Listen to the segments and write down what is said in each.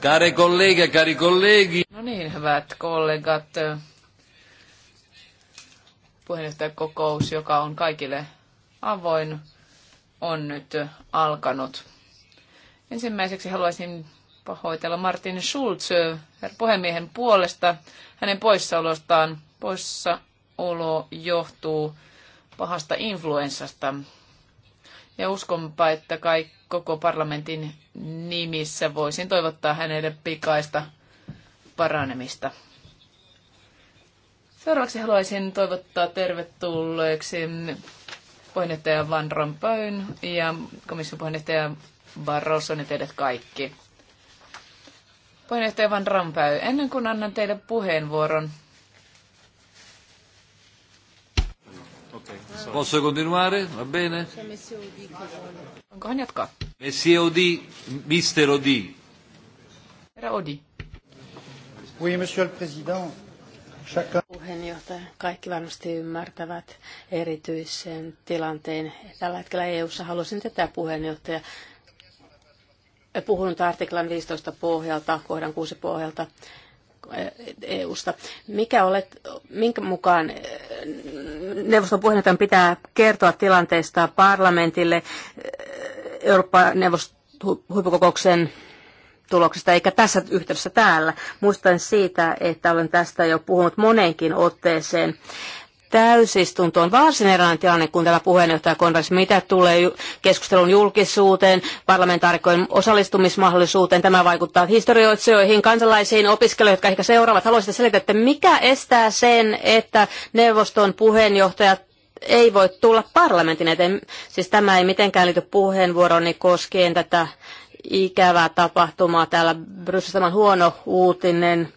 Care kollega, cari kollegi. No niin, hyvät kollegat. Puheenjohtajakokous, joka on kaikille avoin, on nyt alkanut. Ensimmäiseksi haluaisin pahoitella Martin Schulz puhemiehen puolesta. Hänen poissaolostaan poissaolo johtuu pahasta influenssasta, ja uskonpa, että kaikki koko parlamentin nimissä voisin toivottaa hänelle pikaista paranemista. Seuraavaksi haluaisin toivottaa tervetulleeksi puheenjohtaja Van Rompuyn ja komission puheenjohtaja Barroso, ja teidät kaikki. Puheenjohtaja Van Rompuy, ennen kuin annan teille puheenvuoron, Posso continuare? Va bene? Onkohan Messie Odi, Mr. Odi. Herra Odi. Oui, monsieur le président. Puheenjohtaja, kaikki varmasti ymmärtävät erityisen tilanteen. Tällä hetkellä EU-ssa haluaisin tätä puheenjohtaja. puhunut artiklan 15 pohjalta, kohdan 6 pohjalta EUsta. Mikä olet, minkä mukaan neuvoston puheenjohtajan pitää kertoa tilanteesta parlamentille Euroopan neuvoston huippukokouksen tuloksista, eikä tässä yhteydessä täällä. Muistan siitä, että olen tästä jo puhunut moneenkin otteeseen täysistuntoon. Varsin erilainen tilanne kun tämä puheenjohtajakonferenssi, mitä tulee keskustelun julkisuuteen, parlamentaarikkojen osallistumismahdollisuuteen. Tämä vaikuttaa historioitsijoihin, kansalaisiin, opiskelijoihin, jotka ehkä seuraavat. Haluaisitte selittää, että mikä estää sen, että neuvoston puheenjohtajat ei voi tulla parlamentin eteen. Siis tämä ei mitenkään liity puheenvuoroni koskien tätä ikävää tapahtumaa täällä Brysselissä. Tämä on huono uutinen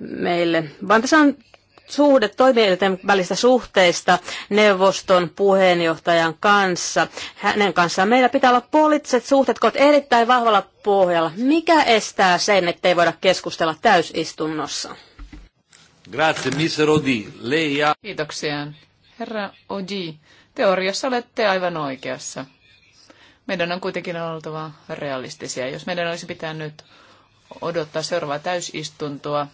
meille. Vaan tässä on suhde toimielinten välistä suhteista neuvoston puheenjohtajan kanssa. Hänen kanssaan meillä pitää olla poliittiset suhteet, jotka ovat erittäin vahvalla pohjalla. Mikä estää sen, ettei voida keskustella täysistunnossa? Grazie, Mr. Odi. Lei Kiitoksia. Herra Odi, teoriassa olette aivan oikeassa. Meidän on kuitenkin oltava realistisia. Jos meidän olisi pitänyt odottaa seuraavaa täysistuntoa,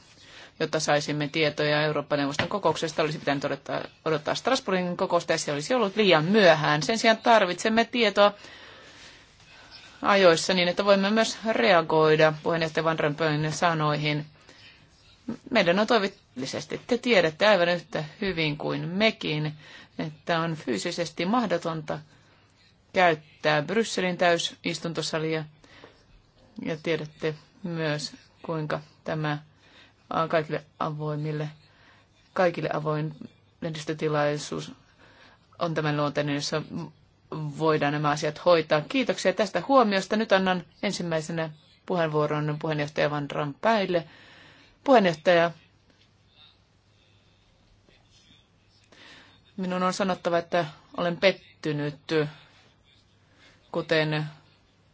jotta saisimme tietoja Eurooppa-neuvoston kokouksesta. Olisi pitänyt odottaa, odottaa Strasbourgin kokousta ja se olisi ollut liian myöhään. Sen sijaan tarvitsemme tietoa ajoissa niin, että voimme myös reagoida puheenjohtaja Van Rompuyn sanoihin. Meidän on toivottavasti, te tiedätte aivan yhtä hyvin kuin mekin, että on fyysisesti mahdotonta käyttää Brysselin täysistuntosalia. Ja tiedätte myös, kuinka tämä kaikille avoimille, kaikille avoin lehdistötilaisuus on tämän luonteinen, jossa voidaan nämä asiat hoitaa. Kiitoksia tästä huomiosta. Nyt annan ensimmäisenä puheenvuoron puheenjohtaja Van Rampäille. Puheenjohtaja, minun on sanottava, että olen pettynyt, kuten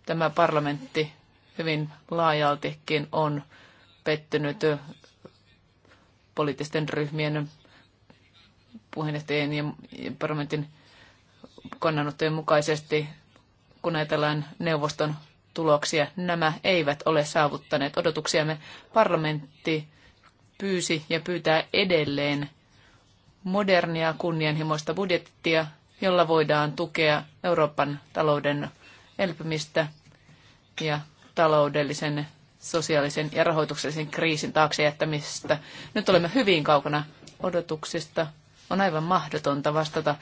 tämä parlamentti hyvin laajaltikin on pettynyt poliittisten ryhmien puheenjohtajien ja parlamentin kannanottojen mukaisesti, kun ajatellaan neuvoston tuloksia, nämä eivät ole saavuttaneet odotuksiamme. Parlamentti pyysi ja pyytää edelleen modernia kunnianhimoista budjettia, jolla voidaan tukea Euroopan talouden elpymistä ja taloudellisen sosiaalisen ja rahoituksellisen kriisin taakse jättämistä. Nyt olemme hyvin kaukana odotuksista. On aivan mahdotonta vastata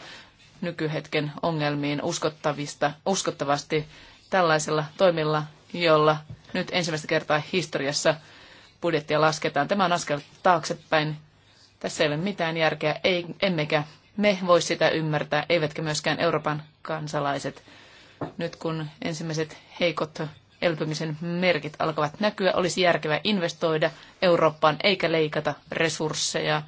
nykyhetken ongelmiin uskottavista, uskottavasti tällaisella toimilla, jolla nyt ensimmäistä kertaa historiassa budjettia lasketaan. Tämä on askel taaksepäin. Tässä ei ole mitään järkeä, ei, emmekä me voi sitä ymmärtää, eivätkä myöskään Euroopan kansalaiset. Nyt kun ensimmäiset heikot elpymisen merkit alkavat näkyä. Olisi järkevää investoida Eurooppaan eikä leikata resursseja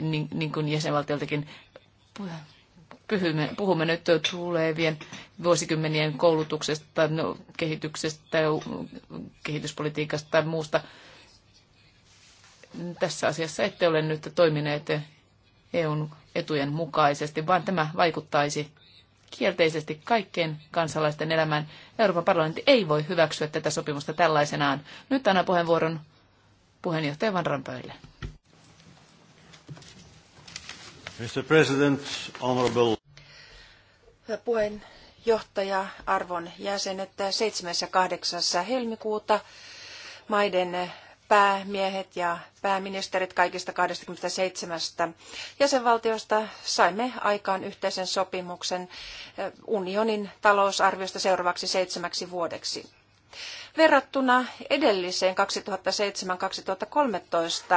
niin, niin kuin jäsenvaltioltakin puhumme, puhumme nyt tulevien vuosikymmenien koulutuksesta, no, kehityksestä, kehityspolitiikasta tai muusta. Tässä asiassa ette ole nyt toimineet EUn etujen mukaisesti, vaan tämä vaikuttaisi kielteisesti kaikkien kansalaisten elämään. Euroopan parlamentti ei voi hyväksyä tätä sopimusta tällaisenaan. Nyt annan puheenvuoron puheenjohtaja Van Rompuylle. Mr. President, honorable... puheenjohtaja, arvon jäsenet, 7. ja 8. helmikuuta maiden päämiehet ja pääministerit kaikista 27 jäsenvaltiosta saimme aikaan yhteisen sopimuksen eh, unionin talousarviosta seuraavaksi seitsemäksi vuodeksi. Verrattuna edelliseen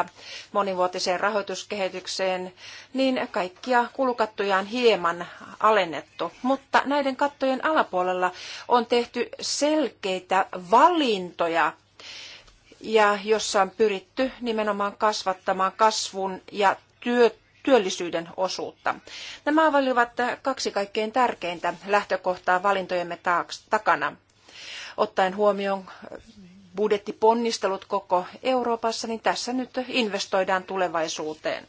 2007-2013 monivuotiseen rahoituskehitykseen, niin kaikkia kulukattoja on hieman alennettu, mutta näiden kattojen alapuolella on tehty selkeitä valintoja ja jossa on pyritty nimenomaan kasvattamaan kasvun ja työ, työllisyyden osuutta. Nämä olivat kaksi kaikkein tärkeintä lähtökohtaa valintojemme takana. Ottaen huomioon budjettiponnistelut koko Euroopassa, niin tässä nyt investoidaan tulevaisuuteen.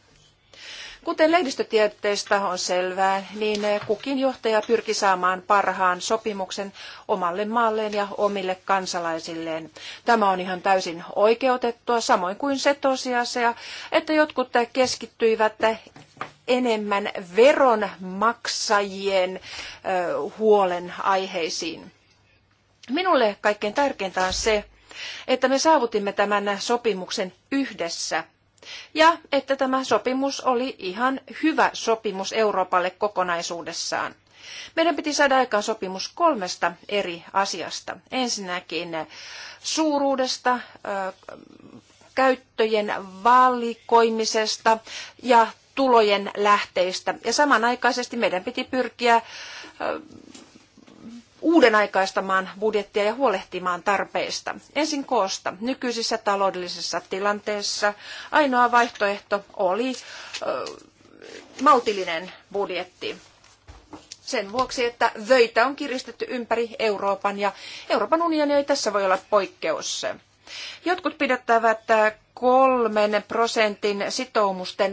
Kuten lehdistötieteestä on selvää, niin kukin johtaja pyrki saamaan parhaan sopimuksen omalle maalleen ja omille kansalaisilleen. Tämä on ihan täysin oikeutettua, samoin kuin se tosiasia, että jotkut keskittyivät enemmän veronmaksajien huolen aiheisiin. Minulle kaikkein tärkeintä on se, että me saavutimme tämän sopimuksen yhdessä – ja että tämä sopimus oli ihan hyvä sopimus Euroopalle kokonaisuudessaan. Meidän piti saada aikaan sopimus kolmesta eri asiasta. Ensinnäkin eh, suuruudesta, eh, käyttöjen valikoimisesta ja tulojen lähteistä. Ja samanaikaisesti meidän piti pyrkiä eh, uuden budjettia ja huolehtimaan tarpeista. Ensin koosta. Nykyisessä taloudellisessa tilanteessa ainoa vaihtoehto oli ö, maltillinen budjetti. Sen vuoksi, että vöitä on kiristetty ympäri Euroopan ja Euroopan unioni ei tässä voi olla poikkeus. Jotkut pidättävät kolmen prosentin sitoumusten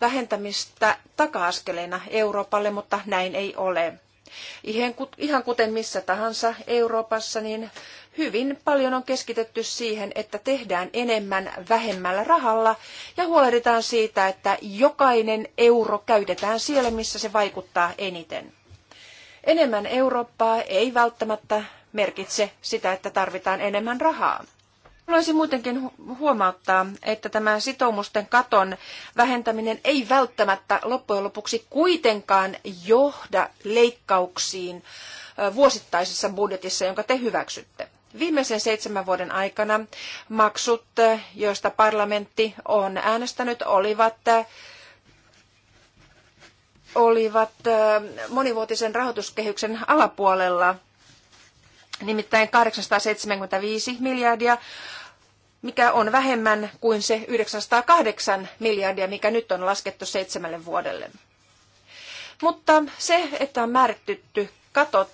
vähentämistä taka-askeleena Euroopalle, mutta näin ei ole. Ihan kuten missä tahansa Euroopassa, niin hyvin paljon on keskitetty siihen, että tehdään enemmän vähemmällä rahalla ja huolehditaan siitä, että jokainen euro käytetään siellä, missä se vaikuttaa eniten. Enemmän Eurooppaa ei välttämättä merkitse sitä, että tarvitaan enemmän rahaa. Haluaisin muutenkin huomauttaa, että tämä sitoumusten katon vähentäminen ei välttämättä loppujen lopuksi kuitenkaan johda leikkauksiin vuosittaisessa budjetissa, jonka te hyväksytte. Viimeisen seitsemän vuoden aikana maksut, joista parlamentti on äänestänyt, olivat olivat monivuotisen rahoituskehyksen alapuolella Nimittäin 875 miljardia mikä on vähemmän kuin se 908 miljardia, mikä nyt on laskettu seitsemälle vuodelle. Mutta se, että on määritetty katot,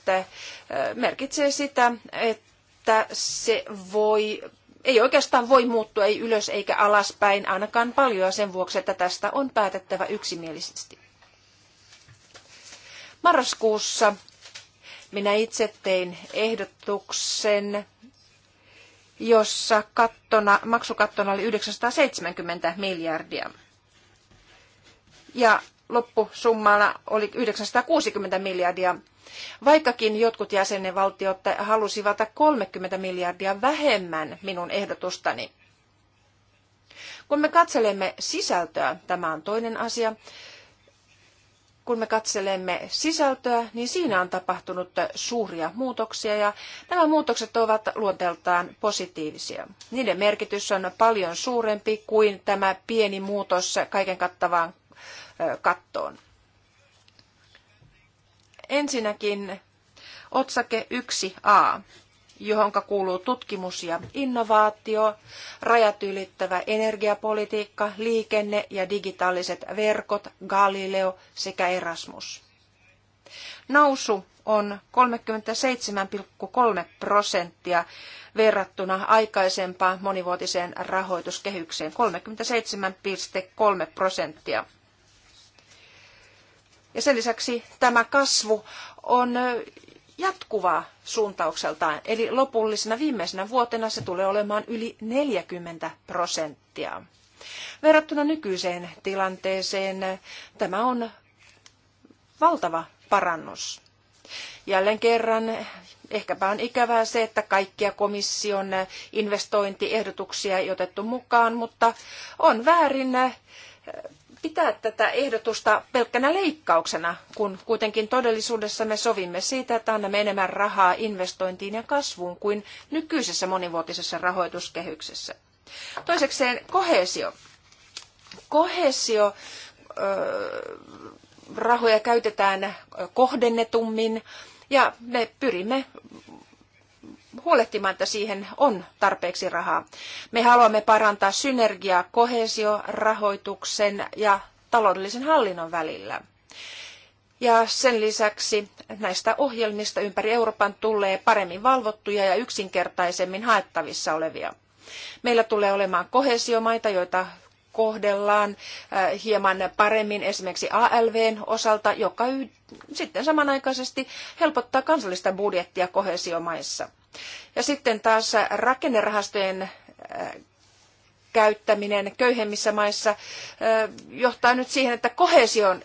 merkitsee sitä, että se voi, ei oikeastaan voi muuttua, ei ylös eikä alaspäin, ainakaan paljon sen vuoksi, että tästä on päätettävä yksimielisesti. Marraskuussa minä itse tein ehdotuksen jossa kattona, maksukattona oli 970 miljardia. Ja loppusummana oli 960 miljardia, vaikkakin jotkut jäsenvaltiot halusivat 30 miljardia vähemmän minun ehdotustani. Kun me katselemme sisältöä, tämä on toinen asia, kun me katselemme sisältöä, niin siinä on tapahtunut suuria muutoksia ja nämä muutokset ovat luonteeltaan positiivisia. Niiden merkitys on paljon suurempi kuin tämä pieni muutos kaiken kattavaan kattoon. Ensinnäkin otsake 1a johon kuuluu tutkimus ja innovaatio, rajat ylittävä energiapolitiikka, liikenne ja digitaaliset verkot, Galileo sekä Erasmus. Nousu on 37,3 prosenttia verrattuna aikaisempaan monivuotiseen rahoituskehykseen 37,3 prosenttia. Ja sen lisäksi tämä kasvu on jatkuvaa suuntaukseltaan, eli lopullisena viimeisenä vuotena se tulee olemaan yli 40 prosenttia. Verrattuna nykyiseen tilanteeseen tämä on valtava parannus. Jälleen kerran ehkäpä on ikävää se, että kaikkia komission investointiehdotuksia ei otettu mukaan, mutta on väärin pitää tätä ehdotusta pelkkänä leikkauksena, kun kuitenkin todellisuudessa me sovimme siitä, että annamme enemmän rahaa investointiin ja kasvuun kuin nykyisessä monivuotisessa rahoituskehyksessä. Toisekseen kohesio. Kohesio öö, rahoja käytetään kohdennetummin ja me pyrimme huolehtimaan, että siihen on tarpeeksi rahaa. Me haluamme parantaa synergiaa kohesiorahoituksen ja taloudellisen hallinnon välillä. Ja sen lisäksi näistä ohjelmista ympäri Euroopan tulee paremmin valvottuja ja yksinkertaisemmin haettavissa olevia. Meillä tulee olemaan kohesiomaita, joita kohdellaan äh, hieman paremmin esimerkiksi ALVn osalta, joka sitten samanaikaisesti helpottaa kansallista budjettia kohesiomaissa. Ja sitten taas rakennerahastojen äh, käyttäminen köyhemmissä maissa äh, johtaa nyt siihen, että kohesion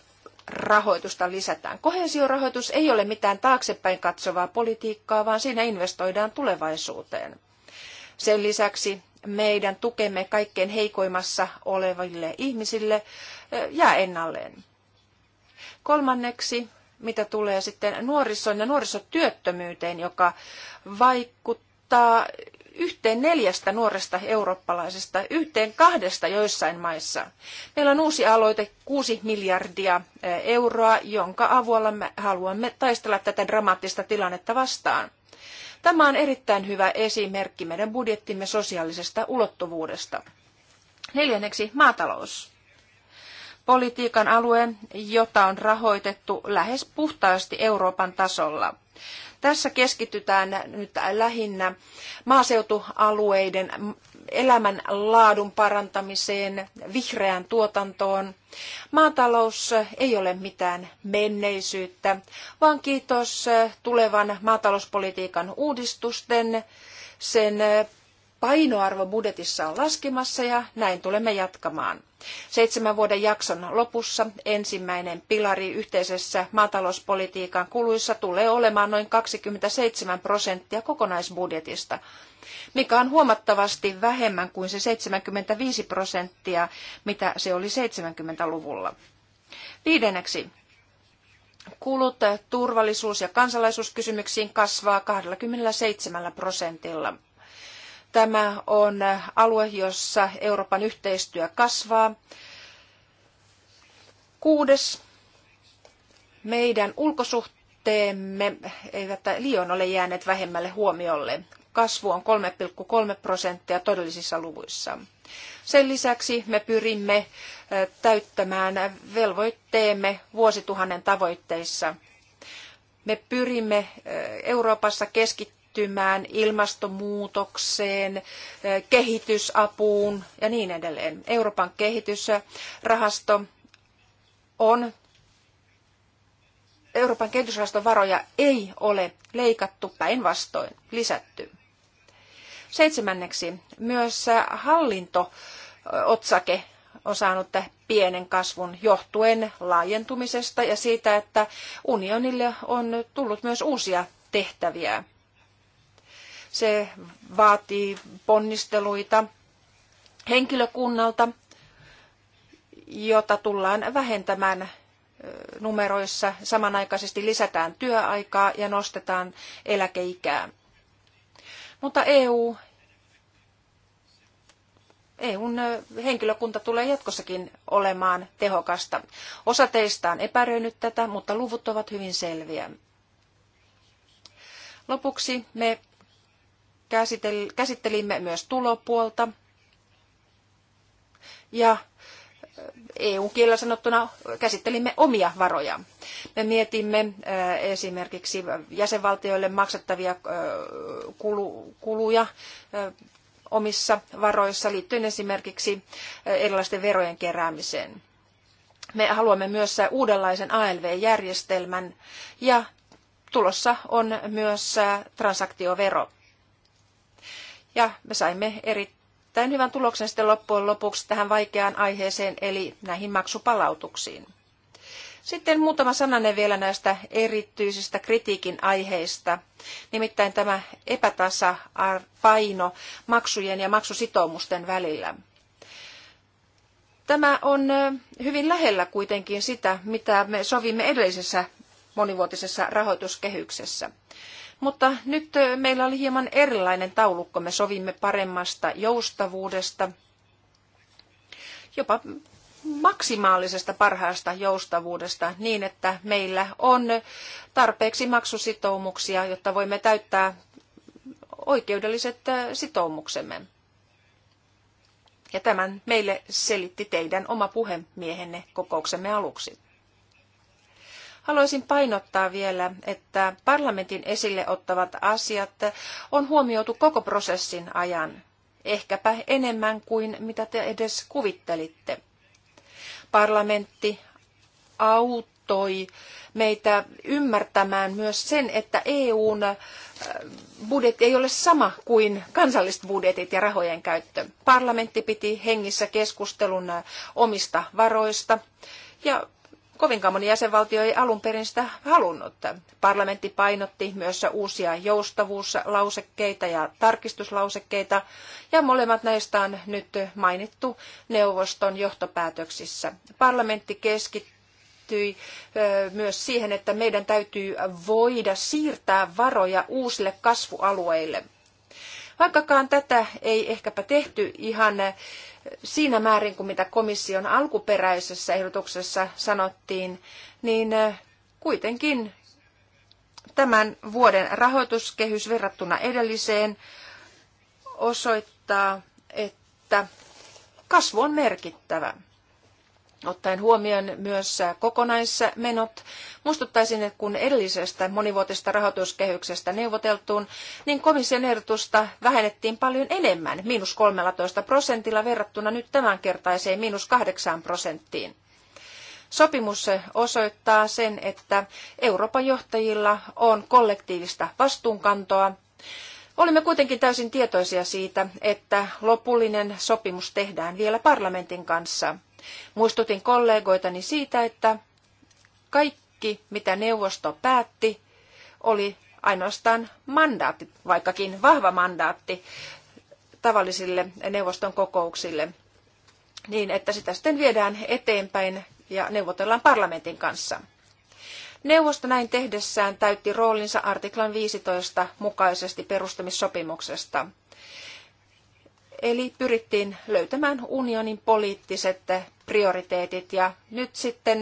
rahoitusta lisätään. Kohesiorahoitus ei ole mitään taaksepäin katsovaa politiikkaa, vaan siinä investoidaan tulevaisuuteen. Sen lisäksi meidän tukemme kaikkein heikoimmassa oleville ihmisille äh, jää ennalleen. Kolmanneksi mitä tulee sitten nuorisoon ja nuorisotyöttömyyteen, joka vaikuttaa yhteen neljästä nuoresta eurooppalaisesta, yhteen kahdesta joissain maissa. Meillä on uusi aloite 6 miljardia eh, euroa, jonka avulla me haluamme taistella tätä dramaattista tilannetta vastaan. Tämä on erittäin hyvä esimerkki meidän budjettimme sosiaalisesta ulottuvuudesta. Neljänneksi maatalous politiikan alue, jota on rahoitettu lähes puhtaasti Euroopan tasolla. Tässä keskitytään nyt lähinnä maaseutualueiden elämän laadun parantamiseen, vihreään tuotantoon. Maatalous ei ole mitään menneisyyttä, vaan kiitos tulevan maatalouspolitiikan uudistusten sen painoarvo budjetissa on laskemassa ja näin tulemme jatkamaan. Seitsemän vuoden jakson lopussa ensimmäinen pilari yhteisessä maatalouspolitiikan kuluissa tulee olemaan noin 27 prosenttia kokonaisbudjetista, mikä on huomattavasti vähemmän kuin se 75 prosenttia, mitä se oli 70-luvulla. Viidenneksi, Kulut turvallisuus- ja kansalaisuuskysymyksiin kasvaa 27 prosentilla. Tämä on alue, jossa Euroopan yhteistyö kasvaa. Kuudes, meidän ulkosuhteemme eivät liian ole jääneet vähemmälle huomiolle. Kasvu on 3,3 prosenttia todellisissa luvuissa. Sen lisäksi me pyrimme täyttämään velvoitteemme vuosituhannen tavoitteissa. Me pyrimme Euroopassa keskittymään kehittymään, ilmastonmuutokseen, kehitysapuun ja niin edelleen. Euroopan kehitysrahasto on Euroopan kehitysrahaston varoja ei ole leikattu, päinvastoin lisätty. Seitsemänneksi myös hallinto-otsake on saanut pienen kasvun johtuen laajentumisesta ja siitä, että unionille on tullut myös uusia tehtäviä. Se vaatii ponnisteluita henkilökunnalta, jota tullaan vähentämään numeroissa. Samanaikaisesti lisätään työaikaa ja nostetaan eläkeikää. Mutta EU, EUn henkilökunta tulee jatkossakin olemaan tehokasta. Osa teistä on epäröinyt tätä, mutta luvut ovat hyvin selviä. Lopuksi me käsittelimme myös tulopuolta. Ja äh, EU-kielellä sanottuna käsittelimme omia varoja. Me mietimme äh, esimerkiksi jäsenvaltioille maksettavia äh, kuluja omissa varoissa liittyen esimerkiksi erilaisten verojen keräämiseen. Me haluamme myös uudenlaisen ALV-järjestelmän ja tulossa on myös transaktiovero. Ja me saimme erittäin hyvän tuloksen sitten loppujen lopuksi tähän vaikeaan aiheeseen, eli näihin maksupalautuksiin. Sitten muutama sananen vielä näistä erityisistä kritiikin aiheista, nimittäin tämä epätasapaino maksujen ja maksusitoumusten välillä. Tämä on hyvin lähellä kuitenkin sitä, mitä me sovimme edellisessä monivuotisessa rahoituskehyksessä. Mutta nyt meillä oli hieman erilainen taulukko. Me sovimme paremmasta joustavuudesta, jopa maksimaalisesta parhaasta joustavuudesta niin, että meillä on tarpeeksi maksusitoumuksia, jotta voimme täyttää oikeudelliset sitoumuksemme. Ja tämän meille selitti teidän oma puhemiehenne kokouksemme aluksi. Haluaisin painottaa vielä, että parlamentin esille ottavat asiat on huomioitu koko prosessin ajan, ehkäpä enemmän kuin mitä te edes kuvittelitte. Parlamentti auttoi meitä ymmärtämään myös sen, että EUn äh, budjetti ei ole sama kuin kansalliset budjetit ja rahojen käyttö. Parlamentti piti hengissä keskustelun äh, omista varoista ja Kovinkaan moni jäsenvaltio ei alun perin sitä halunnut. Parlamentti painotti myös uusia joustavuuslausekkeita ja tarkistuslausekkeita, ja molemmat näistä on nyt mainittu neuvoston johtopäätöksissä. Parlamentti keskittyi myös siihen, että meidän täytyy voida siirtää varoja uusille kasvualueille – Vaikkakaan tätä ei ehkäpä tehty ihan eh, siinä määrin kuin mitä komission alkuperäisessä ehdotuksessa sanottiin, niin eh, kuitenkin tämän vuoden rahoituskehys verrattuna edelliseen osoittaa, että kasvu on merkittävä ottaen huomioon myös kokonaismenot. Muistuttaisin, että kun edellisestä monivuotisesta rahoituskehyksestä neuvoteltuun, niin komission ehdotusta vähennettiin paljon enemmän, miinus 13 prosentilla verrattuna nyt tämänkertaiseen miinus 8 prosenttiin. Sopimus osoittaa sen, että Euroopan johtajilla on kollektiivista vastuunkantoa. Olimme kuitenkin täysin tietoisia siitä, että lopullinen sopimus tehdään vielä parlamentin kanssa – Muistutin kollegoitani siitä, että kaikki, mitä neuvosto päätti, oli ainoastaan mandaatti, vaikkakin vahva mandaatti tavallisille neuvoston kokouksille, niin että sitä sitten viedään eteenpäin ja neuvotellaan parlamentin kanssa. Neuvosto näin tehdessään täytti roolinsa artiklan 15 mukaisesti perustamissopimuksesta – Eli pyrittiin löytämään unionin poliittiset prioriteetit ja nyt sitten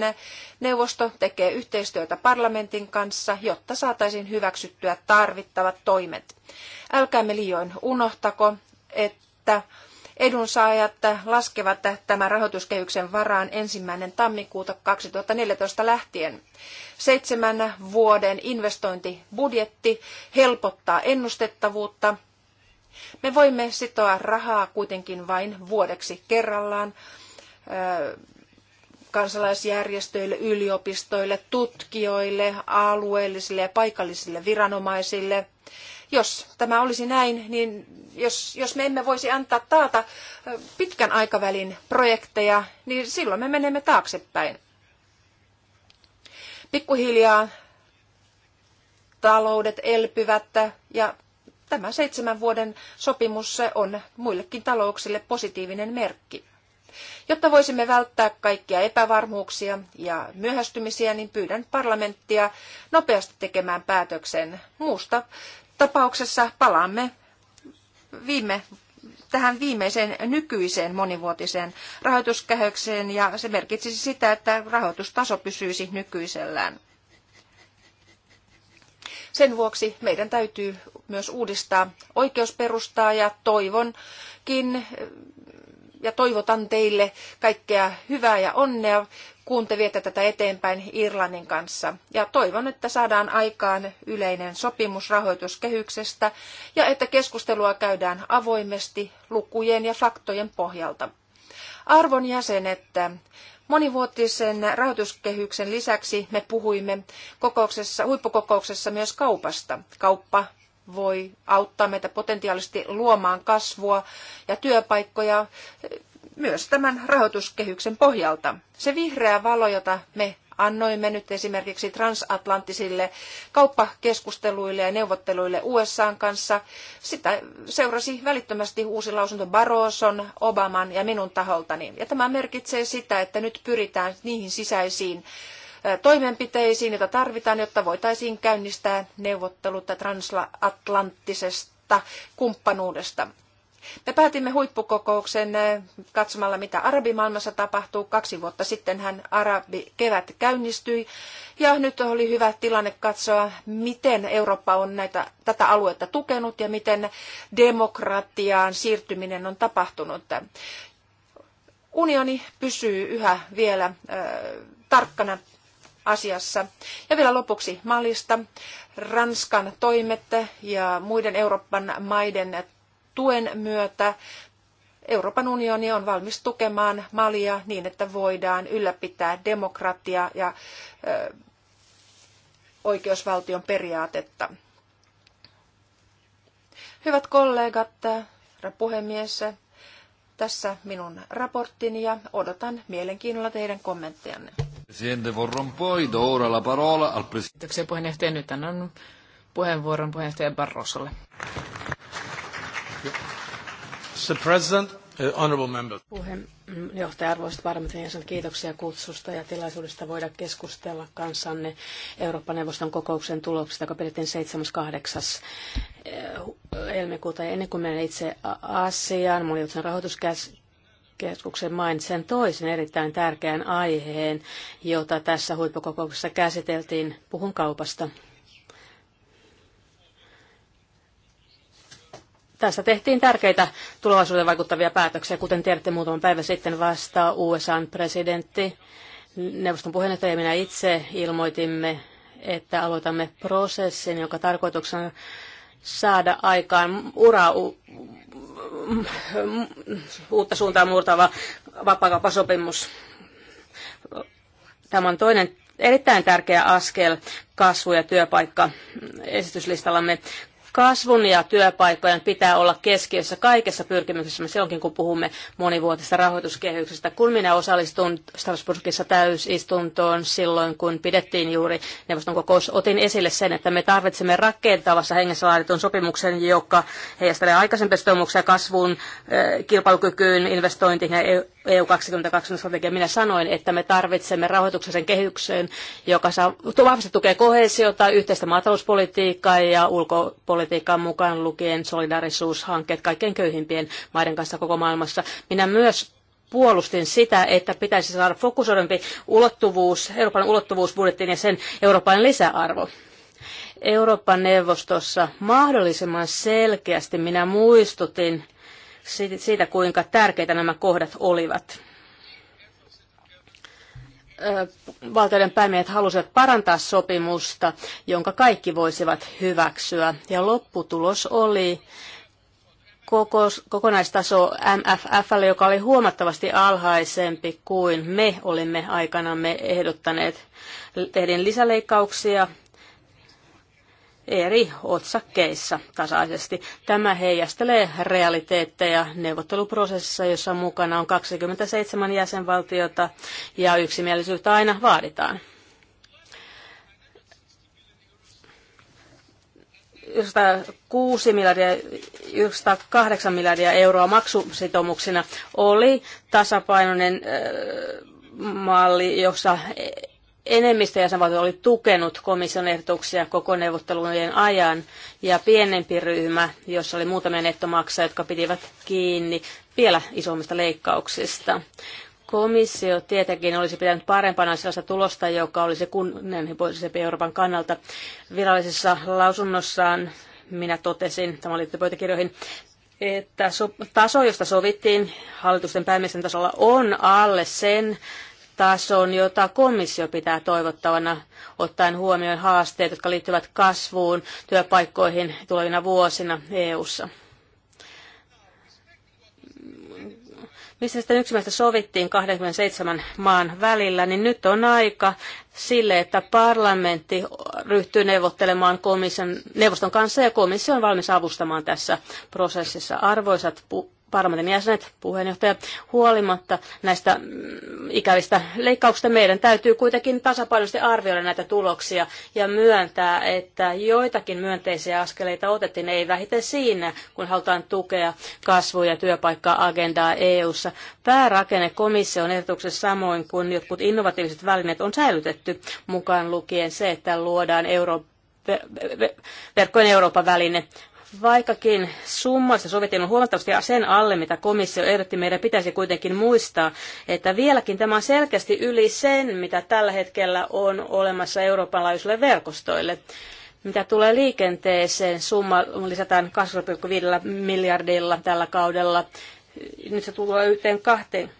neuvosto tekee yhteistyötä parlamentin kanssa, jotta saataisiin hyväksyttyä tarvittavat toimet. Älkäämme liioin unohtako, että edunsaajat laskevat tämän rahoituskehyksen varaan ensimmäinen tammikuuta 2014 lähtien. Seitsemän vuoden investointibudjetti helpottaa ennustettavuutta – me voimme sitoa rahaa kuitenkin vain vuodeksi kerrallaan kansalaisjärjestöille, yliopistoille, tutkijoille, alueellisille ja paikallisille viranomaisille. Jos tämä olisi näin, niin jos, jos me emme voisi antaa taata pitkän aikavälin projekteja, niin silloin me menemme taaksepäin. Pikkuhiljaa taloudet elpyvät ja tämä seitsemän vuoden sopimus on muillekin talouksille positiivinen merkki. Jotta voisimme välttää kaikkia epävarmuuksia ja myöhästymisiä, niin pyydän parlamenttia nopeasti tekemään päätöksen. Muusta tapauksessa palaamme viime, tähän viimeiseen nykyiseen monivuotiseen rahoituskähykseen ja se merkitsisi sitä, että rahoitustaso pysyisi nykyisellään. Sen vuoksi meidän täytyy myös uudistaa oikeusperustaa ja toivonkin ja toivotan teille kaikkea hyvää ja onnea, kun te viette tätä eteenpäin Irlannin kanssa. Ja toivon, että saadaan aikaan yleinen sopimus rahoituskehyksestä ja että keskustelua käydään avoimesti lukujen ja faktojen pohjalta. Arvon jäsenet, Monivuotisen rahoituskehyksen lisäksi me puhuimme kokouksessa, huippukokouksessa myös kaupasta. Kauppa voi auttaa meitä potentiaalisesti luomaan kasvua ja työpaikkoja myös tämän rahoituskehyksen pohjalta. Se vihreä valo, jota me annoimme nyt esimerkiksi transatlanttisille kauppakeskusteluille ja neuvotteluille USAn kanssa, sitä seurasi välittömästi uusi lausunto Barroson, Obaman ja minun taholtani. Ja tämä merkitsee sitä, että nyt pyritään niihin sisäisiin toimenpiteisiin, joita tarvitaan, jotta voitaisiin käynnistää neuvottelut transatlanttisesta kumppanuudesta. Me päätimme huippukokouksen eh, katsomalla, mitä arabimaailmassa tapahtuu. Kaksi vuotta sitten hän arabi kevät käynnistyi ja nyt oli hyvä tilanne katsoa, miten Eurooppa on näitä, tätä aluetta tukenut ja miten demokratiaan siirtyminen on tapahtunut. Unioni pysyy yhä vielä äh, tarkkana asiassa. Ja vielä lopuksi Malista. Ranskan toimet ja muiden Euroopan maiden tuen myötä Euroopan unioni on valmis tukemaan Malia niin, että voidaan ylläpitää demokratiaa ja oikeusvaltion periaatetta. Hyvät kollegat, herra puhemies, tässä minun raporttini ja odotan mielenkiinnolla teidän kommenttejanne. Presidente Vorrompoi, e ora la parola al presidente. Kiitoksia puheenjohtaja. Nyt annan puheenvuoron puheenjohtaja Barrosolle. Mr. President, uh, Puheenjohtaja, arvoisat parlamentin jäsenet, kiitoksia kutsusta ja tilaisuudesta voida keskustella kanssanne Eurooppa-neuvoston kokouksen tuloksista, joka pidettiin 7.8. Eh, helmikuuta. Ja ennen kuin menen itse asiaan, monivuotisen rahoituskeskuksen mainitsen toisen erittäin tärkeän aiheen, jota tässä huippukokouksessa käsiteltiin. Puhun kaupasta. Tässä tehtiin tärkeitä tulevaisuuteen vaikuttavia päätöksiä, kuten tiedätte muutaman päivän sitten vastaa USAn presidentti. Neuvoston puheenjohtaja ja minä itse ilmoitimme, että aloitamme prosessin, joka tarkoituksena saada aikaan ura uutta suuntaa murtava vapaakauppasopimus. Tämä on toinen erittäin tärkeä askel kasvu- ja työpaikka esityslistallamme. Kasvun ja työpaikkojen pitää olla keskiössä kaikessa pyrkimyksessä, silloinkin kun puhumme monivuotisesta rahoituskehyksestä. Kun minä osallistun Strasbourgissa täysistuntoon silloin, kun pidettiin juuri neuvoston kokous, otin esille sen, että me tarvitsemme rakentavassa hengessä laaditun sopimuksen, joka heijastelee aikaisempia sitoumuksia kasvuun, eh, kilpailukykyyn, investointiin ja EU 2020 strategia. Minä sanoin, että me tarvitsemme rahoituksen sen joka saa, vahvasti tukee kohesiota, yhteistä maatalouspolitiikkaa ja ulkopolitiikkaa mukaan lukien solidarisuushankkeet kaikkein köyhimpien maiden kanssa koko maailmassa. Minä myös puolustin sitä, että pitäisi saada fokusoidumpi ulottuvuus, Euroopan ulottuvuus budjettiin ja sen Euroopan lisäarvo. Euroopan neuvostossa mahdollisimman selkeästi minä muistutin siitä, kuinka tärkeitä nämä kohdat olivat. Valtioiden päämiehet halusivat parantaa sopimusta, jonka kaikki voisivat hyväksyä. Ja lopputulos oli kokonaistaso MFF, joka oli huomattavasti alhaisempi kuin me olimme aikanamme ehdottaneet. Tehdin lisäleikkauksia eri otsakkeissa tasaisesti. Tämä heijastelee realiteetteja neuvotteluprosessissa, jossa mukana on 27 jäsenvaltiota ja yksimielisyyttä aina vaaditaan. josta 6 miljardia, 108 miljardia euroa maksusitoumuksina oli tasapainoinen malli, jossa enemmistö jäsenvaltioita oli tukenut komission ehdotuksia koko neuvottelujen ajan, ja pienempi ryhmä, jossa oli muutamia nettomaksajia, jotka pitivät kiinni vielä isommista leikkauksista. Komissio tietenkin olisi pitänyt parempana sellaista tulosta, joka olisi kunnianhimoisempi Euroopan kannalta. Virallisessa lausunnossaan minä totesin, tämä liittyy pöytäkirjoihin, että taso, josta sovittiin hallitusten päämiesten tasolla, on alle sen, tason, jota komissio pitää toivottavana ottaen huomioon haasteet, jotka liittyvät kasvuun, työpaikkoihin tulevina vuosina EU:ssa. mistä sitten yksimielistä sovittiin 27 maan välillä, niin nyt on aika sille, että parlamentti ryhtyy neuvottelemaan komission, neuvoston kanssa ja komissio on valmis avustamaan tässä prosessissa. Arvoisat pu- parlamentin jäsenet, puheenjohtaja, huolimatta näistä mm, ikävistä leikkauksista meidän täytyy kuitenkin tasapainoisesti arvioida näitä tuloksia ja myöntää, että joitakin myönteisiä askeleita otettiin, ei vähiten siinä, kun halutaan tukea kasvua ja työpaikka-agendaa EU-ssa. Päärakenne komission ehdotuksessa samoin kuin jotkut innovatiiviset välineet on säilytetty, mukaan lukien se, että luodaan Euroopan verkkojen Euroopan väline Vaikkakin summa, sovittiin on huomattavasti sen alle, mitä komissio ehdotti, meidän pitäisi kuitenkin muistaa, että vieläkin tämä on selkeästi yli sen, mitä tällä hetkellä on olemassa Euroopan laajuisille verkostoille. Mitä tulee liikenteeseen, summa lisätään 2,5 miljardilla tällä kaudella. Nyt se tulee yhteen kahteen,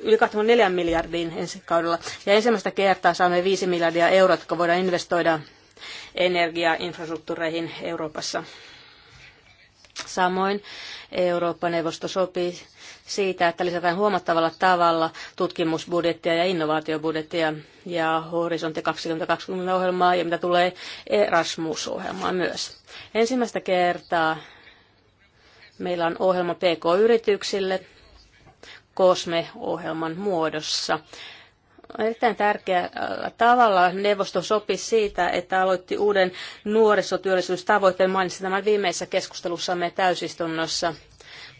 yli 24 miljardiin ensi kaudella. Ja ensimmäistä kertaa saamme 5 miljardia euroa, jotka voidaan investoida energiainfrastruktuureihin Euroopassa. Samoin Eurooppa-neuvosto sopii siitä, että lisätään huomattavalla tavalla tutkimusbudjettia ja innovaatiobudjettia ja Horisontti 2020-ohjelmaa ja mitä tulee Erasmus-ohjelmaan myös. Ensimmäistä kertaa meillä on ohjelma PK-yrityksille COSME-ohjelman muodossa erittäin tärkeällä äh, tavalla neuvosto sopi siitä, että aloitti uuden nuorisotyöllisyystavoitteen. Mainitsin tämän viimeisessä keskustelussamme täysistunnossa.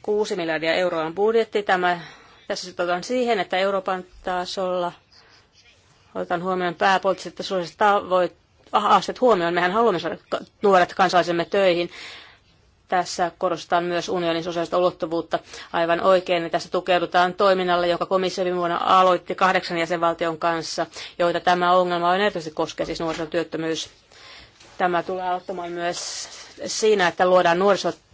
6 miljardia euroa on budjetti. Tämä, tässä sitoudutaan siihen, että Euroopan tasolla otetaan huomioon pääpoliittiset ja suosiset tavoitteet haasteet huomioon. Mehän haluamme saada nuoret kansalaisemme töihin. Tässä korostetaan myös unionin sosiaalista ulottuvuutta aivan oikein. Tässä tukeudutaan toiminnalle, joka komissio viime vuonna aloitti kahdeksan jäsenvaltion kanssa, joita tämä ongelma on erityisesti koskee, siis nuorisotyöttömyys. Tämä tulee auttamaan myös siinä, että luodaan nuorisotyöttömyys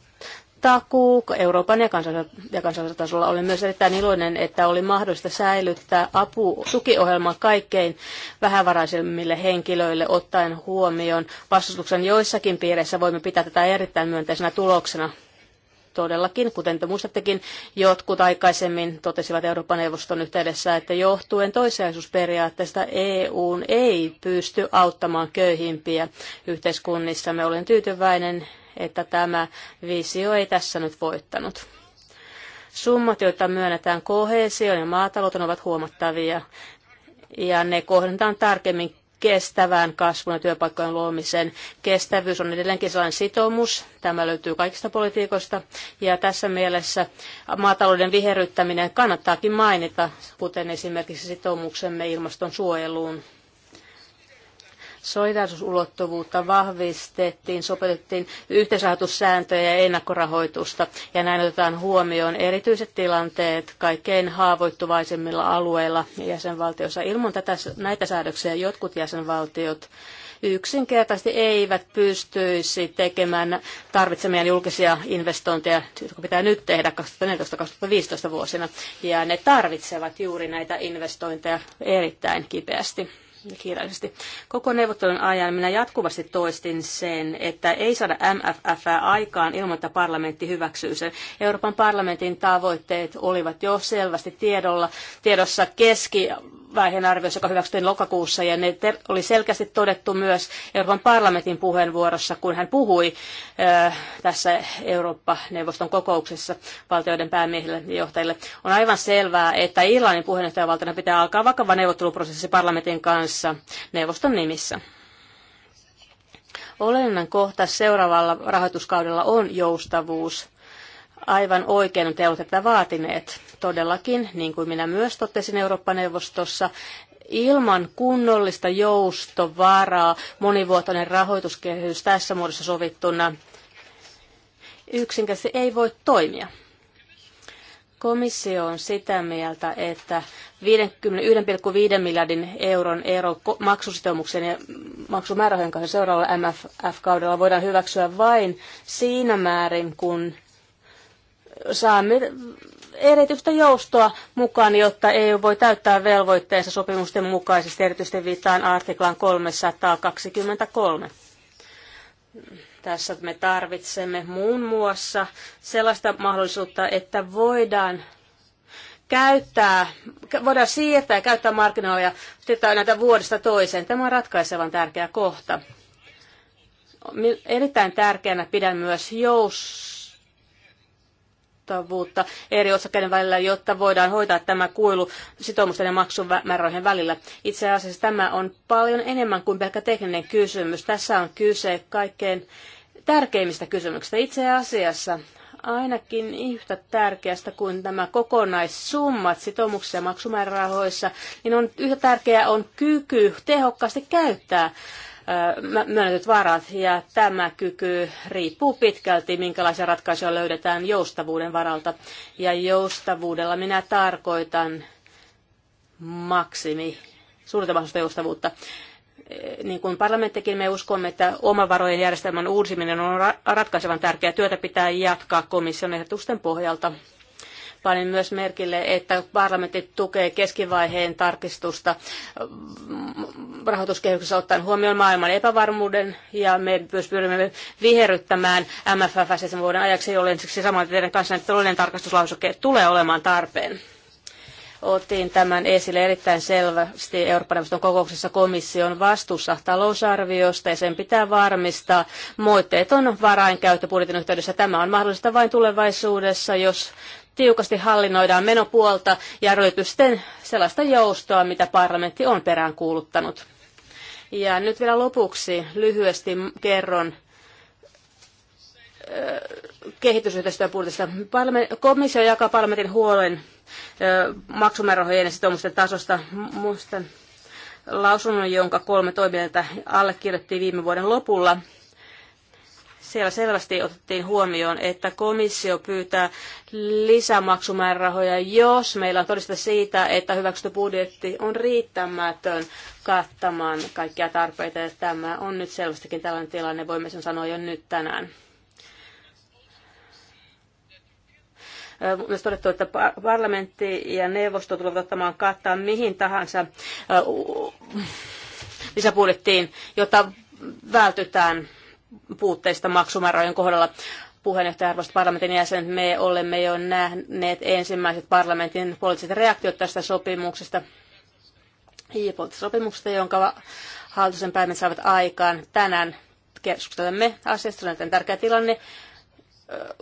takuu Euroopan ja kansallisella tasolla. Olen myös erittäin iloinen, että oli mahdollista säilyttää apu, tukiohjelma kaikkein vähävaraisimmille henkilöille ottaen huomioon vastustuksen joissakin piireissä. Voimme pitää tätä erittäin myönteisenä tuloksena todellakin, kuten te muistattekin, jotkut aikaisemmin totesivat Euroopan neuvoston yhteydessä, että johtuen toisiaisuusperiaatteesta EU ei pysty auttamaan köyhimpiä yhteiskunnissa. Me olen tyytyväinen että tämä visio ei tässä nyt voittanut. Summat, joita myönnetään kohesioon ja maatalouteen, ovat huomattavia ja ne kohdentaan tarkemmin kestävään kasvun ja työpaikkojen luomiseen. Kestävyys on edelleenkin sellainen sitoumus. Tämä löytyy kaikista politiikoista. Ja tässä mielessä maatalouden viherryttäminen kannattaakin mainita, kuten esimerkiksi sitoumuksemme ilmaston suojeluun solidaarisuusulottuvuutta vahvistettiin, sopeutettiin yhteisrahoitussääntöjä ja ennakkorahoitusta ja näin otetaan huomioon erityiset tilanteet kaikkein haavoittuvaisimmilla alueilla jäsenvaltioissa. Ilman tätä, näitä säädöksiä jotkut jäsenvaltiot yksinkertaisesti eivät pystyisi tekemään tarvitsemia julkisia investointeja, jotka pitää nyt tehdä 2014-2015 vuosina. Ja ne tarvitsevat juuri näitä investointeja erittäin kipeästi kirjallisesti. Koko neuvottelun ajan minä jatkuvasti toistin sen, että ei saada MFF aikaan ilman, että parlamentti hyväksyy sen. Euroopan parlamentin tavoitteet olivat jo selvästi tiedolla, tiedossa keski väihenarviossa, joka hyväksyttiin lokakuussa, ja ne oli selkeästi todettu myös Euroopan parlamentin puheenvuorossa, kun hän puhui äh, tässä Eurooppa-neuvoston kokouksessa valtioiden päämiehille ja johtajille. On aivan selvää, että Irlannin puheenjohtajavaltiona pitää alkaa vakava neuvotteluprosessi parlamentin kanssa neuvoston nimissä. Olennainen kohta seuraavalla rahoituskaudella on joustavuus. Aivan oikein on te vaatineet todellakin, niin kuin minä myös totesin Eurooppa-neuvostossa, ilman kunnollista joustovaraa monivuotoinen rahoituskehys tässä muodossa sovittuna yksinkertaisesti ei voi toimia. Komissio on sitä mieltä, että 51,5 miljardin euron ero maksusitoumuksen ja maksumäärärahojen kanssa seuraavalla MFF-kaudella voidaan hyväksyä vain siinä määrin, kun saamme erityistä joustoa mukaan, jotta EU voi täyttää velvoitteensa sopimusten mukaisesti, erityisesti viittaan artiklan 323. Tässä me tarvitsemme muun muassa sellaista mahdollisuutta, että voidaan käyttää, voidaan siirtää ja käyttää markkinoilla näitä vuodesta toiseen. Tämä on ratkaisevan tärkeä kohta. Erittäin tärkeänä pidän myös joustoa vaikuttavuutta eri osakkeiden välillä, jotta voidaan hoitaa tämä kuilu sitoumusten ja maksumäärärahojen välillä. Itse asiassa tämä on paljon enemmän kuin pelkkä tekninen kysymys. Tässä on kyse kaikkein tärkeimmistä kysymyksistä. Itse asiassa ainakin yhtä tärkeästä kuin nämä kokonaissummat sitoumuksissa ja maksumäärärahoissa, niin on, yhtä tärkeää on kyky tehokkaasti käyttää myönnetyt varat, ja tämä kyky riippuu pitkälti, minkälaisia ratkaisuja löydetään joustavuuden varalta. Ja joustavuudella minä tarkoitan maksimi, suurta joustavuutta. Niin kuin parlamenttikin me uskomme, että omavarojen järjestelmän uusiminen on ratkaisevan tärkeää. Työtä pitää jatkaa komission ehdotusten pohjalta Panin myös merkille, että parlamentti tukee keskivaiheen tarkistusta rahoituskehyksessä ottaen huomioon maailman epävarmuuden ja me myös pyrimme viherryttämään MFF sen vuoden ajaksi, jolloin siksi saman teidän kanssa että todellinen tarkastuslausuke tulee olemaan tarpeen otin tämän esille erittäin selvästi Euroopan neuvoston kokouksessa komission vastuussa talousarviosta ja sen pitää varmistaa moitteeton varainkäyttö budjetin yhteydessä. Tämä on mahdollista vain tulevaisuudessa, jos tiukasti hallinnoidaan menopuolta ja ryritysten sellaista joustoa, mitä parlamentti on peräänkuuluttanut. Ja nyt vielä lopuksi lyhyesti kerron kehitysyhteistyöbudjetista. Komissio jakaa parlamentin huolen maksumäärärahojen ja sitoumusten tasosta. Muistan lausunnon, jonka kolme toimijaa allekirjoitti viime vuoden lopulla siellä selvästi otettiin huomioon, että komissio pyytää lisämaksumäärärahoja, jos meillä on todiste siitä, että hyväksytty budjetti on riittämätön kattamaan kaikkia tarpeita. Ja tämä on nyt selvästikin tällainen tilanne, voimme sen sanoa jo nyt tänään. myös todettu, että parlamentti ja neuvosto tulevat ottamaan kattaa mihin tahansa lisäbudjettiin, jotta vältytään puutteista maksumäärärajojen kohdalla. Puheenjohtaja arvoisat parlamentin jäsenet, me olemme jo nähneet ensimmäiset parlamentin poliittiset reaktiot tästä sopimuksesta, sopimuksesta, jonka hallituksen päivät saavat aikaan tänään keskustelemme asiasta. On tärkeä tilanne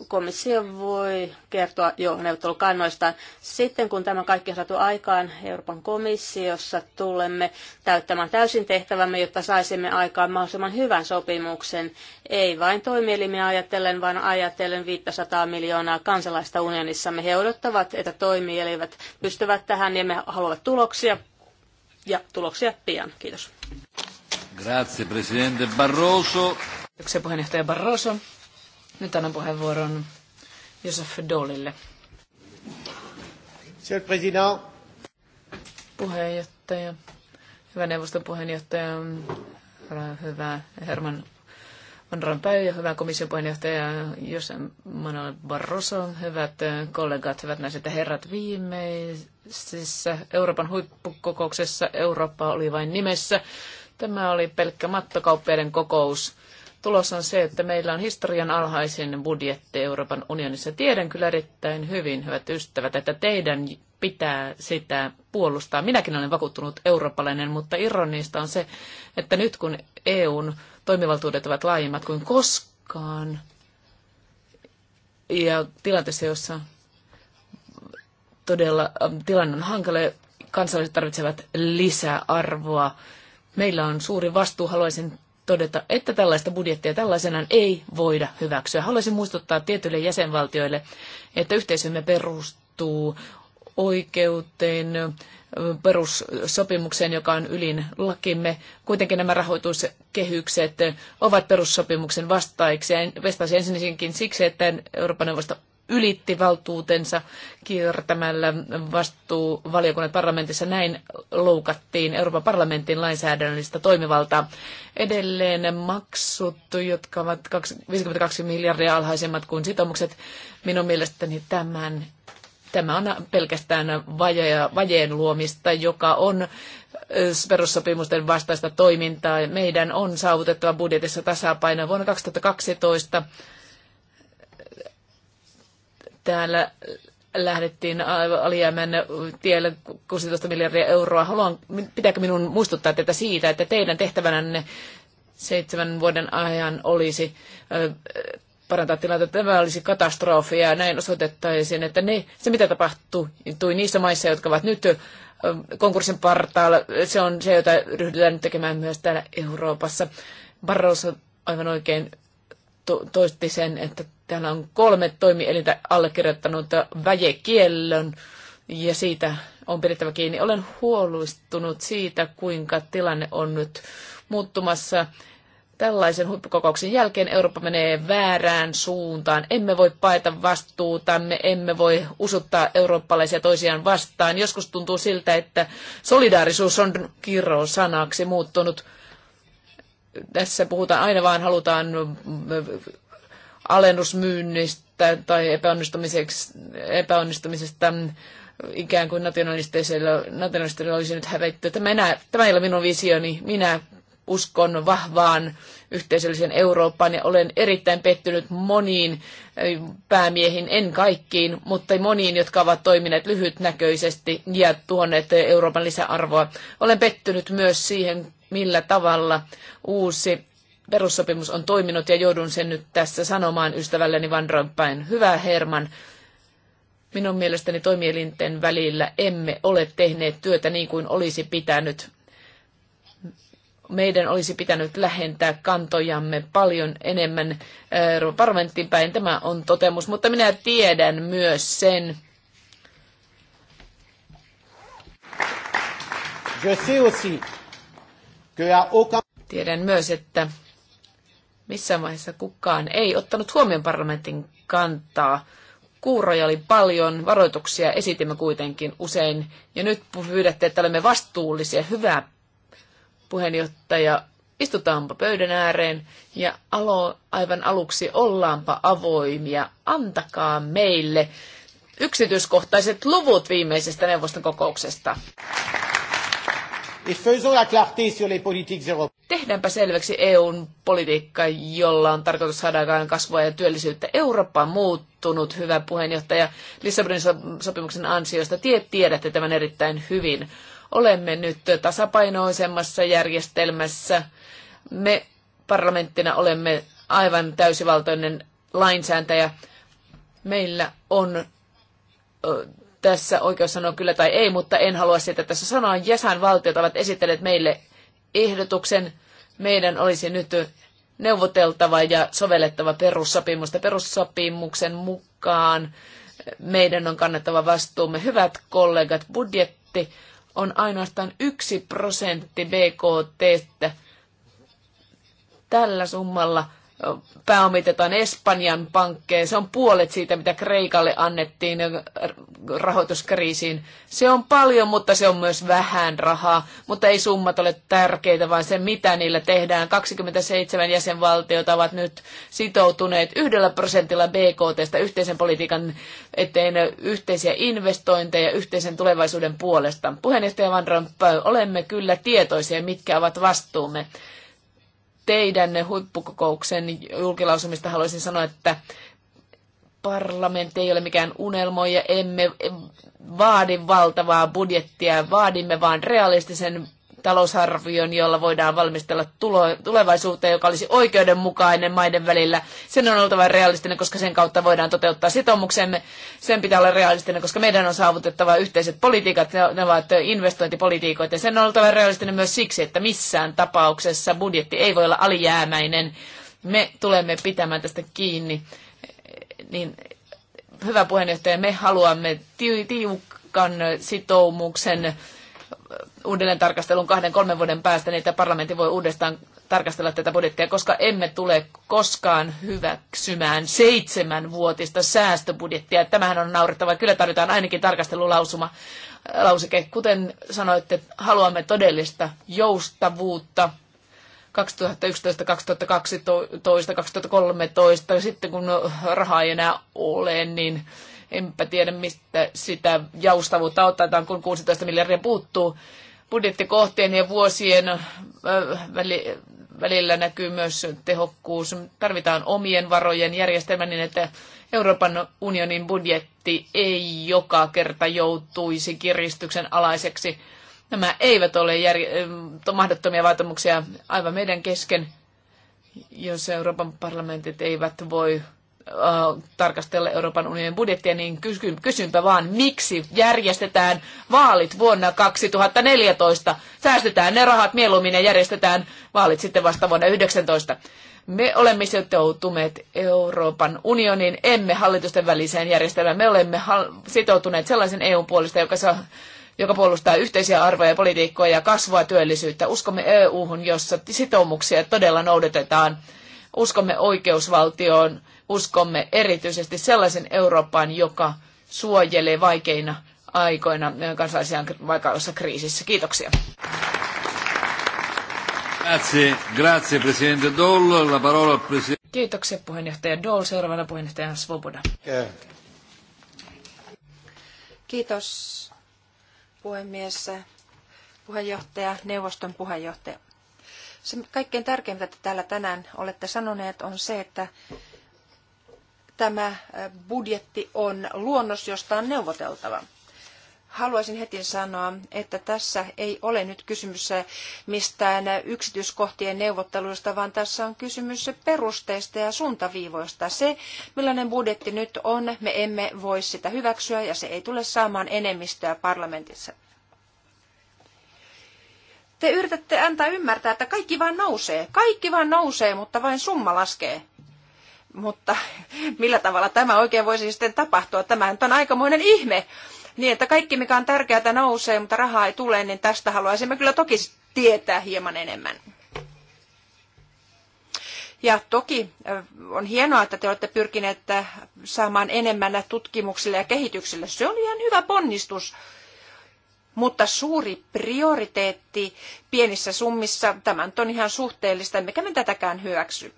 komissio voi kertoa jo neuvottelukannoistaan. Sitten kun tämä kaikki on saatu aikaan Euroopan komissiossa, tulemme täyttämään täysin tehtävämme, jotta saisimme aikaan mahdollisimman hyvän sopimuksen, ei vain toimielimiä ajatellen, vaan ajatellen 500 miljoonaa kansalaista unionissamme. He odottavat, että toimielivät pystyvät tähän ja me haluavat tuloksia ja tuloksia pian. Kiitos. Grazie, presidente Barroso. Yksi puheenjohtaja Barroso. Nyt annan puheenvuoron Josef Dolille. Monsieur le Puheenjohtaja, hyvä neuvoston puheenjohtaja, hyvä Herman Van Rompuy ja hyvä komission puheenjohtaja Jose Manuel Barroso, hyvät kollegat, hyvät naiset ja herrat. Viimeisessä Euroopan huippukokouksessa Eurooppa oli vain nimessä. Tämä oli pelkkä mattokauppiaiden kokous Tulos on se, että meillä on historian alhaisin budjetti Euroopan unionissa. Tiedän kyllä erittäin hyvin, hyvät ystävät, että teidän pitää sitä puolustaa. Minäkin olen vakuuttunut eurooppalainen, mutta ironista on se, että nyt kun EUn toimivaltuudet ovat laajemmat kuin koskaan, ja tilanteessa, jossa todella ähm, tilanne on hankala, kansalaiset tarvitsevat lisäarvoa. Meillä on suuri vastuu, haluaisin todeta, että tällaista budjettia tällaisenaan ei voida hyväksyä. Haluaisin muistuttaa tietyille jäsenvaltioille, että yhteisömme perustuu oikeuteen, perussopimukseen, joka on ylin lakimme. Kuitenkin nämä rahoituskehykset ovat perussopimuksen vastaiksi. Vastaisi ensinnäkin siksi, että Euroopan neuvosto ylitti valtuutensa kiertämällä vastuuvaliokunnat parlamentissa. Näin loukattiin Euroopan parlamentin lainsäädännöllistä toimivaltaa. Edelleen maksut, jotka ovat 52 miljardia alhaisemmat kuin sitoumukset. Minun mielestäni tämän, tämä on pelkästään vaje, vajeen luomista, joka on perussopimusten vastaista toimintaa. Meidän on saavutettava budjetissa tasapaino vuonna 2012 täällä lähdettiin alijäämän tielle 16 miljardia euroa. Haluan, pitääkö minun muistuttaa tätä siitä, että teidän tehtävänänne seitsemän vuoden ajan olisi parantaa tilannetta. Tämä olisi katastrofi ja näin osoitettaisiin, että ne, se mitä tapahtui niissä maissa, jotka ovat nyt konkurssin partaalla, se on se, jota ryhdytään nyt tekemään myös täällä Euroopassa. Barroso aivan oikein toisti sen, että täällä on kolme toimielintä allekirjoittanut väjekiellon ja siitä on pidettävä kiinni. Olen huolestunut siitä, kuinka tilanne on nyt muuttumassa. Tällaisen huippukokouksen jälkeen Eurooppa menee väärään suuntaan. Emme voi paeta vastuutamme, emme voi usuttaa eurooppalaisia toisiaan vastaan. Joskus tuntuu siltä, että solidaarisuus on kirosanaksi muuttunut tässä puhutaan aina vaan halutaan alennusmyynnistä tai epäonnistumisesta ikään kuin nationalisteilla, nationalisteilla olisi nyt hävetty. Tämä, enää, tämä ei ole minun visioni. Minä uskon vahvaan yhteisöllisen Eurooppaan ja olen erittäin pettynyt moniin päämiehiin, en kaikkiin, mutta moniin, jotka ovat toimineet lyhytnäköisesti ja tuoneet Euroopan lisäarvoa. Olen pettynyt myös siihen, millä tavalla uusi perussopimus on toiminut ja joudun sen nyt tässä sanomaan ystävälleni Van Rompuyn. Hyvä Herman, minun mielestäni toimielinten välillä emme ole tehneet työtä niin kuin olisi pitänyt. Meidän olisi pitänyt lähentää kantojamme paljon enemmän parlamenttiin päin. Tämä on totemus, mutta minä tiedän myös sen, Je sais aussi Tiedän myös, että missään vaiheessa kukaan ei ottanut huomioon parlamentin kantaa. Kuuroja oli paljon, varoituksia esitimme kuitenkin usein. Ja nyt pyydätte, että olemme vastuullisia. Hyvä puheenjohtaja, istutaanpa pöydän ääreen ja alo, aivan aluksi ollaanpa avoimia. Antakaa meille yksityiskohtaiset luvut viimeisestä neuvoston kokouksesta. Tehdäänpä selväksi EUn politiikka, jolla on tarkoitus saada aikaan kasvua ja työllisyyttä. Eurooppa on muuttunut, hyvä puheenjohtaja. Lissabonin sopimuksen ansiosta tie tiedätte tämän erittäin hyvin. Olemme nyt tasapainoisemmassa järjestelmässä. Me parlamenttina olemme aivan täysivaltoinen lainsääntäjä. Meillä on tässä oikeus sanoa kyllä tai ei, mutta en halua sitä tässä sanoa. Jäsenvaltiot ovat esitelleet meille ehdotuksen. Meidän olisi nyt neuvoteltava ja sovellettava perussopimusta. Perussopimuksen mukaan meidän on kannettava vastuumme. Hyvät kollegat, budjetti on ainoastaan yksi prosentti BKT. Tällä summalla pääomitetaan Espanjan pankkeen. Se on puolet siitä, mitä Kreikalle annettiin rahoituskriisiin. Se on paljon, mutta se on myös vähän rahaa. Mutta ei summat ole tärkeitä, vaan se, mitä niillä tehdään. 27 jäsenvaltiota ovat nyt sitoutuneet yhdellä prosentilla BKTstä yhteisen politiikan eteen yhteisiä investointeja yhteisen tulevaisuuden puolesta. Puheenjohtaja Van Rompuy, olemme kyllä tietoisia, mitkä ovat vastuumme teidän huippukokouksen julkilausumista haluaisin sanoa, että parlamentti ei ole mikään unelmoija, emme vaadi valtavaa budjettia, vaadimme vain realistisen talousarvion, jolla voidaan valmistella tulo, tulevaisuuteen, joka olisi oikeudenmukainen maiden välillä. Sen on oltava realistinen, koska sen kautta voidaan toteuttaa sitoumuksemme. Sen pitää olla realistinen, koska meidän on saavutettava yhteiset politiikat, ne, ne ovat investointipolitiikoita. Ja sen on oltava realistinen myös siksi, että missään tapauksessa budjetti ei voi olla alijäämäinen. Me tulemme pitämään tästä kiinni. Niin, hyvä puheenjohtaja, me haluamme tiukan sitoumuksen uudelleen tarkastelun kahden, kolmen vuoden päästä, niin että parlamentti voi uudestaan tarkastella tätä budjettia, koska emme tule koskaan hyväksymään seitsemän vuotista säästöbudjettia. Tämähän on naurettava. Kyllä tarvitaan ainakin tarkastelulausuma. Äh, lauseke, kuten sanoitte, haluamme todellista joustavuuta 2011, 2012, 2013, sitten kun rahaa ei enää ole, niin Enpä tiedä, mistä sitä joustavuutta otetaan, kun 16 miljardia puuttuu. Budjettikohteen ja vuosien äh, välillä näkyy myös tehokkuus. Tarvitaan omien varojen järjestelmä niin, että Euroopan unionin budjetti ei joka kerta joutuisi kiristyksen alaiseksi. Nämä eivät ole äh, mahdottomia vaatimuksia aivan meidän kesken, jos Euroopan parlamentit eivät voi Äh, tarkastella Euroopan unionin budjettia, niin kysynpä vaan, miksi järjestetään vaalit vuonna 2014? Säästetään ne rahat mieluummin ja järjestetään vaalit sitten vasta vuonna 2019. Me olemme sitoutuneet Euroopan unionin, emme hallitusten väliseen järjestelmään. Me olemme sitoutuneet sellaisen EUn puolesta, joka saa joka puolustaa yhteisiä arvoja, politiikkoja ja kasvua työllisyyttä. Uskomme EU-hun, jossa sitoumuksia todella noudatetaan. Uskomme oikeusvaltioon, uskomme erityisesti sellaisen Euroopan, joka suojelee vaikeina aikoina äh, kansalaisia vaikeudessa kriisissä. Kiitoksia. Grazie, grazie Presidente Doll. La parola al Presidente. Kiitoksia puheenjohtaja Doll. Seuraavana puheenjohtaja Svoboda. Kiitos puhemies, puheenjohtaja, neuvoston puheenjohtaja. Se kaikkein tärkeintä, mitä te täällä tänään olette sanoneet, on se, että tämä budjetti on luonnos, josta on neuvoteltava. Haluaisin heti sanoa, että tässä ei ole nyt kysymys mistään yksityiskohtien neuvotteluista, vaan tässä on kysymys perusteista ja suuntaviivoista. Se, millainen budjetti nyt on, me emme voi sitä hyväksyä ja se ei tule saamaan enemmistöä parlamentissa. Te yritätte antaa ymmärtää, että kaikki vaan nousee. Kaikki vaan nousee, mutta vain summa laskee mutta millä tavalla tämä oikein voisi sitten tapahtua? Tämä on aikamoinen ihme. Niin, että kaikki mikä on tärkeää nousee, mutta rahaa ei tule, niin tästä haluaisimme kyllä toki tietää hieman enemmän. Ja toki on hienoa, että te olette pyrkineet saamaan enemmän tutkimuksille ja kehityksille. Se on ihan hyvä ponnistus. Mutta suuri prioriteetti pienissä summissa, tämän on ihan suhteellista, emmekä me tätäkään hyväksy.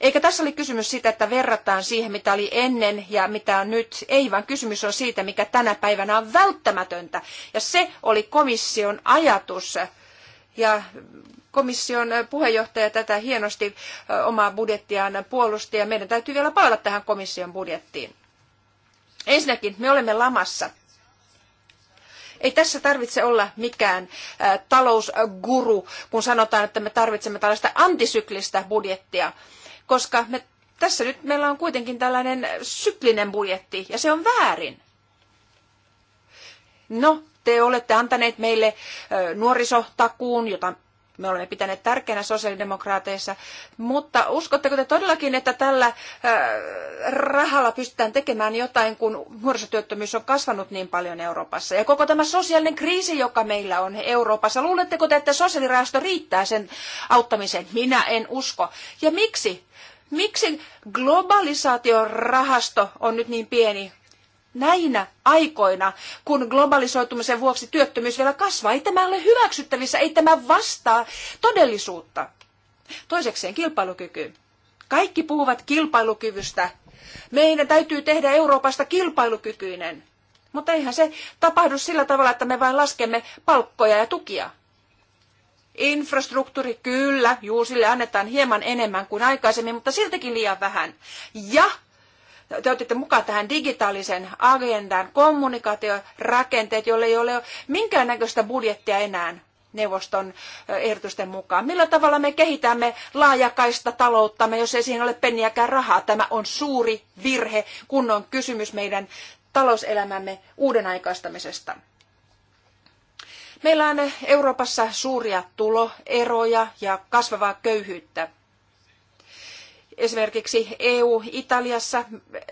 Eikä tässä ole kysymys siitä, että verrataan siihen, mitä oli ennen ja mitä on nyt. Ei, vaan kysymys on siitä, mikä tänä päivänä on välttämätöntä. Ja se oli komission ajatus. Ja komission puheenjohtaja tätä hienosti omaa budjettiaan puolusti ja meidän täytyy vielä palata tähän komission budjettiin. Ensinnäkin me olemme lamassa. Ei tässä tarvitse olla mikään talousguru, kun sanotaan, että me tarvitsemme tällaista antisyklistä budjettia koska me, tässä nyt meillä on kuitenkin tällainen syklinen budjetti ja se on väärin. No, te olette antaneet meille nuorisotakuun, jota me olemme pitäneet tärkeänä sosiaalidemokraateissa, mutta uskotteko te todellakin, että tällä rahalla pystytään tekemään jotain, kun nuorisotyöttömyys on kasvanut niin paljon Euroopassa? Ja koko tämä sosiaalinen kriisi, joka meillä on Euroopassa, luuletteko te, että sosiaalirahasto riittää sen auttamiseen? Minä en usko. Ja miksi? Miksi globalisaation on nyt niin pieni näinä aikoina, kun globalisoitumisen vuoksi työttömyys vielä kasvaa. Ei tämä ole hyväksyttävissä, ei tämä vastaa todellisuutta. Toisekseen kilpailukyky. Kaikki puhuvat kilpailukyvystä. Meidän täytyy tehdä Euroopasta kilpailukykyinen. Mutta eihän se tapahdu sillä tavalla, että me vain laskemme palkkoja ja tukia. Infrastruktuuri, kyllä, juu, sille annetaan hieman enemmän kuin aikaisemmin, mutta siltikin liian vähän. Ja te otitte mukaan tähän digitaalisen agendan kommunikaatiorakenteet, jolle ei ole minkäännäköistä budjettia enää neuvoston ehdotusten mukaan. Millä tavalla me kehitämme laajakaista talouttamme, jos ei siihen ole penniäkään rahaa? Tämä on suuri virhe, kun on kysymys meidän talouselämämme uuden aikaistamisesta. Meillä on Euroopassa suuria tuloeroja ja kasvavaa köyhyyttä. Esimerkiksi EU-Italiassa,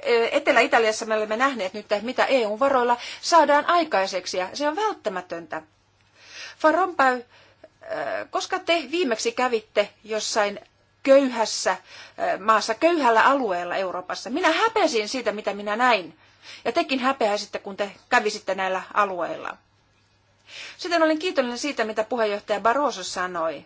e, Etelä-Italiassa me olemme nähneet nyt, mitä EU-varoilla saadaan aikaiseksi ja se on välttämätöntä. Van Rompuy, e, koska te viimeksi kävitte jossain köyhässä e, maassa, köyhällä alueella Euroopassa. Minä häpesin siitä, mitä minä näin. Ja tekin häpeäisitte, kun te kävisitte näillä alueilla. Sitten olin kiitollinen siitä, mitä puheenjohtaja Barroso sanoi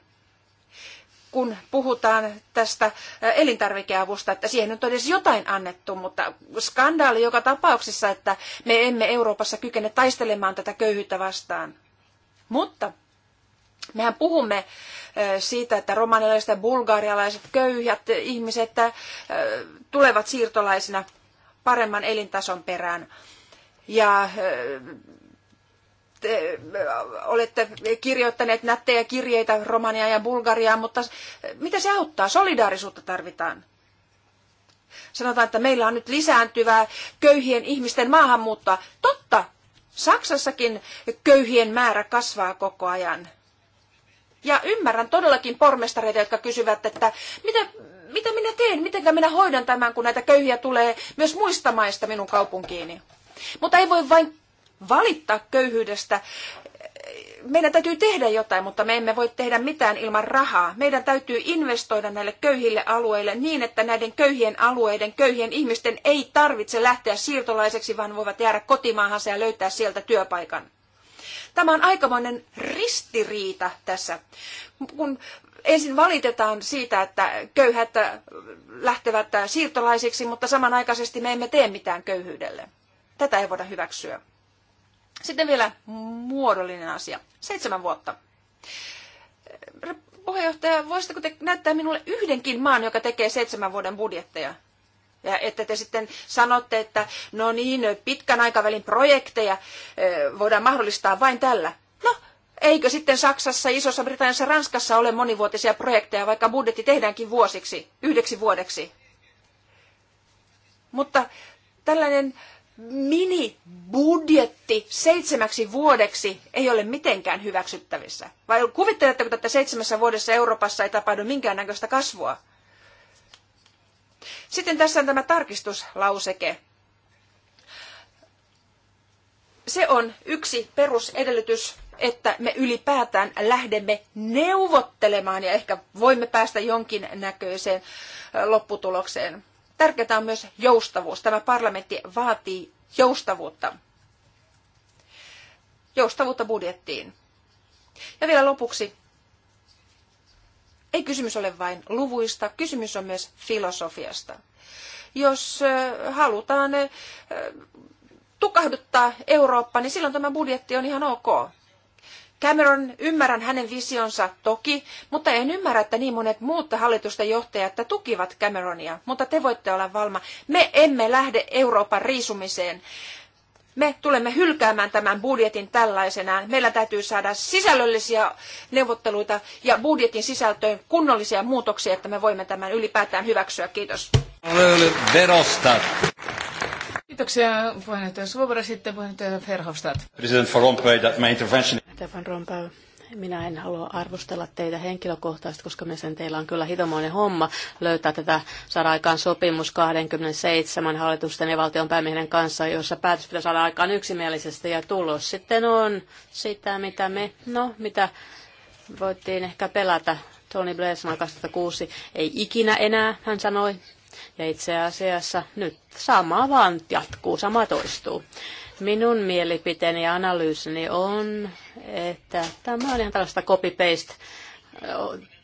kun puhutaan tästä elintarvikeavusta, että siihen nyt on edes jotain annettu, mutta skandaali joka tapauksessa, että me emme Euroopassa kykene taistelemaan tätä köyhyyttä vastaan. Mutta mehän puhumme siitä, että romanialaiset ja bulgarialaiset köyhät ihmiset tulevat siirtolaisina paremman elintason perään. Ja olette kirjoittaneet nättejä kirjeitä Romaniaan ja Bulgariaan, mutta mitä se auttaa? Solidaarisuutta tarvitaan. Sanotaan, että meillä on nyt lisääntyvää köyhien ihmisten maahanmuuttoa. Totta, Saksassakin köyhien määrä kasvaa koko ajan. Ja ymmärrän todellakin pormestareita, jotka kysyvät, että mitä, mitä minä teen, miten minä hoidan tämän, kun näitä köyhiä tulee myös muista maista minun kaupunkiini. Mutta ei voi vain valittaa köyhyydestä. Meidän täytyy tehdä jotain, mutta me emme voi tehdä mitään ilman rahaa. Meidän täytyy investoida näille köyhille alueille niin, että näiden köyhien alueiden, köyhien ihmisten ei tarvitse lähteä siirtolaiseksi, vaan voivat jäädä kotimaahansa ja löytää sieltä työpaikan. Tämä on aikamoinen ristiriita tässä, kun ensin valitetaan siitä, että köyhät lähtevät siirtolaisiksi, mutta samanaikaisesti me emme tee mitään köyhyydelle. Tätä ei voida hyväksyä. Sitten vielä muodollinen asia. Seitsemän vuotta. Puheenjohtaja, voisitteko te näyttää minulle yhdenkin maan, joka tekee seitsemän vuoden budjetteja? Ja että te sitten sanotte, että no niin, pitkän aikavälin projekteja eh, voidaan mahdollistaa vain tällä. No, eikö sitten Saksassa, Isossa Britanniassa, Ranskassa ole monivuotisia projekteja, vaikka budjetti tehdäänkin vuosiksi, yhdeksi vuodeksi? Mutta tällainen minibudjetti seitsemäksi vuodeksi ei ole mitenkään hyväksyttävissä? Vai kuvitteletteko, että seitsemässä vuodessa Euroopassa ei tapahdu minkäännäköistä kasvua? Sitten tässä on tämä tarkistuslauseke. Se on yksi perusedellytys, että me ylipäätään lähdemme neuvottelemaan ja ehkä voimme päästä jonkin näköiseen lopputulokseen. Tärkeää on myös joustavuus. Tämä parlamentti vaatii joustavuutta. Joustavuutta budjettiin. Ja vielä lopuksi. Ei kysymys ole vain luvuista, kysymys on myös filosofiasta. Jos halutaan tukahduttaa Eurooppa, niin silloin tämä budjetti on ihan ok. Cameron, ymmärrän hänen visionsa toki, mutta en ymmärrä, että niin monet muut hallitusten johtajat tukivat Cameronia. Mutta te voitte olla valma. Me emme lähde Euroopan riisumiseen. Me tulemme hylkäämään tämän budjetin tällaisenaan. Meillä täytyy saada sisällöllisiä neuvotteluita ja budjetin sisältöön kunnollisia muutoksia, että me voimme tämän ylipäätään hyväksyä. Kiitos. Kiitoksia puheenjohtaja Suovara, sitten puheenjohtaja Verhofstadt. President Van Rompuy, that my intervention Puheenjohtaja Van Rompuy, minä en halua arvostella teitä henkilökohtaisesti, koska me sen teillä on kyllä hitomoinen homma löytää tätä, saada aikaan sopimus 27 hallitusten ja valtion päämiehen kanssa, jossa päätös pitää saada aikaan yksimielisesti ja tulos sitten on sitä, mitä me, no, mitä voittiin ehkä pelätä. Tony Blair sanoi 2006, ei ikinä enää, hän sanoi. Ja itse asiassa nyt sama vaan jatkuu, sama toistuu. Minun mielipiteeni ja analyysini on, että tämä on ihan tällaista copy-paste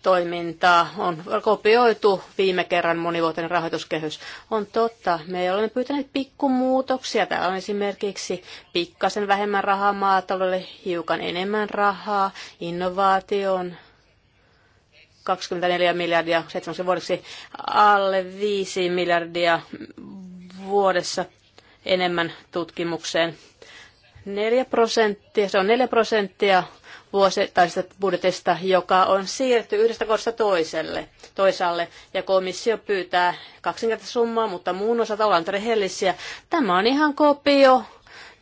toimintaa. On kopioitu viime kerran monivuotinen rahoituskehys. On totta, me olemme pyytäneet pikkumuutoksia. Täällä on esimerkiksi pikkasen vähemmän rahaa maataloudelle, hiukan enemmän rahaa, innovaatioon, 24 miljardia 7 vuodeksi alle 5 miljardia vuodessa enemmän tutkimukseen. 4 prosenttia, se on 4 prosenttia vuosittaisesta budjetista, joka on siirretty yhdestä kohdasta toiselle, toisaalle, ja komissio pyytää kaksinkertaista summaa, mutta muun osalta ollaan rehellisiä. Tämä on ihan kopio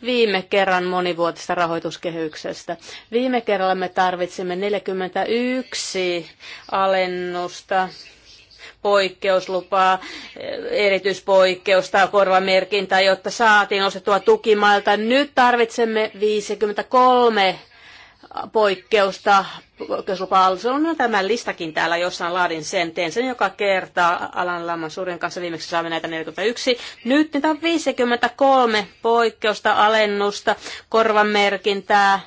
viime kerran monivuotista rahoituskehyksestä. Viime kerralla me tarvitsimme 41 alennusta poikkeuslupaa, erityispoikkeusta tai korvamerkintää, jotta saatiin ostettua tukimailta. Nyt tarvitsemme 53 poikkeusta poikkeuslupa on no, tämä listakin täällä on laadin sen. Teen sen joka kerta Alan laman suurin kanssa. Viimeksi saamme näitä 41. Nyt niitä on 53 poikkeusta, alennusta, korvamerkintää,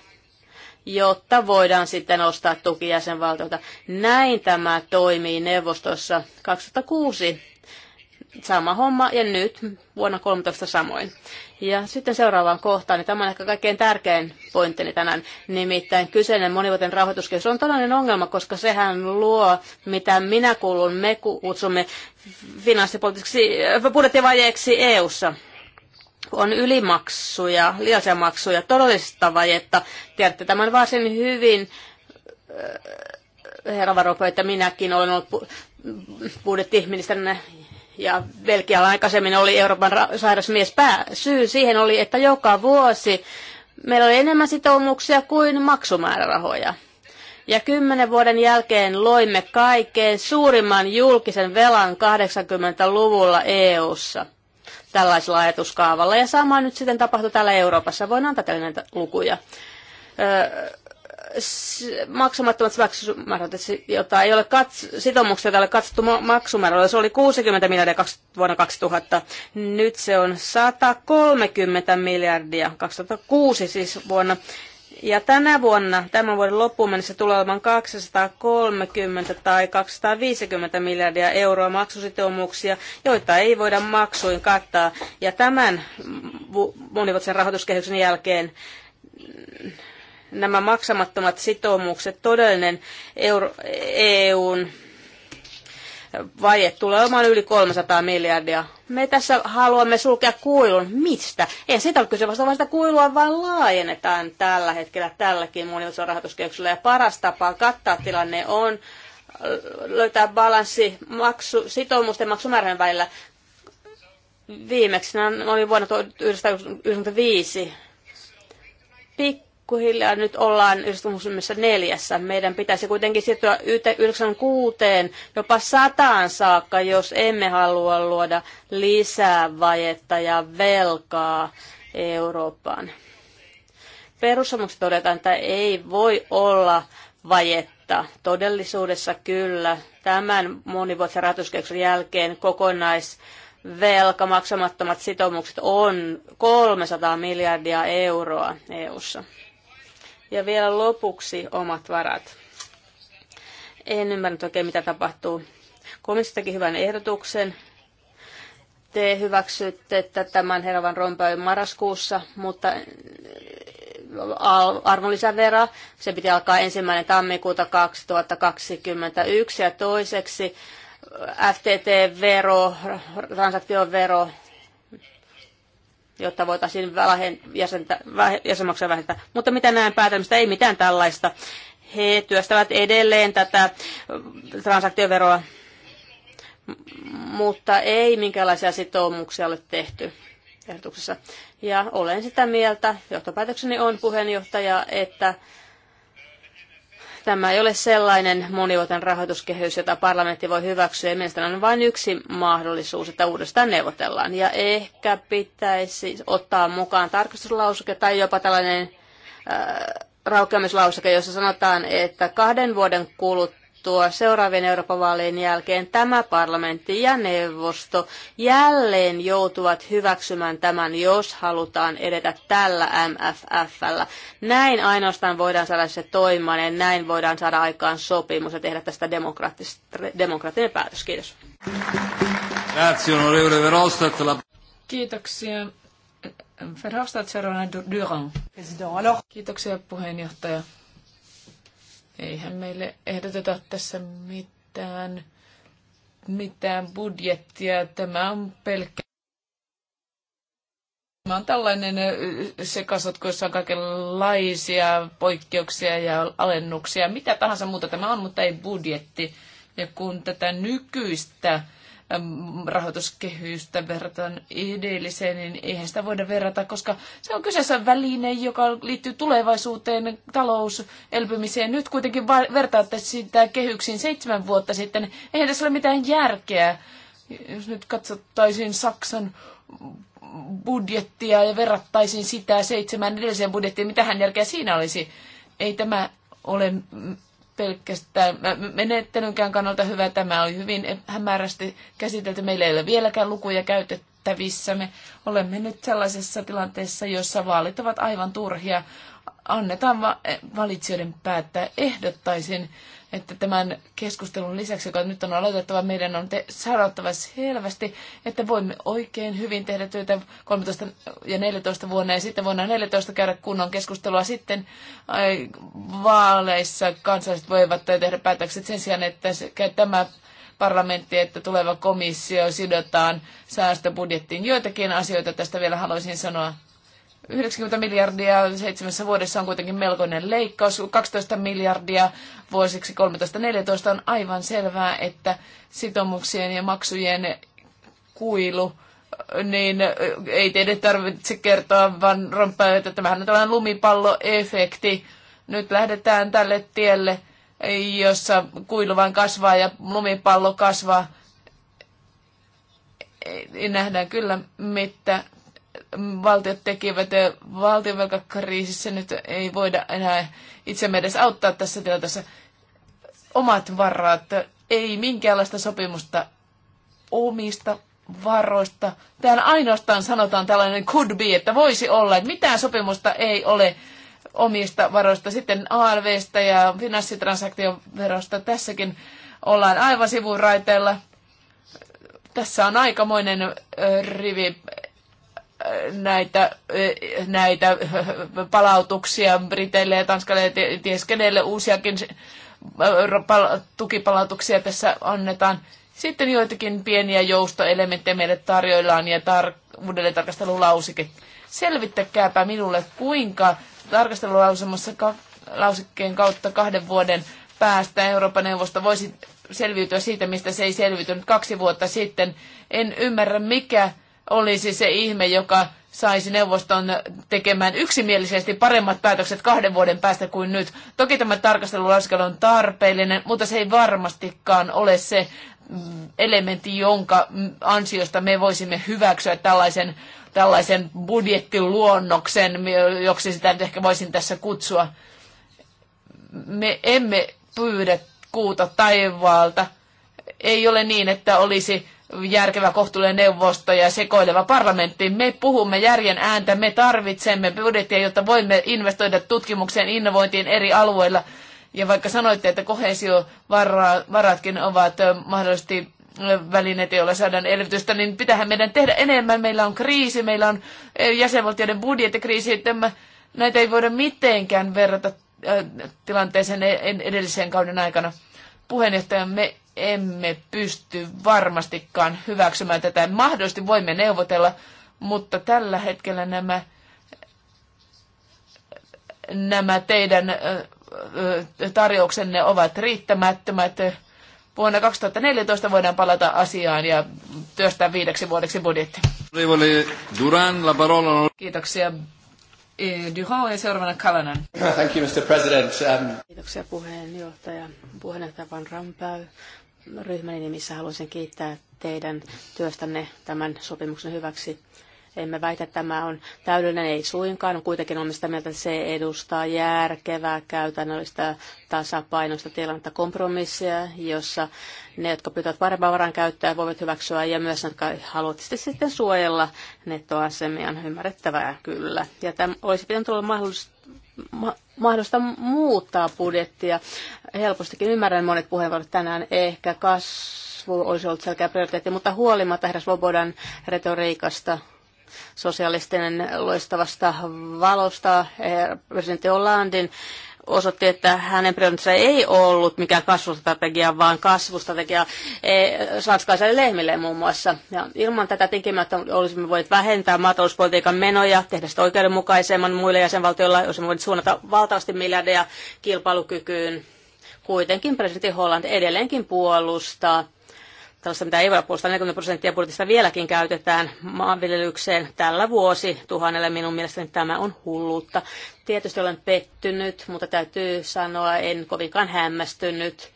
jotta voidaan sitten ostaa tuki jäsenvaltiolta. Näin tämä toimii neuvostossa 2006 sama homma ja nyt vuonna 13 samoin. Ja sitten seuraavaan kohtaan, niin tämä on ehkä kaikkein tärkein pointtini tänään, nimittäin kyseinen monivuotinen rahoituskehys on todellinen ongelma, koska sehän luo, mitä minä kuulun, me kutsumme finanssipoliittiseksi budjettivajeeksi EU-ssa on ylimaksuja, liiallisia maksuja, todellista vajetta. Tiedätte tämän varsin hyvin, äh, herra Varopo, että minäkin olen ollut budjetti ja Belgialla aikaisemmin oli Euroopan sairasmies pää. Syy siihen oli, että joka vuosi meillä oli enemmän sitoumuksia kuin maksumäärärahoja. Ja kymmenen vuoden jälkeen loimme kaikkein suurimman julkisen velan 80-luvulla EU:ssa tällaisella ajatuskaavalla. Ja sama nyt sitten tapahtui täällä Euroopassa. Voin antaa teille näitä lukuja. Öö, maksamattomat maksumäärät, jota ei ole kats, sitoumuksia, joita ei ole katsottu maksumäärällä. Se oli 60 miljardia vuonna 2000. Nyt se on 130 miljardia 2006 siis vuonna. Ja tänä vuonna, tämän vuoden loppuun mennessä tulee olemaan 230 tai 250 miljardia euroa maksusitoumuksia, joita ei voida maksuin kattaa. Ja tämän monivuotisen rahoituskehyksen jälkeen nämä maksamattomat sitoumukset, todellinen euro, e vaje tulee olemaan yli 300 miljardia. Me tässä haluamme sulkea kuilun. Mistä? Ei sitä ole kyse, vasta sitä kuilua vaan laajennetaan tällä hetkellä tälläkin monilaisella rahoituskehyksellä. Ja paras tapa kattaa tilanne on äh, löytää balanssi maksu, sitoumusten maksumäärän välillä. Viimeksi oli no, vuonna 1995. Pik- pikkuhiljaa nyt ollaan yhdistymisessä neljässä. Meidän pitäisi kuitenkin siirtyä 96, jopa sataan saakka, jos emme halua luoda lisää vajetta ja velkaa Eurooppaan. Perussomuksessa todetaan, että ei voi olla vajetta. Todellisuudessa kyllä. Tämän monivuotisen rahoituskehyksen jälkeen kokonais velka, maksamattomat sitoumukset on 300 miljardia euroa EU:ssa. Ja vielä lopuksi omat varat. En ymmärrä oikein, mitä tapahtuu. Komissio teki hyvän ehdotuksen. Te hyväksytte tämän herran rompöön marraskuussa, mutta äh, arvonlisävero, se piti alkaa ensimmäinen tammikuuta 2021 ja toiseksi äh, FTT-vero, transaktiovero jotta voitaisiin vähen, jäsentä, jäsenmaksuja vähentää. Mutta mitä näen päätelmistä, ei mitään tällaista. He työstävät edelleen tätä transaktioveroa, mutta ei minkälaisia sitoumuksia ole tehty ehdotuksessa. Ja olen sitä mieltä, johtopäätökseni on puheenjohtaja, että Tämä ei ole sellainen monivuotinen rahoituskehys, jota parlamentti voi hyväksyä. Ja mielestäni on vain yksi mahdollisuus, että uudestaan neuvotellaan. Ja ehkä pitäisi ottaa mukaan tarkastuslauseke tai jopa tällainen äh, raukeamislauseke, jossa sanotaan, että kahden vuoden kuluttua Tuo seuraavien Euroopan vaalien jälkeen, tämä parlamentti ja neuvosto jälleen joutuvat hyväksymään tämän, jos halutaan edetä tällä MFFllä. Näin ainoastaan voidaan saada se toimimaan ja näin voidaan saada aikaan sopimus ja tehdä tästä demokraattinen päätös. Kiitos. Kiitoksia. Verhofstadt, Serona Durand. Kiitoksia puheenjohtaja. Eihän meille ehdoteta tässä mitään, mitään budjettia. Tämä on pelkkä. Tämä on tällainen sekasotku, jossa on kaikenlaisia poikkeuksia ja alennuksia, mitä tahansa muuta tämä on, mutta ei budjetti. Ja kun tätä nykyistä rahoituskehystä verrataan edelliseen, niin eihän sitä voida verrata, koska se on kyseessä väline, joka liittyy tulevaisuuteen, talouselpymiseen. Nyt kuitenkin vertaatte sitä kehyksiin seitsemän vuotta sitten. Eihän tässä ole mitään järkeä. Jos nyt katsottaisiin Saksan budjettia ja verrattaisiin sitä seitsemän edelliseen budjettiin, mitähän järkeä siinä olisi? Ei tämä ole pelkästään menettelynkään kannalta hyvä. Tämä oli hyvin hämärästi käsitelty. Meillä ei ole vieläkään lukuja käytettävissä. Me olemme nyt sellaisessa tilanteessa, jossa vaalit ovat aivan turhia annetaan va- valitsijoiden päättää. Ehdottaisin, että tämän keskustelun lisäksi, joka nyt on aloitettava, meidän on te- sanottava selvästi, että voimme oikein hyvin tehdä työtä 13 ja 14 vuonna ja sitten vuonna 14 käydä kunnon keskustelua. Sitten ai, vaaleissa kansalaiset voivat tehdä päätökset sen sijaan, että se, tämä parlamentti, että tuleva komissio sidotaan säästöbudjettiin. Joitakin asioita tästä vielä haluaisin sanoa. 90 miljardia seitsemässä vuodessa on kuitenkin melkoinen leikkaus. 12 miljardia vuosiksi 13-14 on aivan selvää, että sitoumuksien ja maksujen kuilu niin ei teidän tarvitse kertoa, vaan rompaa, että tämähän on tällainen lumipalloefekti. Nyt lähdetään tälle tielle, jossa kuilu vain kasvaa ja lumipallo kasvaa. Nähdään kyllä, mitä valtiot tekivät valtionvelkakriisissä. Nyt ei voida enää itsemme edes auttaa tässä tilanteessa. Omat varat, ei minkäänlaista sopimusta omista varoista. Tähän ainoastaan sanotaan tällainen could be, että voisi olla, että mitään sopimusta ei ole omista varoista. Sitten ARVstä ja finanssitransaktioverosta tässäkin ollaan aivan sivuraiteella. Tässä on aikamoinen rivi näitä, näitä palautuksia Briteille ja Tanskalle ja ties kenelle uusiakin tukipalautuksia tässä annetaan. Sitten joitakin pieniä joustoelementtejä meille tarjoillaan ja tar- uudelleen tarkastelulausike. Selvittäkääpä minulle, kuinka tarkastelulausemassa ka- lausikkeen kautta kahden vuoden päästä Euroopan neuvosto voisi selviytyä siitä, mistä se ei selviytynyt kaksi vuotta sitten. En ymmärrä, mikä olisi se ihme, joka saisi neuvoston tekemään yksimielisesti paremmat päätökset kahden vuoden päästä kuin nyt. Toki tämä tarkastelulaskelu on tarpeellinen, mutta se ei varmastikaan ole se mm, elementti, jonka ansiosta me voisimme hyväksyä tällaisen, tällaisen budjettiluonnoksen, joksi sitä nyt ehkä voisin tässä kutsua. Me emme pyydä kuuta taivaalta. Ei ole niin, että olisi järkevä kohtuullinen neuvosto ja sekoileva parlamentti. Me puhumme järjen ääntä, me tarvitsemme budjettia, jotta voimme investoida tutkimukseen, innovointiin eri alueilla. Ja vaikka sanoitte, että kohesiovaratkin ovat mahdollisesti välineet, joilla saadaan elvytystä, niin pitähän meidän tehdä enemmän. Meillä on kriisi, meillä on jäsenvaltioiden budjettikriisi. että näitä ei voida mitenkään verrata tilanteeseen e-, edellisen kauden aikana. Puheenjohtaja, me emme pysty varmastikaan hyväksymään tätä. Mahdollisesti voimme neuvotella, mutta tällä hetkellä nämä, nämä teidän tarjouksenne ovat riittämättömät. Vuonna 2014 voidaan palata asiaan ja työstää viideksi vuodeksi budjetti. Kiitoksia. E, Duhon ja seuraavana Kalanen. Thank you, Mr. President. Um... Kiitoksia puheenjohtaja. Puheenjohtaja Van Rampäy ryhmäni nimissä haluaisin kiittää teidän työstänne tämän sopimuksen hyväksi. Emme väitä, että tämä on täydellinen, ei suinkaan. Kuitenkin olemme sitä mieltä, että se edustaa järkevää, käytännöllistä, tasapainoista tilannetta kompromissia, jossa ne, jotka pyytävät parempaa varan käyttöä, voivat hyväksyä ja myös ne, jotka haluavat sitten suojella nettoasemia, on ymmärrettävää kyllä. Ja tämä olisi pitänyt olla mahdollista ma- mahdollista muuttaa budjettia. Helpostikin ymmärrän monet puheenvuorot tänään. Ehkä kasvu olisi ollut selkeä prioriteetti, mutta huolimatta herra Svobodan retoriikasta sosialistinen loistavasta valosta, presidentti Hollandin osoitti, että hänen prioriteettinsa ei ollut mikään kasvustrategia, vaan kasvustrategia e, saksalaisille lehmille muun muassa. Ja ilman tätä tinkimättä olisimme voineet vähentää maatalouspolitiikan menoja, tehdä sitä oikeudenmukaisemman muille jäsenvaltioilla, jos me voineet suunnata valtavasti miljardeja kilpailukykyyn. Kuitenkin presidentti Holland edelleenkin puolustaa tällaista, mitä ei voi puolustaa, 40 prosenttia budjetista vieläkin käytetään maanviljelykseen tällä vuosi tuhannelle. Minun mielestäni tämä on hulluutta. Tietysti olen pettynyt, mutta täytyy sanoa, en kovinkaan hämmästynyt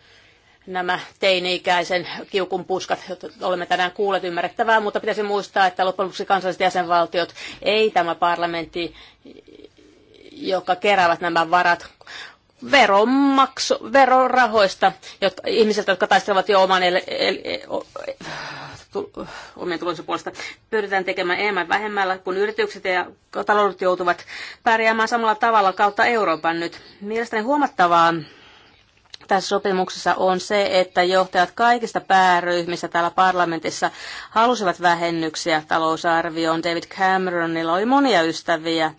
nämä teini-ikäisen kiukun puskat, joita olemme tänään kuulleet ymmärrettävää, mutta pitäisi muistaa, että loppujen lopuksi kansalliset jäsenvaltiot, ei tämä parlamentti, joka keräävät nämä varat veronmaksu, verorahoista jotka, ihmisiltä, jotka taistelevat jo oman el, el, omien tulonsa puolesta. Pyritään tekemään enemmän vähemmällä, kun yritykset ja taloudet joutuvat pärjäämään samalla tavalla kautta Euroopan nyt. Mielestäni huomattavaa tässä sopimuksessa on se, että johtajat kaikista pääryhmistä täällä parlamentissa halusivat vähennyksiä talousarvioon. David Cameronilla oli monia ystäviä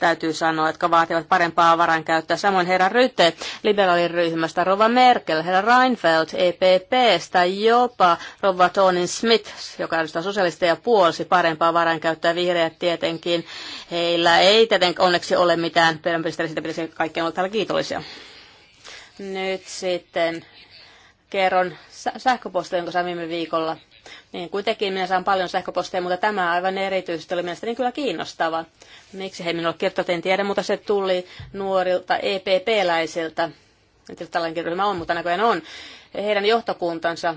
täytyy sanoa, jotka vaativat parempaa varankäyttöä. Samoin herra Rytte ryhmästä, Rova Merkel, herra Reinfeldt EPPstä, jopa Rova Tonin Smith, joka edustaa sosialista ja puolsi parempaa varankäyttöä, vihreät tietenkin. Heillä ei tietenkään onneksi ole mitään peränpistä, sitä pitäisi kaikkien olla täällä kiitollisia. Nyt sitten kerron sähköpostia, jonka saimme viime viikolla niin kuin minä saan paljon sähköposteja, mutta tämä aivan erityisesti oli mielestäni kyllä kiinnostava. Miksi he minulle kertovat, en tiedä, mutta se tuli nuorilta EPP-läisiltä. En tiedä, tällainen ryhmä on, mutta näköjään on. Heidän johtokuntansa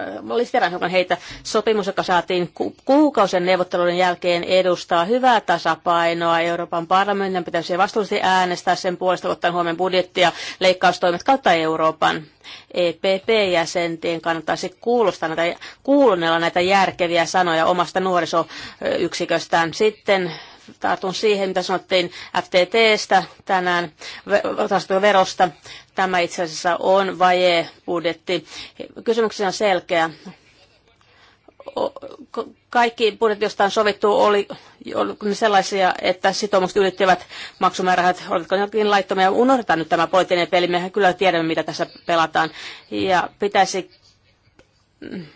Äh, listerään hiukan heitä. Sopimus, joka saatiin ku- kuukausien neuvotteluiden jälkeen, edustaa hyvää tasapainoa. Euroopan parlamentin pitäisi vastuullisesti äänestää sen puolesta, ottaen huomioon budjetti- ja leikkaustoimet kautta Euroopan. EPP-jäsentien kannattaisi kuulostaa näitä, kuulunnella näitä järkeviä sanoja omasta nuorisoyksiköstään. Sitten tartun siihen, mitä sanottiin FTTstä tänään, verosta. Tämä itse asiassa on vaje budjetti. Kysymykseni on selkeä kaikki budjetit, on sovittu, oli, oli sellaisia, että sitoumukset ylittivät maksumäärät, olivatko jokin laittomia. Unohdetaan nyt tämä poliittinen peli, mehän kyllä tiedämme, mitä tässä pelataan. Ja pitäisi, mm,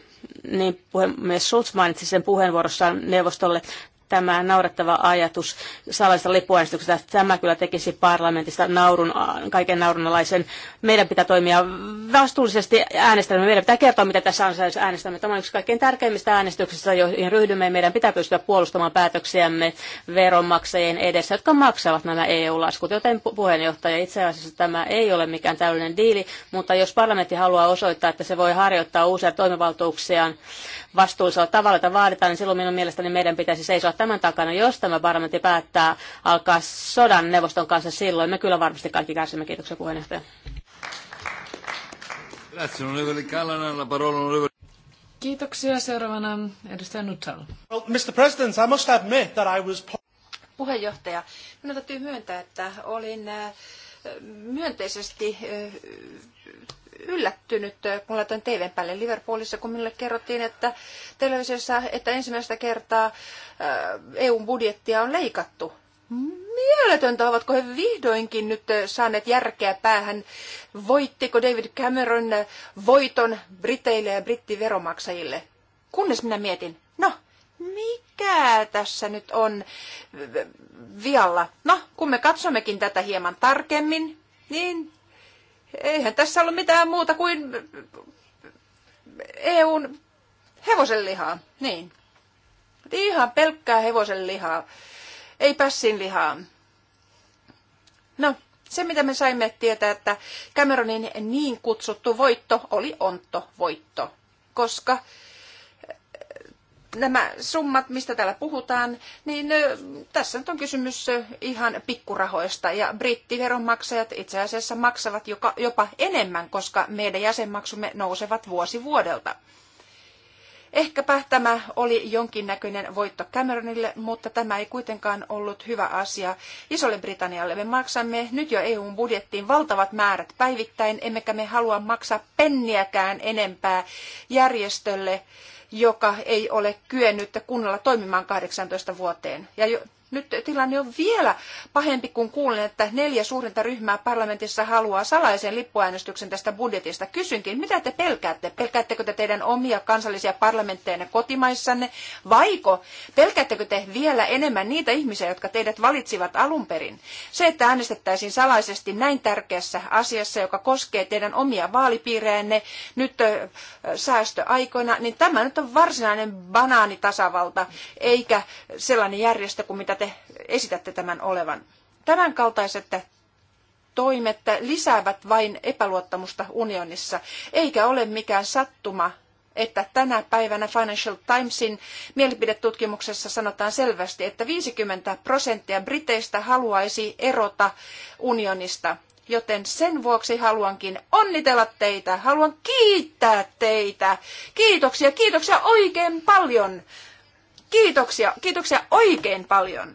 niin puhemies Schulz mainitsi sen puheenvuorossaan neuvostolle, tämä naurettava ajatus salaisesta lipuäänestyksestä. Tämä kyllä tekisi parlamentista naurun, kaiken naurunalaisen. Meidän pitää toimia vastuullisesti äänestämme. Meidän pitää kertoa, mitä tässä on, jos äänestämme. Tämä on yksi kaikkein tärkeimmistä äänestyksistä, joihin ryhdymme. Meidän pitää pystyä puolustamaan päätöksiämme veronmaksajien edessä, jotka maksavat nämä EU-laskut. Joten puheenjohtaja, itse asiassa tämä ei ole mikään täydellinen diili, mutta jos parlamentti haluaa osoittaa, että se voi harjoittaa uusia toimivaltuuksiaan vastuullisella tavalla, jota vaaditaan, niin silloin minun mielestäni meidän pitäisi seisoa tämän takana. Jos tämä parlamentti päättää alkaa sodan neuvoston kanssa silloin, me kyllä varmasti kaikki kärsimme. Kiitoksia puheenjohtaja. Kiitoksia. Seuraavana edustaja Nuttall. Well, Mr. President, I must admit that I was... Puheenjohtaja, minun täytyy myöntää, että olin äh, myönteisesti äh, yllättynyt, kun laitoin TVn päälle Liverpoolissa, kun minulle kerrottiin, että televisiossa, että ensimmäistä kertaa äh, EUn budjettia on leikattu. Mieletöntä, ovatko he vihdoinkin nyt äh, saaneet järkeä päähän. Voittiko David Cameron äh, voiton Briteille ja brittiveromaksajille? Kunnes minä mietin, no, mikä tässä nyt on vialla? No, kun me katsommekin tätä hieman tarkemmin, niin Eihän tässä ollut mitään muuta kuin EUn lihaa. Niin. Ihan pelkkää lihaa. Ei pässin lihaa. No, se mitä me saimme tietää, että Cameronin niin kutsuttu voitto oli ontto voitto, koska nämä summat, mistä täällä puhutaan, niin tässä nyt on kysymys ihan pikkurahoista. Ja brittiveronmaksajat itse asiassa maksavat jopa enemmän, koska meidän jäsenmaksumme nousevat vuosi vuodelta. Ehkäpä tämä oli jonkinnäköinen voitto Cameronille, mutta tämä ei kuitenkaan ollut hyvä asia Isolle Britannialle. Me maksamme nyt jo EUn budjettiin valtavat määrät päivittäin, emmekä me halua maksaa penniäkään enempää järjestölle, joka ei ole kyennyt kunnolla toimimaan 18 vuoteen. Ja nyt tilanne on vielä pahempi, kun kuulen, että neljä suurinta ryhmää parlamentissa haluaa salaisen lippuäänestyksen tästä budjetista. Kysynkin, mitä te pelkäätte? Pelkäättekö te teidän omia kansallisia parlamenttejanne kotimaissanne, vaiko pelkäättekö te vielä enemmän niitä ihmisiä, jotka teidät valitsivat alun perin? Se, että äänestettäisiin salaisesti näin tärkeässä asiassa, joka koskee teidän omia vaalipiirejänne nyt säästöaikoina, niin tämä nyt on varsinainen banaanitasavalta, eikä sellainen järjestö kuin mitä te esitätte tämän olevan. Tämän kaltaiset toimet lisäävät vain epäluottamusta unionissa, eikä ole mikään sattuma, että tänä päivänä Financial Timesin mielipidetutkimuksessa sanotaan selvästi, että 50 prosenttia briteistä haluaisi erota unionista. Joten sen vuoksi haluankin onnitella teitä, haluan kiittää teitä. Kiitoksia, kiitoksia oikein paljon Kiitoksia, kiitoksia oikein paljon.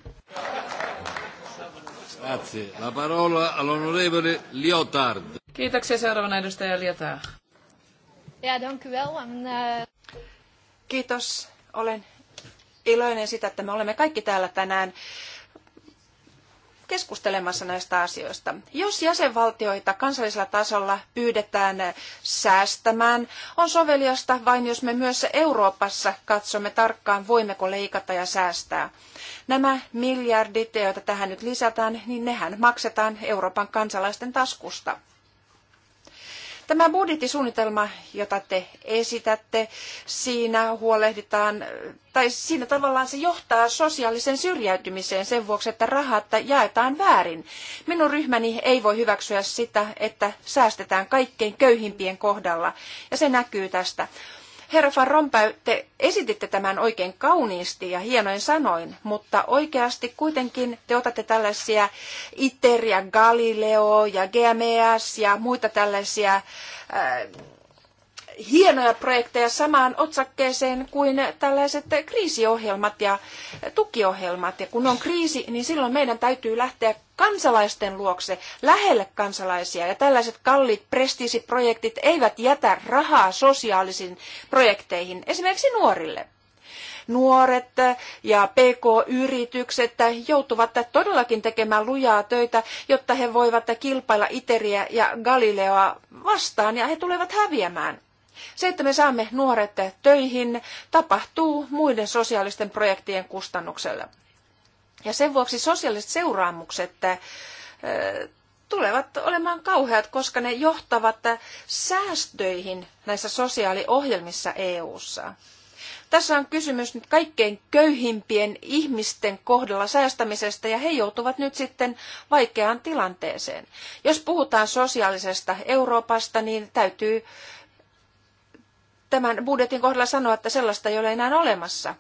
Grazie. La parola all'onorevole Liotard. Kiitoksia seuraavana edustaja Liotard. Ja, dank u wel. Eh, Kiitos. Olen iloinen sitä, että me olemme kaikki täällä tänään keskustelemassa näistä asioista. Jos jäsenvaltioita kansallisella tasolla pyydetään säästämään, on soveliasta vain jos me myös Euroopassa katsomme tarkkaan, voimmeko leikata ja säästää. Nämä miljardit, joita tähän nyt lisätään, niin nehän maksetaan Euroopan kansalaisten taskusta. Tämä budjettisuunnitelma, jota te esitätte, siinä huolehditaan, tai siinä tavallaan se johtaa sosiaalisen syrjäytymiseen sen vuoksi, että rahat jaetaan väärin. Minun ryhmäni ei voi hyväksyä sitä, että säästetään kaikkein köyhimpien kohdalla, ja se näkyy tästä. Herra Van Rompuy, te esititte tämän oikein kauniisti ja hienoin sanoin, mutta oikeasti kuitenkin te otatte tällaisia ITER ja Galileo ja GMS ja muita tällaisia äh, hienoja projekteja samaan otsakkeeseen kuin tällaiset kriisiohjelmat ja tukiohjelmat. Ja kun on kriisi, niin silloin meidän täytyy lähteä kansalaisten luokse, lähelle kansalaisia. Ja tällaiset kalliit prestiisiprojektit eivät jätä rahaa sosiaalisiin projekteihin, esimerkiksi nuorille nuoret ja PK-yritykset joutuvat todellakin tekemään lujaa töitä, jotta he voivat kilpailla Iteriä ja Galileoa vastaan ja he tulevat häviämään. Se, että me saamme nuoret töihin, tapahtuu muiden sosiaalisten projektien kustannuksella. Ja sen vuoksi sosiaaliset seuraamukset äh, tulevat olemaan kauheat, koska ne johtavat säästöihin näissä sosiaaliohjelmissa EU:ssa. Tässä on kysymys nyt kaikkein köyhimpien ihmisten kohdalla säästämisestä ja he joutuvat nyt sitten vaikeaan tilanteeseen. Jos puhutaan sosiaalisesta Euroopasta, niin täytyy tämän budjetin kohdalla sanoa, että sellaista ei ole enää olemassa.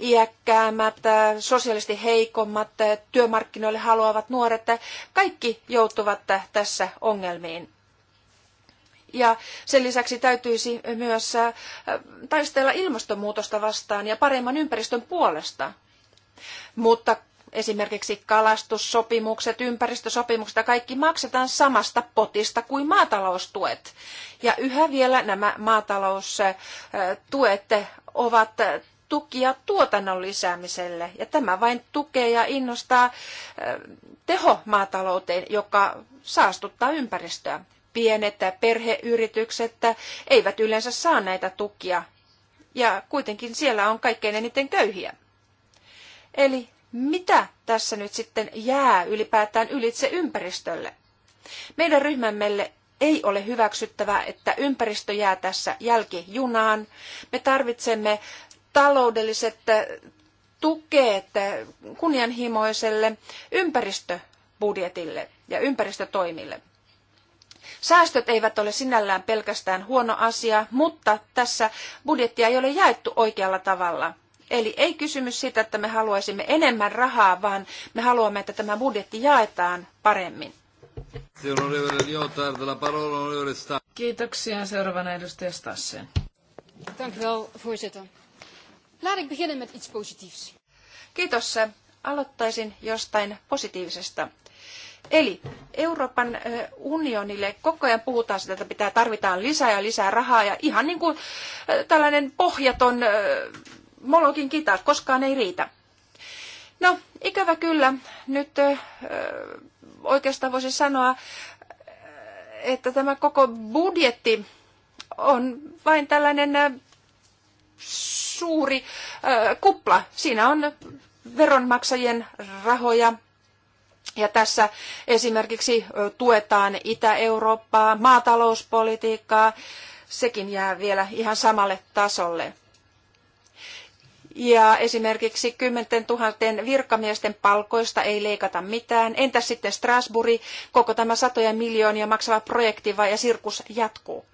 Iäkkäämmät, äh, sosiaalisesti heikommat, äh, työmarkkinoille haluavat nuoret, äh, kaikki joutuvat tässä ongelmiin. Ja sen lisäksi täytyisi myös taistella ilmastonmuutosta vastaan ja paremman ympäristön puolesta. Mutta esimerkiksi kalastussopimukset, ympäristösopimukset ja kaikki maksetaan samasta potista kuin maataloustuet. Ja yhä vielä nämä maataloustuet ovat tukia tuotannon lisäämiselle. Ja tämä vain tukee ja innostaa eh, tehomaatalouteen, joka saastuttaa ympäristöä. Pienet perheyritykset eivät yleensä saa näitä tukia. Ja kuitenkin siellä on kaikkein eniten köyhiä. Eli mitä tässä nyt sitten jää ylipäätään ylitse ympäristölle? Meidän ryhmämmelle ei ole hyväksyttävää, että ympäristö jää tässä jälkijunaan. Me tarvitsemme taloudelliset eh, tukeet eh, kunnianhimoiselle ympäristöbudjetille ja ympäristötoimille. Säästöt eivät ole sinällään pelkästään huono asia, mutta tässä budjettia ei ole jaettu oikealla tavalla. Eli ei kysymys siitä, että me haluaisimme enemmän rahaa, vaan me haluamme, että tämä budjetti jaetaan paremmin. Kiitoksia. Seuraavana edustaja Stassen. Kiitos. Aloittaisin jostain positiivisesta. Eli Euroopan unionille koko ajan puhutaan sitä, että pitää tarvitaan lisää ja lisää rahaa ja ihan niin kuin tällainen pohjaton Molokin kita, koskaan ei riitä. No, ikävä kyllä, nyt ö, oikeastaan voisi sanoa, että tämä koko budjetti on vain tällainen suuri ö, kupla. Siinä on veronmaksajien rahoja. Ja tässä esimerkiksi tuetaan Itä-Eurooppaa, maatalouspolitiikkaa, sekin jää vielä ihan samalle tasolle. Ja esimerkiksi kymmenten 000 virkamiesten palkoista ei leikata mitään. Entäs sitten Strasbourg, koko tämä satoja miljoonia maksava projekti vai ja sirkus jatkuu.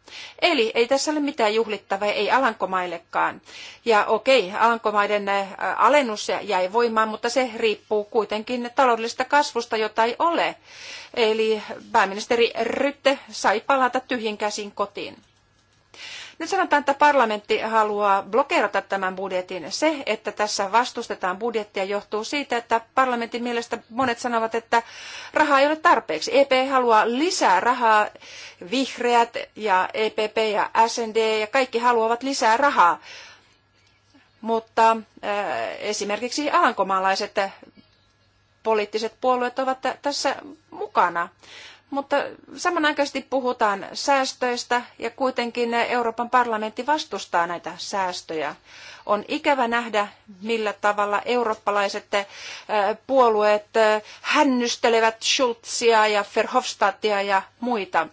Eli ei tässä ole mitään juhlittavaa, ei Alankomaillekaan. Ja okei, Alankomaiden äh, alennus jäi voimaan, mutta se riippuu kuitenkin taloudellisesta kasvusta, jota ei ole. Eli pääministeri Rytte sai palata tyhjin käsin kotiin. Nyt sanotaan, että parlamentti haluaa blokeerata tämän budjetin. Se, että tässä vastustetaan budjettia, johtuu siitä, että parlamentin mielestä monet sanovat, että rahaa ei ole tarpeeksi. EP haluaa lisää rahaa, vihreät ja EPP ja SND ja kaikki haluavat lisää rahaa. Mutta äh, esimerkiksi alankomaalaiset poliittiset puolueet ovat tässä mukana. Mutta samanaikaisesti puhutaan säästöistä ja kuitenkin Euroopan parlamentti vastustaa näitä säästöjä. On ikävä nähdä, millä tavalla eurooppalaiset puolueet hännystelevät Schulzia ja Verhofstadtia ja muita.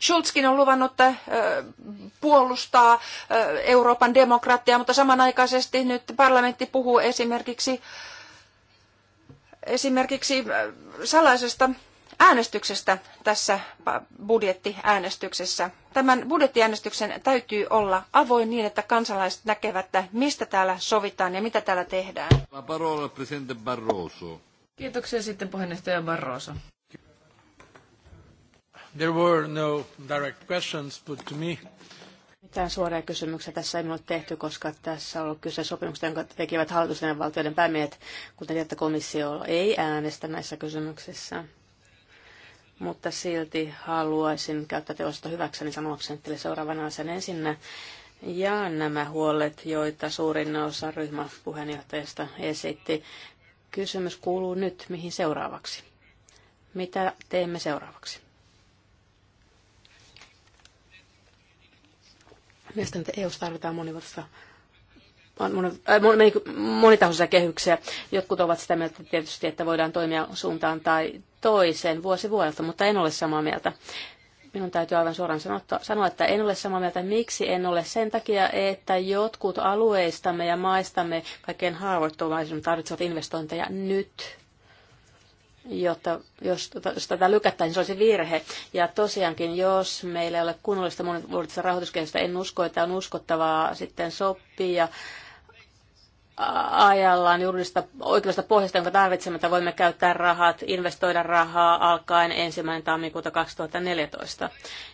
Schulzkin on luvannut puolustaa Euroopan demokratiaa, mutta samanaikaisesti nyt parlamentti puhuu esimerkiksi esimerkiksi salaisesta äänestyksestä tässä budjettiäänestyksessä. Tämän budjettiäänestyksen täytyy olla avoin niin, että kansalaiset näkevät, että mistä täällä sovitaan ja mitä täällä tehdään. La parola presidente Barroso. Kiitoksia sitten puheenjohtaja Barroso. There were no direct questions put to me. Mitään suoria kysymyksiä tässä ei ole tehty, koska tässä on ollut kyse sopimuksesta, jonka tekivät hallitusten ja valtioiden päämiehet, kuten tiedätte, komissio ei äänestä näissä kysymyksissä mutta silti haluaisin käyttää teosta hyväkseni sanoakseni teille seuraavan asian ensinnä. Jaan nämä huolet, joita suurin osa ryhmäpuheenjohtajista esitti. Kysymys kuuluu nyt, mihin seuraavaksi? Mitä teemme seuraavaksi? Mielestäni EUssa e tarvitaan monivuotista on äh, monitahoisia kehyksiä. Jotkut ovat sitä mieltä tietysti, että voidaan toimia suuntaan tai toiseen vuosi vuodelta, mutta en ole samaa mieltä. Minun täytyy aivan suoraan sanoa, että en ole samaa mieltä. Miksi en ole? Sen takia, että jotkut alueistamme ja maistamme kaikkein haavoittuvaisuuden tarvitsevat investointeja nyt jotta jos, tota, jos tätä lykättäisiin, se olisi virhe. Ja tosiaankin, jos meillä ei ole kunnollista monivuotista rahoituskehitystä, en usko, että on uskottavaa sitten sopia ajallaan juridista oikeudesta pohjasta, jonka tarvitsemme, että voimme käyttää rahat, investoida rahaa alkaen ensimmäinen tammikuuta 2014.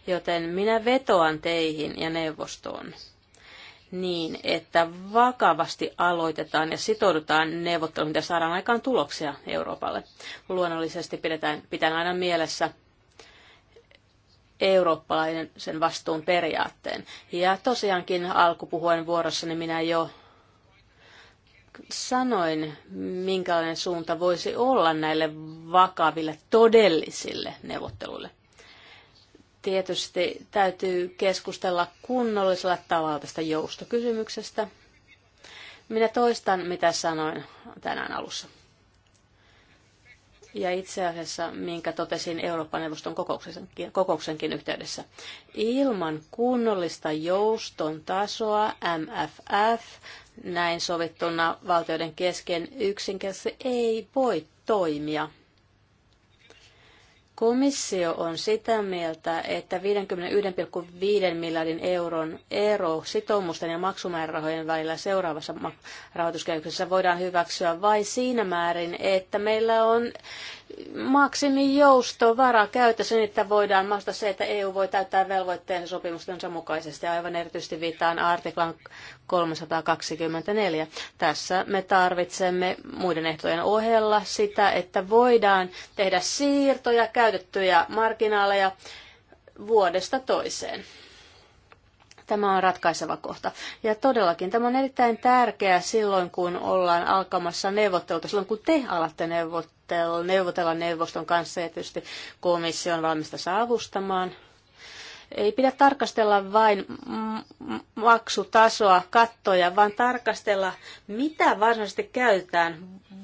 Joten minä vetoan teihin ja neuvostoon niin, että vakavasti aloitetaan ja sitoudutaan neuvotteluihin ja saadaan aikaan tuloksia Euroopalle. Luonnollisesti pidetään, pitää aina mielessä eurooppalaisen sen vastuun periaatteen. Ja tosiaankin alkupuhuen niin minä jo sanoin, minkälainen suunta voisi olla näille vakaville todellisille neuvotteluille. Tietysti täytyy keskustella kunnollisella tavalla tästä joustokysymyksestä. Minä toistan, mitä sanoin tänään alussa ja itse asiassa, minkä totesin Euroopan neuvoston kokouksenkin, kokouksenkin yhteydessä. Ilman kunnollista jouston tasoa MFF, näin sovittuna valtioiden kesken yksinkertaisesti ei voi toimia. Komissio on sitä mieltä, että 51,5 miljardin euron ero sitoumusten ja maksumäärärahojen välillä seuraavassa rahoituskehyksessä voidaan hyväksyä vain siinä määrin, että meillä on vara käytössä, niin että voidaan maasta se, että EU voi täyttää velvoitteen sopimustensa mukaisesti. Aivan erityisesti viittaan artiklan 324. Tässä me tarvitsemme muiden ehtojen ohella sitä, että voidaan tehdä siirtoja, käytettyjä marginaaleja vuodesta toiseen. Tämä on ratkaiseva kohta. Ja todellakin tämä on erittäin tärkeää silloin, kun ollaan alkamassa neuvottelua, silloin kun te alatte neuvotella, neuvotella neuvoston kanssa ja tietysti komissio on valmis ei pidä tarkastella vain maksutasoa, kattoja, vaan tarkastella, mitä varsinaisesti käytetään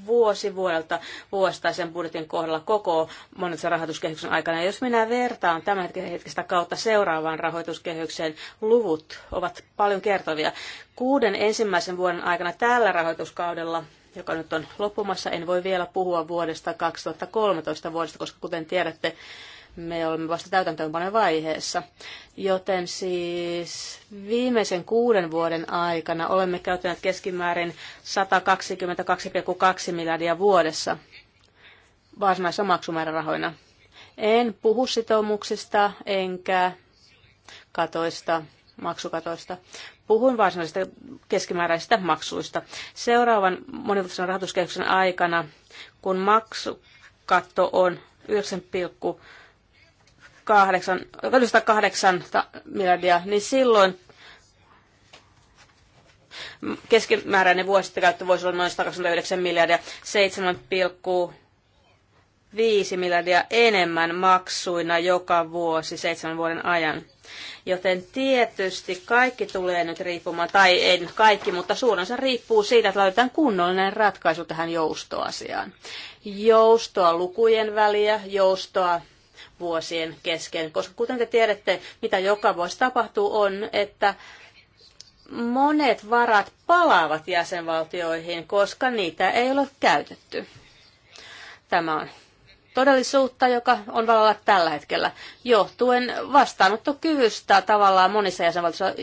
vuosi vuodelta vuosittaisen budjetin kohdalla koko monessa rahoituskehyksen aikana. Ja jos minä vertaan tämän hetkistä kautta seuraavaan rahoituskehykseen, luvut ovat paljon kertovia. Kuuden ensimmäisen vuoden aikana tällä rahoituskaudella joka nyt on loppumassa. En voi vielä puhua vuodesta 2013 vuodesta, koska kuten tiedätte, me olemme vasta täytäntöönpanen vaiheessa. Joten siis viimeisen kuuden vuoden aikana olemme käyttäneet keskimäärin 122,2 miljardia vuodessa varsinaisena maksumäärärahoina. En puhu sitoumuksista enkä katoista, maksukatoista. Puhun varsinaisista keskimääräisistä maksuista. Seuraavan monivuotisen rahoituskehyksen aikana, kun maksukatto on 9,5 kahdeksan, miljardia, niin silloin keskimääräinen vuosittakäyttö voisi olla noin 129 miljardia, 7,5 miljardia enemmän maksuina joka vuosi seitsemän vuoden ajan. Joten tietysti kaikki tulee nyt riippumaan, tai ei nyt kaikki, mutta suurensa riippuu siitä, että laitetaan kunnollinen ratkaisu tähän joustoasiaan. Joustoa lukujen väliä, joustoa vuosien kesken, koska kuten te tiedätte, mitä joka vuosi tapahtuu on, että monet varat palaavat jäsenvaltioihin, koska niitä ei ole käytetty. Tämä on todellisuutta, joka on vallalla tällä hetkellä, johtuen vastaanottokyvystä tavallaan monissa jäsenvaltioissa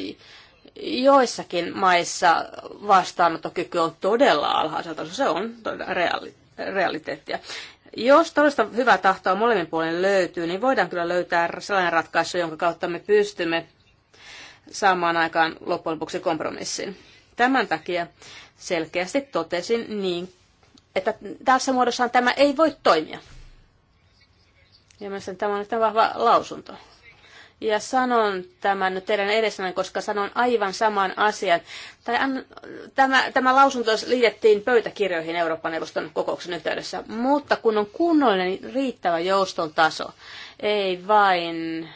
joissakin maissa vastaanottokyky on todella alhaisella tasolla. Se on reaali, realiteettia. Jos todellista hyvää tahtoa molemmin puolin löytyy, niin voidaan kyllä löytää sellainen ratkaisu, jonka kautta me pystymme saamaan aikaan loppujen lopuksi kompromissin. Tämän takia selkeästi totesin niin, että tässä muodossaan tämä ei voi toimia. Ja mielestäni tämä on nyt vahva lausunto. Ja sanon tämän nyt teidän edessänne, koska sanon aivan saman asian. Tämä, tämä lausunto liitettiin pöytäkirjoihin Euroopan neuvoston kokouksen yhteydessä, mutta kun on kunnollinen niin riittävä jouston taso, ei vain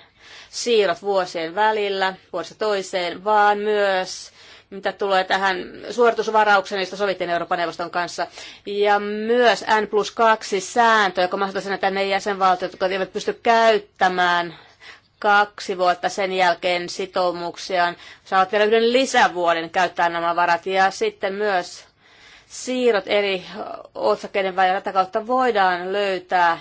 siirrot vuosien välillä, vuodesta toiseen, vaan myös mitä tulee tähän suoritusvaraukseen, josta sovittiin Euroopan neuvoston kanssa. Ja myös N plus 2 sääntö, joka mahdollistaa sen, että ne jäsenvaltiot, jotka eivät pysty käyttämään kaksi vuotta sen jälkeen sitoumuksiaan, Saat vielä yhden lisävuoden käyttää nämä varat ja sitten myös siirrot eri otsakkeiden välillä. Tätä kautta voidaan löytää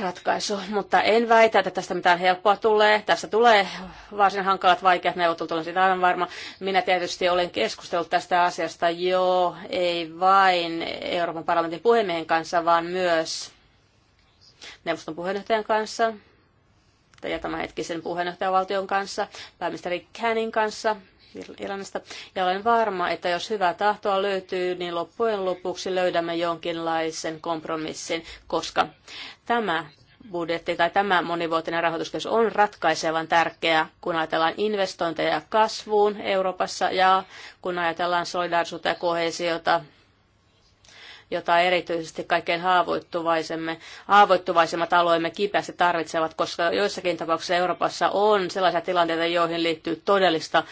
ratkaisu, mutta en väitä, että tästä mitään helppoa tulee. Tässä tulee varsin hankalat, vaikeat neuvottelut, olen siitä aivan varma. Minä tietysti olen keskustellut tästä asiasta jo, ei vain Euroopan parlamentin puhemiehen kanssa, vaan myös neuvoston puheenjohtajan kanssa, ja tämänhetkisen puheenjohtajavaltion kanssa, pääministeri Cannin kanssa, Irlannista. Ja olen varma, että jos hyvää tahtoa löytyy, niin loppujen lopuksi löydämme jonkinlaisen kompromissin, koska tämä budjetti tai tämä monivuotinen rahoituskehys on ratkaisevan tärkeä, kun ajatellaan investointeja kasvuun Euroopassa ja kun ajatellaan solidaarisuutta ja kohesiota jota erityisesti kaikkein haavoittuvaisemme, haavoittuvaisemmat alueemme kipeästi tarvitsevat, koska joissakin tapauksissa Euroopassa on sellaisia tilanteita, joihin liittyy todellista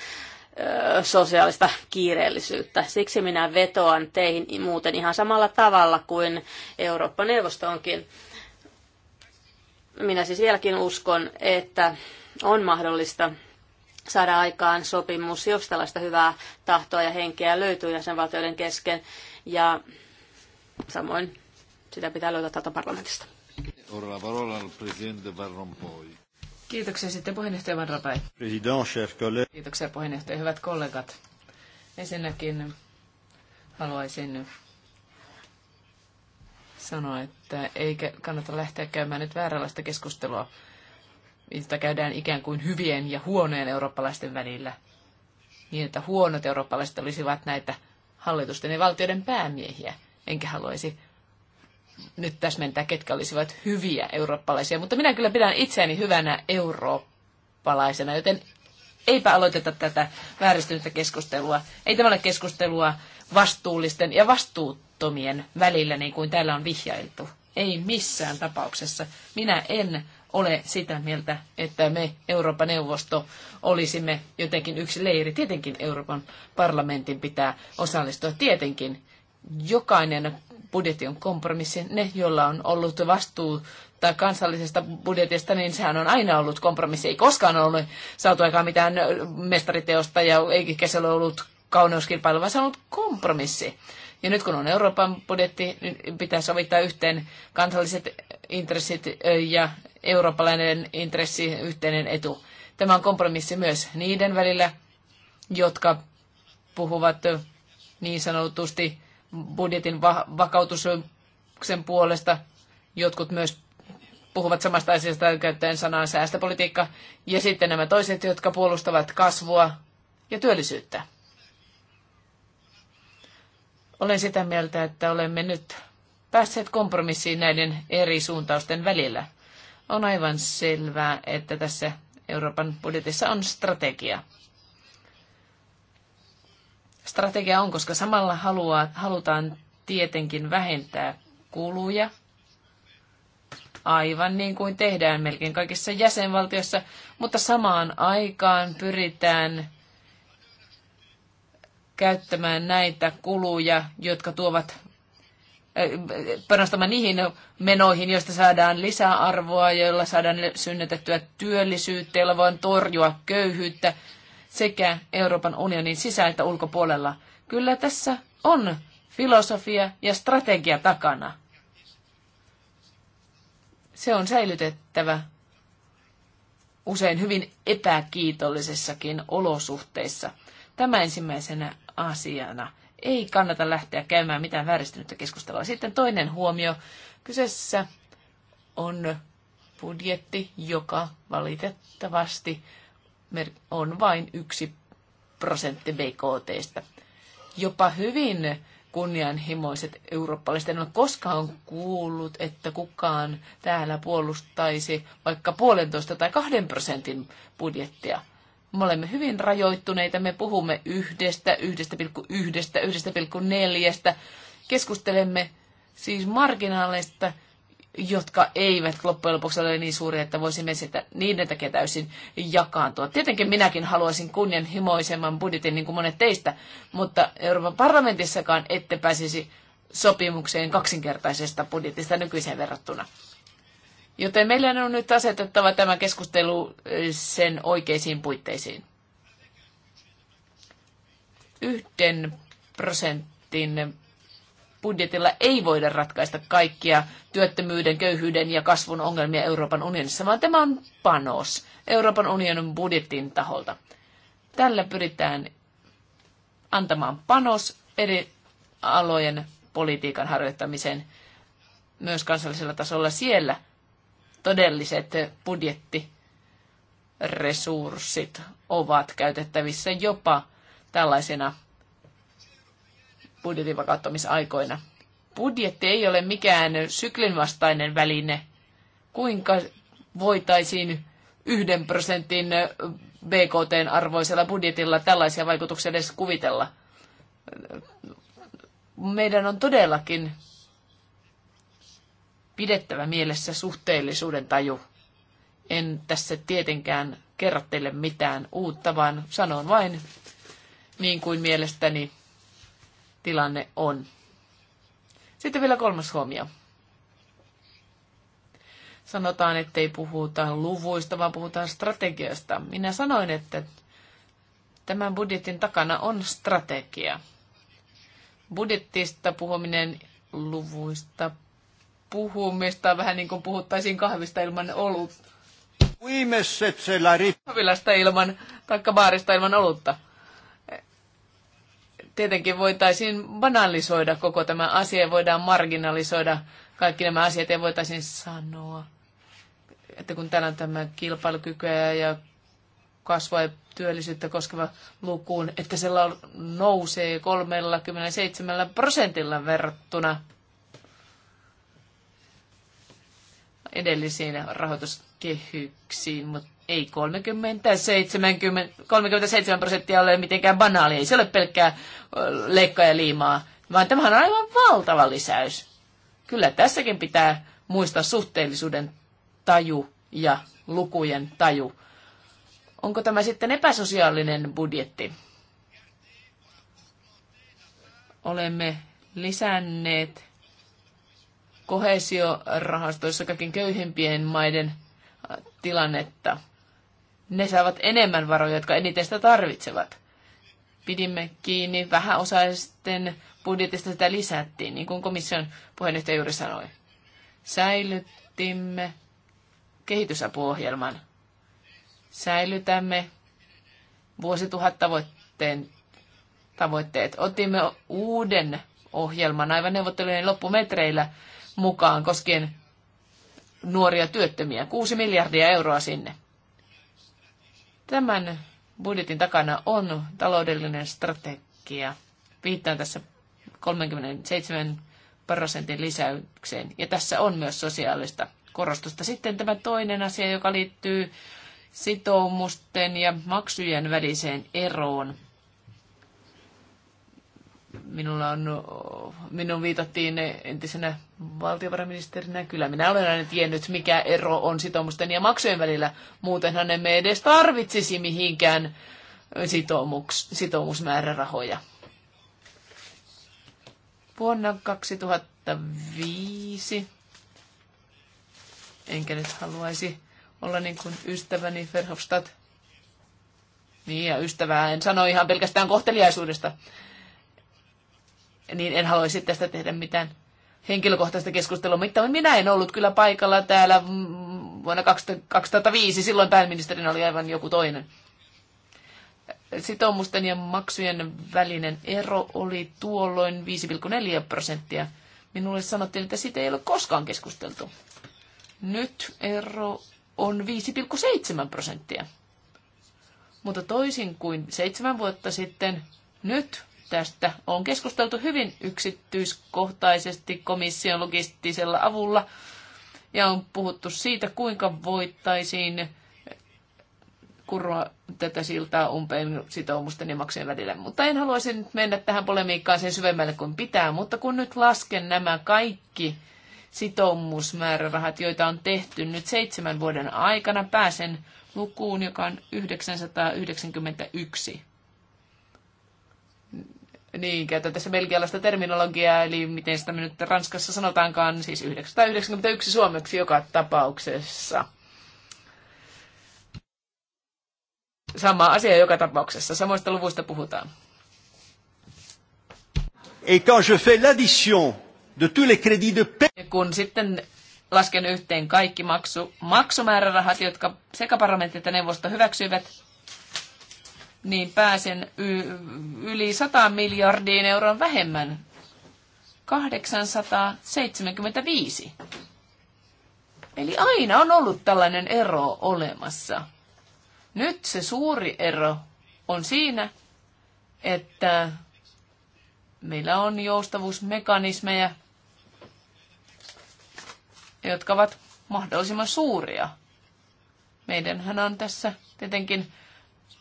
sosiaalista kiireellisyyttä. Siksi minä vetoan teihin muuten ihan samalla tavalla kuin Eurooppa-neuvosto onkin. Minä siis vieläkin uskon, että on mahdollista saada aikaan sopimus, jos tällaista hyvää tahtoa ja henkeä löytyy jäsenvaltioiden kesken. Ja Samoin sitä pitää löytää täältä parlamentista. Kiitoksia sitten puheenjohtaja Van Rapai. Kiitoksia puheenjohtaja, hyvät kollegat. Ensinnäkin haluaisin sanoa, että ei kannata lähteä käymään nyt vääränlaista keskustelua, mitä käydään ikään kuin hyvien ja huoneen eurooppalaisten välillä. Niin, että huonot eurooppalaiset olisivat näitä hallitusten ja valtioiden päämiehiä enkä haluaisi nyt täsmentää, ketkä olisivat hyviä eurooppalaisia, mutta minä kyllä pidän itseäni hyvänä eurooppalaisena, joten eipä aloiteta tätä vääristynyttä keskustelua. Ei tämä ole keskustelua vastuullisten ja vastuuttomien välillä, niin kuin täällä on vihjailtu. Ei missään tapauksessa. Minä en ole sitä mieltä, että me Euroopan neuvosto olisimme jotenkin yksi leiri. Tietenkin Euroopan parlamentin pitää osallistua tietenkin jokainen budjetti on kompromissi. Ne, joilla on ollut vastuu tai kansallisesta budjetista, niin sehän on aina ollut kompromissi. Ei koskaan ole saatu aikaan mitään mestariteosta ja eikä kesällä ollut kauneuskilpailu, vaan se on ollut kompromissi. Ja nyt kun on Euroopan budjetti, niin pitää sovittaa yhteen kansalliset intressit ja eurooppalainen intressi, yhteinen etu. Tämä on kompromissi myös niiden välillä, jotka puhuvat niin sanotusti budjetin va- vakautuksen puolesta. Jotkut myös puhuvat samasta asiasta käyttäen sanaa säästöpolitiikka. Ja sitten nämä toiset, jotka puolustavat kasvua ja työllisyyttä. Olen sitä mieltä, että olemme nyt päässeet kompromissiin näiden eri suuntausten välillä. On aivan selvää, että tässä Euroopan budjetissa on strategia strategia on, koska samalla haluaa, halutaan tietenkin vähentää kuluja, aivan niin kuin tehdään melkein kaikissa jäsenvaltioissa, mutta samaan aikaan pyritään käyttämään näitä kuluja, jotka tuovat äh, panostamaan niihin menoihin, joista saadaan lisäarvoa, joilla saadaan synnytettyä työllisyyttä, joilla voidaan torjua köyhyyttä sekä Euroopan unionin sisä- että ulkopuolella. Kyllä tässä on filosofia ja strategia takana. Se on säilytettävä usein hyvin epäkiitollisessakin olosuhteissa. Tämä ensimmäisenä asiana. Ei kannata lähteä käymään mitään vääristynyttä keskustelua. Sitten toinen huomio. Kyseessä on budjetti, joka valitettavasti on vain yksi prosentti BKTstä. Jopa hyvin kunnianhimoiset eurooppalaiset. En ole koskaan kuullut, että kukaan täällä puolustaisi vaikka puolentoista tai kahden prosentin budjettia. Me olemme hyvin rajoittuneita, me puhumme yhdestä, yhdestä pilkku yhdestä, yhdestä pilkku neljästä. Keskustelemme siis marginaaleista, jotka eivät loppujen lopuksi ole niin suuria, että voisimme sitä niiden takia täysin jakaantua. Tietenkin minäkin haluaisin kunnianhimoisemman budjetin, niin kuin monet teistä, mutta Euroopan parlamentissakaan ette pääsisi sopimukseen kaksinkertaisesta budjetista nykyiseen verrattuna. Joten meillä on nyt asetettava tämä keskustelu sen oikeisiin puitteisiin. Yhden prosentin budjetilla ei voida ratkaista kaikkia työttömyyden, köyhyyden ja kasvun ongelmia Euroopan unionissa, vaan tämä on panos Euroopan unionin budjetin taholta. Tällä pyritään antamaan panos eri alojen politiikan harjoittamiseen myös kansallisella tasolla siellä todelliset budjettiresurssit ovat käytettävissä jopa tällaisena budjetin vakauttamisaikoina. Budjetti ei ole mikään syklin vastainen väline. Kuinka voitaisiin yhden prosentin BKTn arvoisella budjetilla tällaisia vaikutuksia edes kuvitella? Meidän on todellakin pidettävä mielessä suhteellisuuden taju. En tässä tietenkään kerro teille mitään uutta, vaan sanon vain niin kuin mielestäni tilanne on. Sitten vielä kolmas huomio. Sanotaan, ettei puhuta luvuista, vaan puhutaan strategiasta. Minä sanoin, että tämän budjetin takana on strategia. Budjettista puhuminen luvuista puhumista, vähän niin kuin puhuttaisiin kahvista ilman olut. Kahvilasta ilman, taikka baarista ilman olutta tietenkin voitaisiin banalisoida koko tämä asia, voidaan marginalisoida kaikki nämä asiat ja voitaisiin sanoa, että kun täällä on tämä kilpailukykyä ja kasvua ja työllisyyttä koskeva lukuun, että se nousee 37 prosentilla verrattuna edellisiin rahoituskehyksiin, mutta ei 70, 37 prosenttia ole mitenkään banaali, ei se ole pelkkää leikkaa ja liimaa, vaan tämä on aivan valtava lisäys. Kyllä tässäkin pitää muistaa suhteellisuuden taju ja lukujen taju. Onko tämä sitten epäsosiaalinen budjetti? Olemme lisänneet kohesiorahastoissa kaikkien köyhimpien maiden tilannetta ne saavat enemmän varoja, jotka eniten sitä tarvitsevat. Pidimme kiinni vähäosaisten budjetista sitä lisättiin, niin kuin komission puheenjohtaja juuri sanoi. Säilyttimme kehitysapuohjelman. Säilytämme vuosituhattavoitteen tavoitteet. Otimme uuden ohjelman aivan neuvottelujen loppumetreillä mukaan koskien nuoria työttömiä. Kuusi miljardia euroa sinne. Tämän budjetin takana on taloudellinen strategia. Viittaan tässä 37 prosentin lisäykseen. Ja tässä on myös sosiaalista korostusta. Sitten tämä toinen asia, joka liittyy sitoumusten ja maksujen väliseen eroon minulla on, minun viitattiin entisenä valtiovarainministerinä. Kyllä minä olen aina tiennyt, mikä ero on sitoumusten ja maksujen välillä. Muutenhan emme edes tarvitsisi mihinkään sitoumus, sitoumusmäärärahoja. Vuonna 2005, enkä nyt haluaisi olla niin kuin ystäväni Verhofstadt, niin, ja ystävää en sano ihan pelkästään kohteliaisuudesta niin en haluaisi tästä tehdä mitään henkilökohtaista keskustelua, mutta minä en ollut kyllä paikalla täällä mm, vuonna 2005, silloin pääministerin oli aivan joku toinen. Sitoumusten ja maksujen välinen ero oli tuolloin 5,4 prosenttia. Minulle sanottiin, että siitä ei ole koskaan keskusteltu. Nyt ero on 5,7 prosenttia. Mutta toisin kuin seitsemän vuotta sitten, nyt Tästä on keskusteltu hyvin yksityiskohtaisesti komission logistisella avulla ja on puhuttu siitä, kuinka voittaisiin kurva tätä siltaa umpeen sitoumusten ja maksujen välillä. Mutta en haluaisi nyt mennä tähän polemiikkaan sen syvemmälle kuin pitää, mutta kun nyt lasken nämä kaikki sitoumusmäärärahat, joita on tehty nyt seitsemän vuoden aikana, pääsen lukuun, joka on 991 niin, käytetään tässä belgialaista terminologiaa, eli miten sitä nyt Ranskassa sanotaankaan, siis 991 suomeksi joka tapauksessa. Sama asia joka tapauksessa, samoista luvuista puhutaan. Et quand je fais l'addition de tous les crédits de Kun sitten lasken yhteen kaikki maksu, maksumäärärahat, jotka sekä parlamentti että neuvosto hyväksyivät, niin pääsen yli 100 miljardiin euron vähemmän. 875. Eli aina on ollut tällainen ero olemassa. Nyt se suuri ero on siinä, että meillä on joustavuusmekanismeja, jotka ovat mahdollisimman suuria. Meidänhän on tässä tietenkin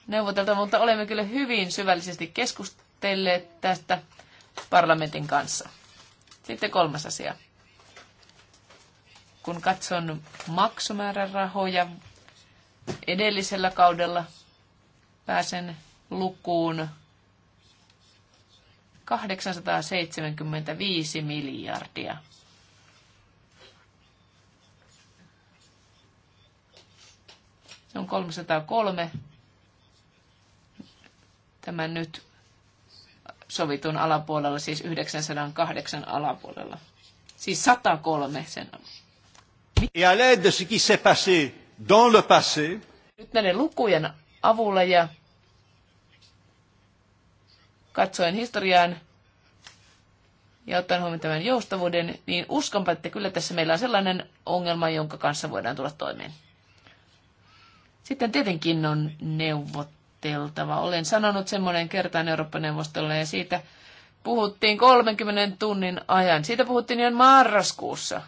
neuvoteltava, mutta olemme kyllä hyvin syvällisesti keskustelleet tästä parlamentin kanssa. Sitten kolmas asia. Kun katson maksumäärärahoja edellisellä kaudella, pääsen lukuun 875 miljardia. Se on 303 tämän nyt sovitun alapuolella, siis 908 alapuolella. Siis 103 sen on. Et à l'aide de ce qui s'est passé dans le passé, nyt näiden lukujen avulla ja katsoen historiaan ja ottaen huomioon tämän joustavuuden, niin uskonpa, että kyllä tässä meillä on sellainen ongelma, jonka kanssa voidaan tulla toimeen. Sitten tietenkin on neuvot ajateltava. Olen sanonut semmoinen kertaan Eurooppa-neuvostolle ja siitä puhuttiin 30 tunnin ajan. Siitä puhuttiin jo marraskuussa.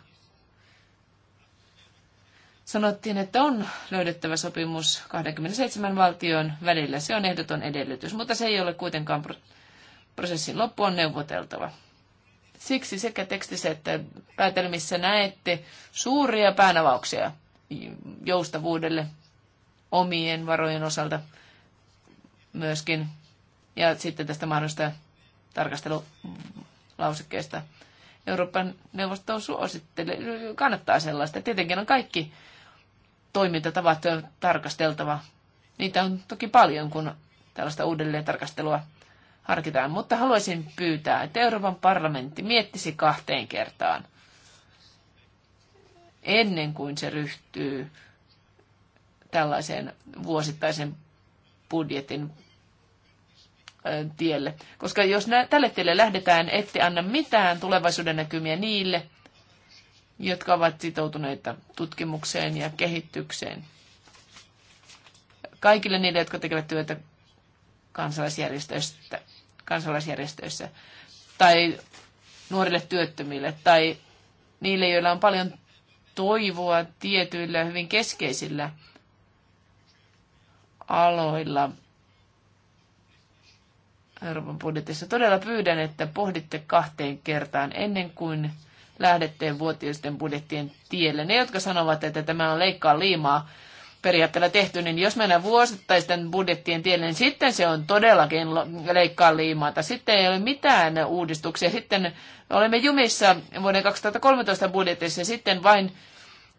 Sanottiin, että on löydettävä sopimus 27 valtion välillä. Se on ehdoton edellytys, mutta se ei ole kuitenkaan prosessin loppu on neuvoteltava. Siksi sekä tekstissä että päätelmissä näette suuria päänavauksia joustavuudelle omien varojen osalta – myöskin. Ja sitten tästä mahdollisesta tarkastelulausekkeesta. Euroopan neuvosto suosittelee, kannattaa sellaista. Tietenkin on kaikki toimintatavat tarkasteltava. Niitä on toki paljon, kun tällaista uudelleen tarkastelua harkitaan, mutta haluaisin pyytää, että Euroopan parlamentti miettisi kahteen kertaan ennen kuin se ryhtyy tällaiseen vuosittaisen budjetin tielle. Koska jos nä- tälle tielle lähdetään, ette anna mitään tulevaisuuden näkymiä niille, jotka ovat sitoutuneita tutkimukseen ja kehitykseen. Kaikille niille, jotka tekevät työtä kansalaisjärjestöistä, kansalaisjärjestöissä tai nuorille työttömille tai niille, joilla on paljon toivoa tietyillä hyvin keskeisillä aloilla Euroopan budjetissa. Todella pyydän, että pohditte kahteen kertaan ennen kuin lähdette vuotiaisten budjettien tielle. Ne, jotka sanovat, että tämä on leikkaa liimaa periaatteella tehty, niin jos mennään vuosittaisten budjettien tielle, niin sitten se on todellakin leikkaa tai Sitten ei ole mitään uudistuksia. Sitten olemme jumissa vuoden 2013 budjetissa ja sitten vain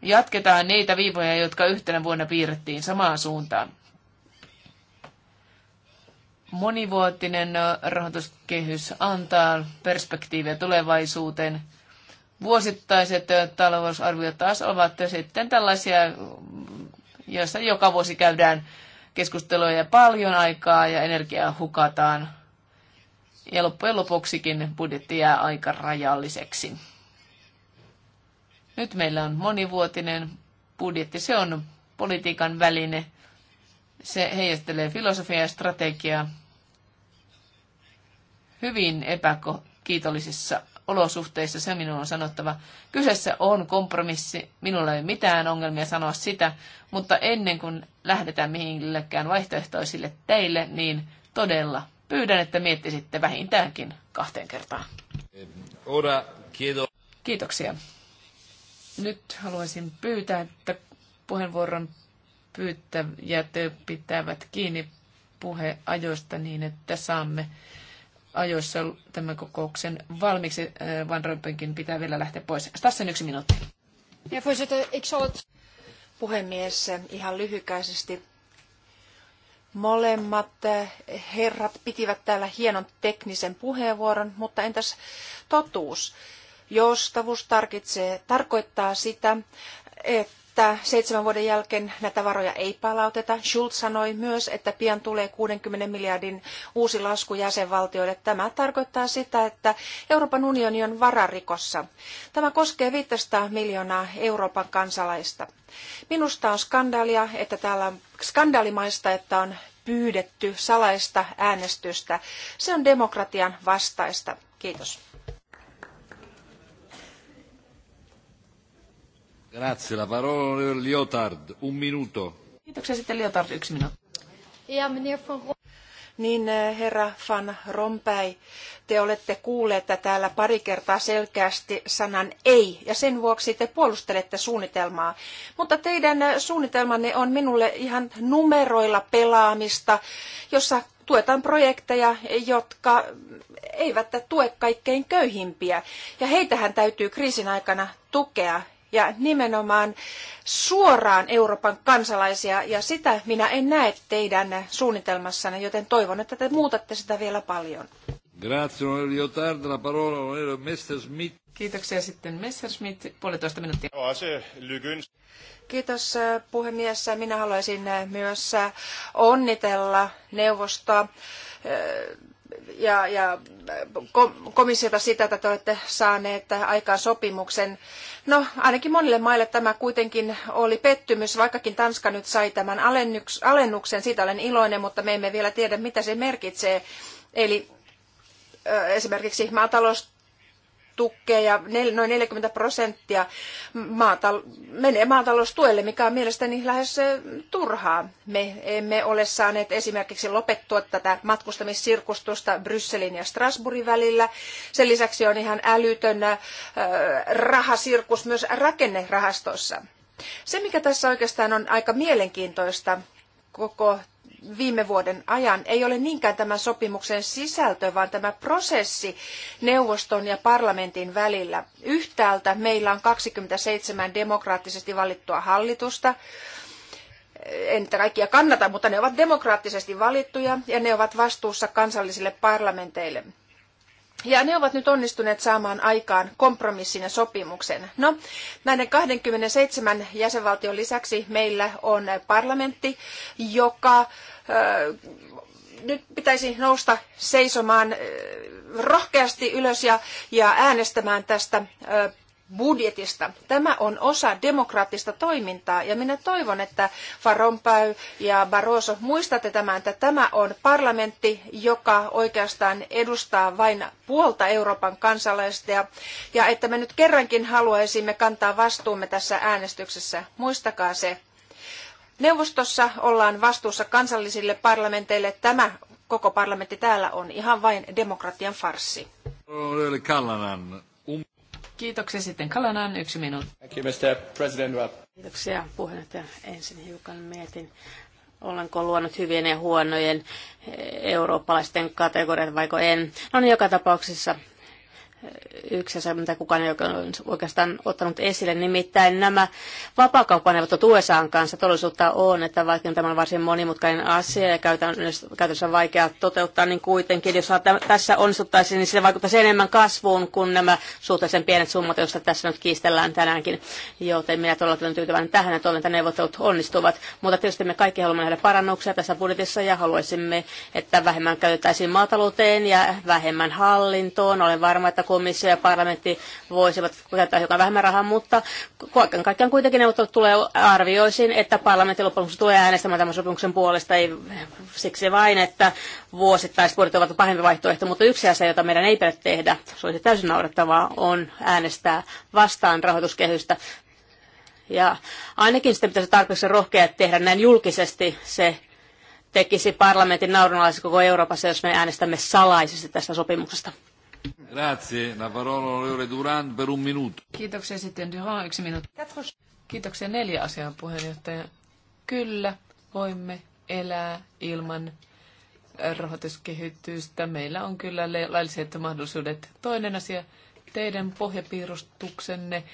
jatketaan niitä viivoja, jotka yhtenä vuonna piirrettiin samaan suuntaan. Monivuotinen rahoituskehys antaa perspektiiviä tulevaisuuteen. Vuosittaiset talousarviot taas ovat sitten tällaisia, joissa joka vuosi käydään keskusteluja ja paljon aikaa ja energiaa hukataan. Ja loppujen lopuksikin budjetti jää aika rajalliseksi. Nyt meillä on monivuotinen budjetti. Se on politiikan väline. Se heijastelee filosofiaa ja strategiaa, hyvin epäkiitollisissa olosuhteissa, se minun on sanottava. Kyseessä on kompromissi, minulla ei ole mitään ongelmia sanoa sitä, mutta ennen kuin lähdetään mihinkään vaihtoehtoisille teille, niin todella pyydän, että miettisitte vähintäänkin kahteen kertaan. Ora, kiito. Kiitoksia. Nyt haluaisin pyytää, että puheenvuoron pyytäjät pitävät kiinni puheajoista niin, että saamme ajoissa tämän kokouksen valmiiksi. Äh, Van Rompenkin pitää vielä lähteä pois. Stassen yksi minuutti. Ja Puhemies, eh, ihan lyhykäisesti. Molemmat eh, herrat pitivät täällä hienon teknisen puheenvuoron, mutta entäs totuus? Joustavuus tarkoittaa sitä, että että seitsemän vuoden jälkeen näitä varoja ei palauteta. Schulz sanoi myös, että pian tulee 60 miljardin uusi lasku jäsenvaltioille. Tämä tarkoittaa sitä, että Euroopan unioni on vararikossa. Tämä koskee 500 miljoonaa Euroopan kansalaista. Minusta on skandaalia, että täällä skandaalimaista, että on pyydetty salaista äänestystä. Se on demokratian vastaista. Kiitos. Grazie, la parola Liotard, un minuto. Kiitoksia sitten Liotard, yksi minuutti. niin eh, herra Van Rompäi, te olette kuulleet että täällä pari kertaa selkeästi sanan ei, ja sen vuoksi te puolustelette suunnitelmaa. Mutta teidän eh, suunnitelmanne on minulle ihan numeroilla pelaamista, jossa tuetaan projekteja, jotka eivät tue kaikkein köyhimpiä. Ja heitähän täytyy kriisin aikana tukea ja nimenomaan suoraan Euroopan kansalaisia ja sitä minä en näe teidän suunnitelmassanne, joten toivon, että te muutatte sitä vielä paljon. Grazie, onorevole Jotard. La parola onorevole Messerschmidt. Kiitoksia sitten Messerschmidt, puolitoista minuuttia. Kiitos äh, puhemies. Minä haluaisin äh, myös äh, onnitella neuvostoa ja, ja komissiota sitä, että te olette saaneet aikaan sopimuksen. No, ainakin monille maille tämä kuitenkin oli pettymys, vaikkakin Tanska nyt sai tämän alennuksen, siitä olen iloinen, mutta me emme vielä tiedä, mitä se merkitsee. Eli esimerkiksi maatalous tukea, noin 40 prosenttia maatal- menee maataloustuelle, mikä on mielestäni lähes turhaa. Me emme ole saaneet esimerkiksi lopettua tätä matkustamissirkustusta Brysselin ja Strasbourgin välillä. Sen lisäksi on ihan älytön rahasirkus myös rakennerahastossa. Se, mikä tässä oikeastaan on aika mielenkiintoista koko viime vuoden ajan ei ole niinkään tämän sopimuksen sisältö, vaan tämä prosessi neuvoston ja parlamentin välillä. Yhtäältä meillä on 27 demokraattisesti valittua hallitusta, en niitä kaikkia kannata, mutta ne ovat demokraattisesti valittuja ja ne ovat vastuussa kansallisille parlamenteille. Ja ne ovat nyt onnistuneet saamaan aikaan kompromissin ja sopimuksen. No, näiden 27 jäsenvaltion lisäksi meillä on parlamentti, joka nyt pitäisi nousta seisomaan rohkeasti ylös ja, ja äänestämään tästä budjetista. Tämä on osa demokraattista toimintaa ja minä toivon, että Farompäy ja Barroso muistatte tämän, että tämä on parlamentti, joka oikeastaan edustaa vain puolta Euroopan kansalaisista ja, ja että me nyt kerrankin haluaisimme kantaa vastuumme tässä äänestyksessä. Muistakaa se. Neuvostossa ollaan vastuussa kansallisille parlamenteille. Tämä koko parlamentti täällä on ihan vain demokratian farsi. Kiitoksia sitten Kalanan, yksi minuutti. Kiitoksia puheenjohtaja. Ensin hiukan mietin, olenko luonut hyvien ja huonojen eh, eurooppalaisten kategoriat vaiko en. No niin, joka tapauksessa yksi asia, mitä kukaan ei oikeastaan ottanut esille. Nimittäin nämä vapaakauppaneuvottelut USA kanssa todellisuutta on, että vaikka tämä on varsin monimutkainen asia ja käytännössä vaikea toteuttaa, niin kuitenkin, jos tässä onnistuttaisiin, niin se vaikuttaisi enemmän kasvuun kuin nämä suhteellisen pienet summat, joista tässä nyt kiistellään tänäänkin. Joten minä todella olen tyytyväinen tähän että toivon, että neuvottelut onnistuvat. Mutta tietysti me kaikki haluamme nähdä parannuksia tässä budjetissa ja haluaisimme, että vähemmän käytettäisiin maatalouteen ja vähemmän hallintoon. Olen varma, että kun komissio ja parlamentti voisivat käyttää hiukan vähemmän rahaa, mutta kaiken kaikkiaan kuitenkin neuvottelut tulee arvioisin, että parlamentti loppujen tulee äänestämään tämän sopimuksen puolesta, ei siksi vain, että vuosittaisvuodet ovat pahempi vaihtoehto, mutta yksi asia, jota meidän ei pidä tehdä, se olisi täysin naurettavaa, on äänestää vastaan rahoituskehystä. Ja ainakin sitten pitäisi tarpeeksi rohkea tehdä näin julkisesti se tekisi parlamentin naurunalaisen koko Euroopassa, jos me äänestämme salaisesti tästä sopimuksesta. Grazie. La parola per un Kiitoksia sitten Duran, yksi minuutti. Kiitoksia neljä asiaa puheenjohtaja. Kyllä, voimme elää ilman rahoituskehitystä. Meillä on kyllä lailliset mahdollisuudet. Toinen asia, teidän pohjapiirustuksenne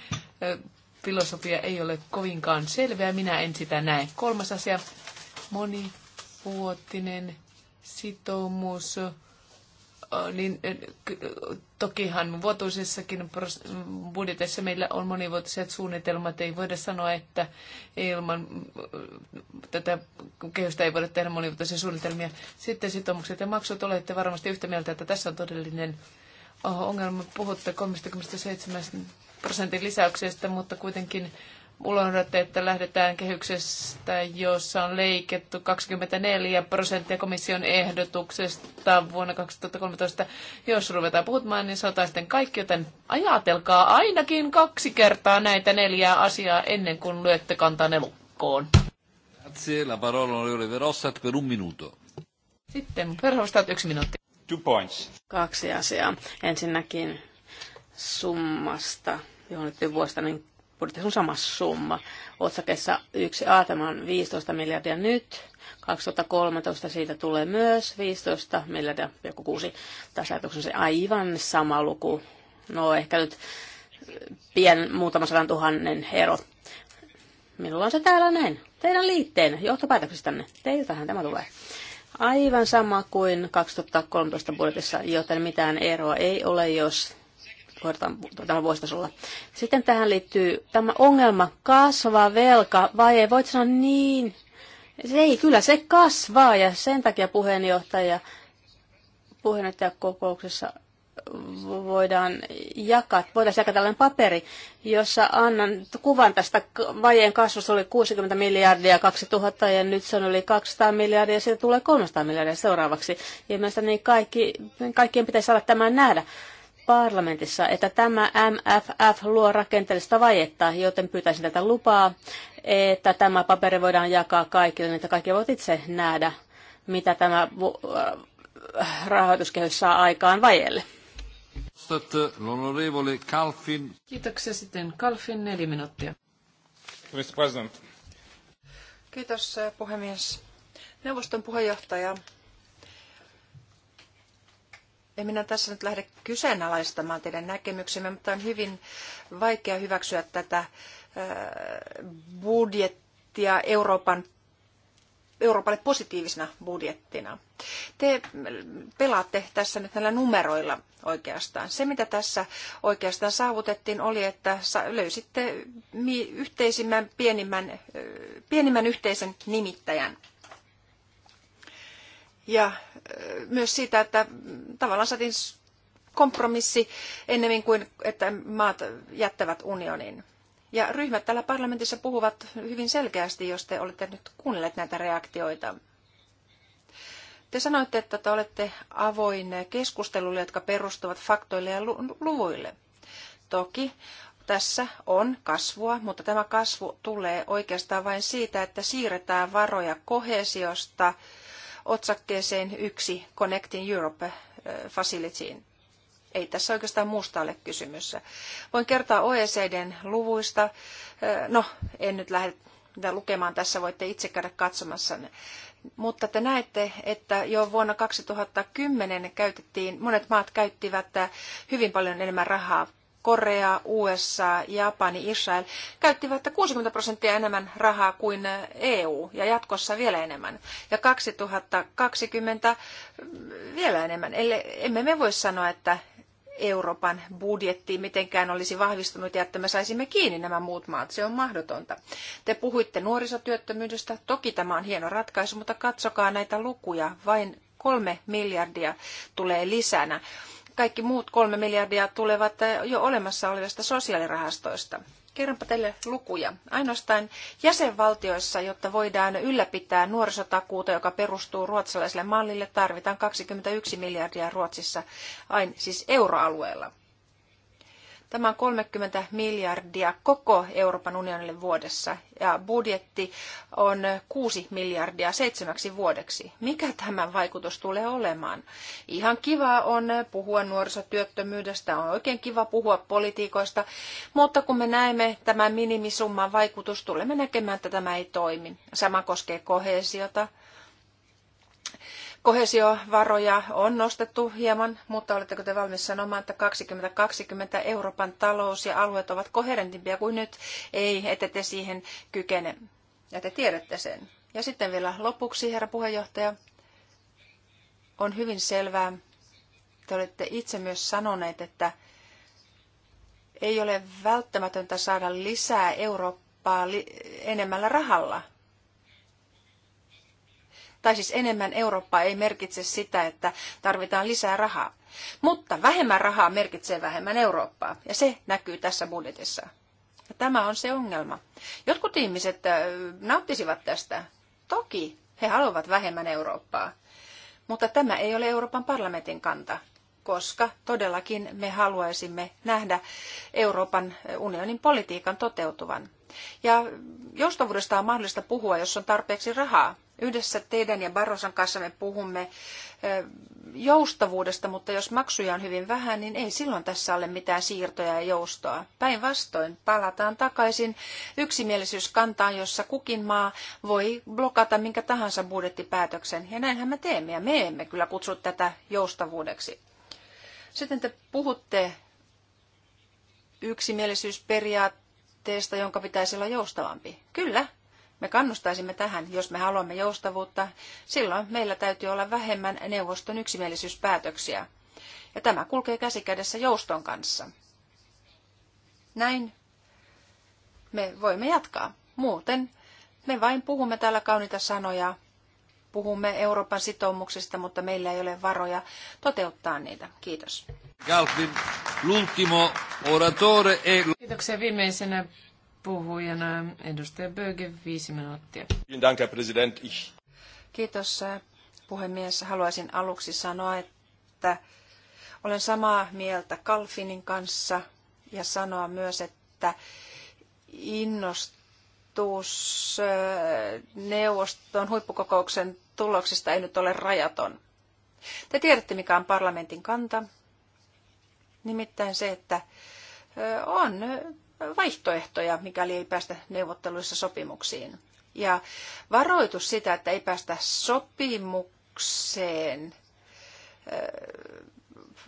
filosofia ei ole kovinkaan selveä. Minä en sitä näe. Kolmas asia, monivuotinen sitoumus niin tokihan vuotuisissakin budjeteissa meillä on monivuotiset suunnitelmat. Ei voida sanoa, että ilman tätä kehystä ei voida tehdä monivuotisia suunnitelmia. Sitten sitoumukset ja maksut. Olette varmasti yhtä mieltä, että tässä on todellinen ongelma. Puhutte 37 prosentin lisäyksestä, mutta kuitenkin unohdatte, että lähdetään kehyksestä, jossa on leikattu 24 prosenttia komission ehdotuksesta vuonna 2013. Jos ruvetaan puhumaan, niin sanotaan sitten kaikki, joten ajatelkaa ainakin kaksi kertaa näitä neljää asiaa ennen kuin lyötte kantanne lukkoon. Grazie, la parola on Verostat per un minuto. Sitten Verhofstadt yksi minuutti. Two points. Kaksi asiaa. Ensinnäkin summasta, johon liittyy vuostainen niin budjetissa on sama summa. Otsakessa yksi aatema on 15 miljardia nyt, 2013 siitä tulee myös 15 miljardia, joku kuusi. Tässä ajatuksessa se aivan sama luku. No ehkä nyt pien muutaman sadan tuhannen ero. Minulla on se täällä näin. Teidän liitteenä, johtopäätöksistänne. Teiltähän tämä tulee. Aivan sama kuin 2013 budjetissa, joten mitään eroa ei ole, jos koetaan tällä tuota vuositasolla. Sitten tähän liittyy tämä ongelma, kasvaa velka, vai ei voit sanoa niin, se ei, kyllä se kasvaa ja sen takia puheenjohtaja puheenjohtajakokouksessa voidaan jakaa, voitaisiin jakaa tällainen paperi, jossa annan kuvan tästä vajeen kasvusta oli 60 miljardia 2000 ja nyt se on yli 200 miljardia ja siitä tulee 300 miljardia seuraavaksi. Ja mielestäni kaikki, kaikkien pitäisi saada tämän nähdä parlamentissa, että tämä MFF luo rakenteellista vajetta, joten pyytäisin tätä lupaa, että tämä paperi voidaan jakaa kaikille, niin että kaikki voivat itse nähdä, mitä tämä äh, rahoituskehys saa aikaan vajelle. Kiitoksia sitten. Kalfin neljä minuuttia. Mr. President. Kiitos äh, puhemies. Neuvoston puheenjohtaja en minä tässä nyt lähde kyseenalaistamaan teidän näkemyksemme, mutta on hyvin vaikea hyväksyä tätä äh, budjettia Euroopan, Euroopalle positiivisena budjettina. Te pelaatte tässä nyt näillä numeroilla oikeastaan. Se, mitä tässä oikeastaan saavutettiin, oli, että löysitte yhteisimmän pienimmän, äh, pienimmän yhteisen nimittäjän – ja myös siitä, että tavallaan saatiin kompromissi ennemmin kuin, että maat jättävät unionin. Ja ryhmät täällä parlamentissa puhuvat hyvin selkeästi, jos te olette nyt kuunnelleet näitä reaktioita. Te sanoitte, että te olette avoin keskustelulle, jotka perustuvat faktoille ja luvuille. Toki tässä on kasvua, mutta tämä kasvu tulee oikeastaan vain siitä, että siirretään varoja kohesiosta – otsakkeeseen yksi Connecting Europe eh, Facilityin. Ei tässä oikeastaan muusta ole kysymys. Voin kertoa OECDn luvuista. Eh, no, en nyt lähde lukemaan tässä, voitte itse käydä katsomassa mutta te näette, että jo vuonna 2010 käytettiin, monet maat käyttivät eh, hyvin paljon enemmän rahaa Korea, USA, Japani, Israel käyttivät 60 prosenttia enemmän rahaa kuin EU ja jatkossa vielä enemmän. Ja 2020 vielä enemmän. Eli emme me voi sanoa, että Euroopan budjetti mitenkään olisi vahvistunut ja että me saisimme kiinni nämä muut maat. Se on mahdotonta. Te puhuitte nuorisotyöttömyydestä. Toki tämä on hieno ratkaisu, mutta katsokaa näitä lukuja. Vain kolme miljardia tulee lisänä kaikki muut kolme miljardia tulevat jo olemassa olevista sosiaalirahastoista. Kerronpa teille lukuja. Ainoastaan jäsenvaltioissa, jotta voidaan ylläpitää nuorisotakuuta, joka perustuu ruotsalaiselle mallille, tarvitaan 21 miljardia Ruotsissa, ain, siis euroalueella. Tämä on 30 miljardia koko Euroopan unionille vuodessa ja budjetti on 6 miljardia seitsemäksi vuodeksi. Mikä tämän vaikutus tulee olemaan? Ihan kiva on puhua nuorisotyöttömyydestä, on oikein kiva puhua politiikoista, mutta kun me näemme tämän minimisumman vaikutus, tulemme näkemään, että tämä ei toimi. Sama koskee kohesiota Kohesiovaroja on nostettu hieman, mutta oletteko te valmis sanomaan, että 2020 Euroopan talous ja alueet ovat koherentimpia kuin nyt? Ei, ette te siihen kykene. Ja te tiedätte sen. Ja sitten vielä lopuksi, herra puheenjohtaja, on hyvin selvää, te olette itse myös sanoneet, että ei ole välttämätöntä saada lisää Eurooppaa enemmällä rahalla. Tai siis enemmän Eurooppaa ei merkitse sitä, että tarvitaan lisää rahaa. Mutta vähemmän rahaa merkitsee vähemmän Eurooppaa, ja se näkyy tässä budjetissa. Ja tämä on se ongelma. Jotkut ihmiset äh, nauttisivat tästä. Toki he haluavat vähemmän Eurooppaa. Mutta tämä ei ole Euroopan parlamentin kanta, koska todellakin me haluaisimme nähdä Euroopan äh, unionin politiikan toteutuvan. Ja joustavuudesta on mahdollista puhua, jos on tarpeeksi rahaa. Yhdessä teidän ja Barrosan kanssa me puhumme joustavuudesta, mutta jos maksuja on hyvin vähän, niin ei silloin tässä ole mitään siirtoja ja joustoa. Päinvastoin palataan takaisin yksimielisyyskantaan, jossa kukin maa voi blokata minkä tahansa budjettipäätöksen. Ja näinhän me teemme, ja me emme kyllä kutsu tätä joustavuudeksi. Sitten te puhutte yksimielisyysperiaatteesta, jonka pitäisi olla joustavampi. Kyllä, me kannustaisimme tähän, jos me haluamme joustavuutta, silloin meillä täytyy olla vähemmän neuvoston yksimielisyyspäätöksiä. Ja tämä kulkee käsikädessä jouston kanssa. Näin me voimme jatkaa. Muuten me vain puhumme täällä kauniita sanoja, puhumme Euroopan sitoumuksista, mutta meillä ei ole varoja toteuttaa niitä. Kiitos. Galpin, l'ultimo oratore e... Kiitoksia viimeisenä puhujana edustaja Böge, viisi minuuttia. Kiitos äh, puhemies. Haluaisin aluksi sanoa, että olen samaa mieltä Kalfinin kanssa ja sanoa myös, että innostus äh, neuvoston huippukokouksen tuloksista ei nyt ole rajaton. Te tiedätte, mikä on parlamentin kanta. Nimittäin se, että äh, on vaihtoehtoja, mikäli ei päästä neuvotteluissa sopimuksiin. Ja varoitus sitä, että ei päästä sopimukseen,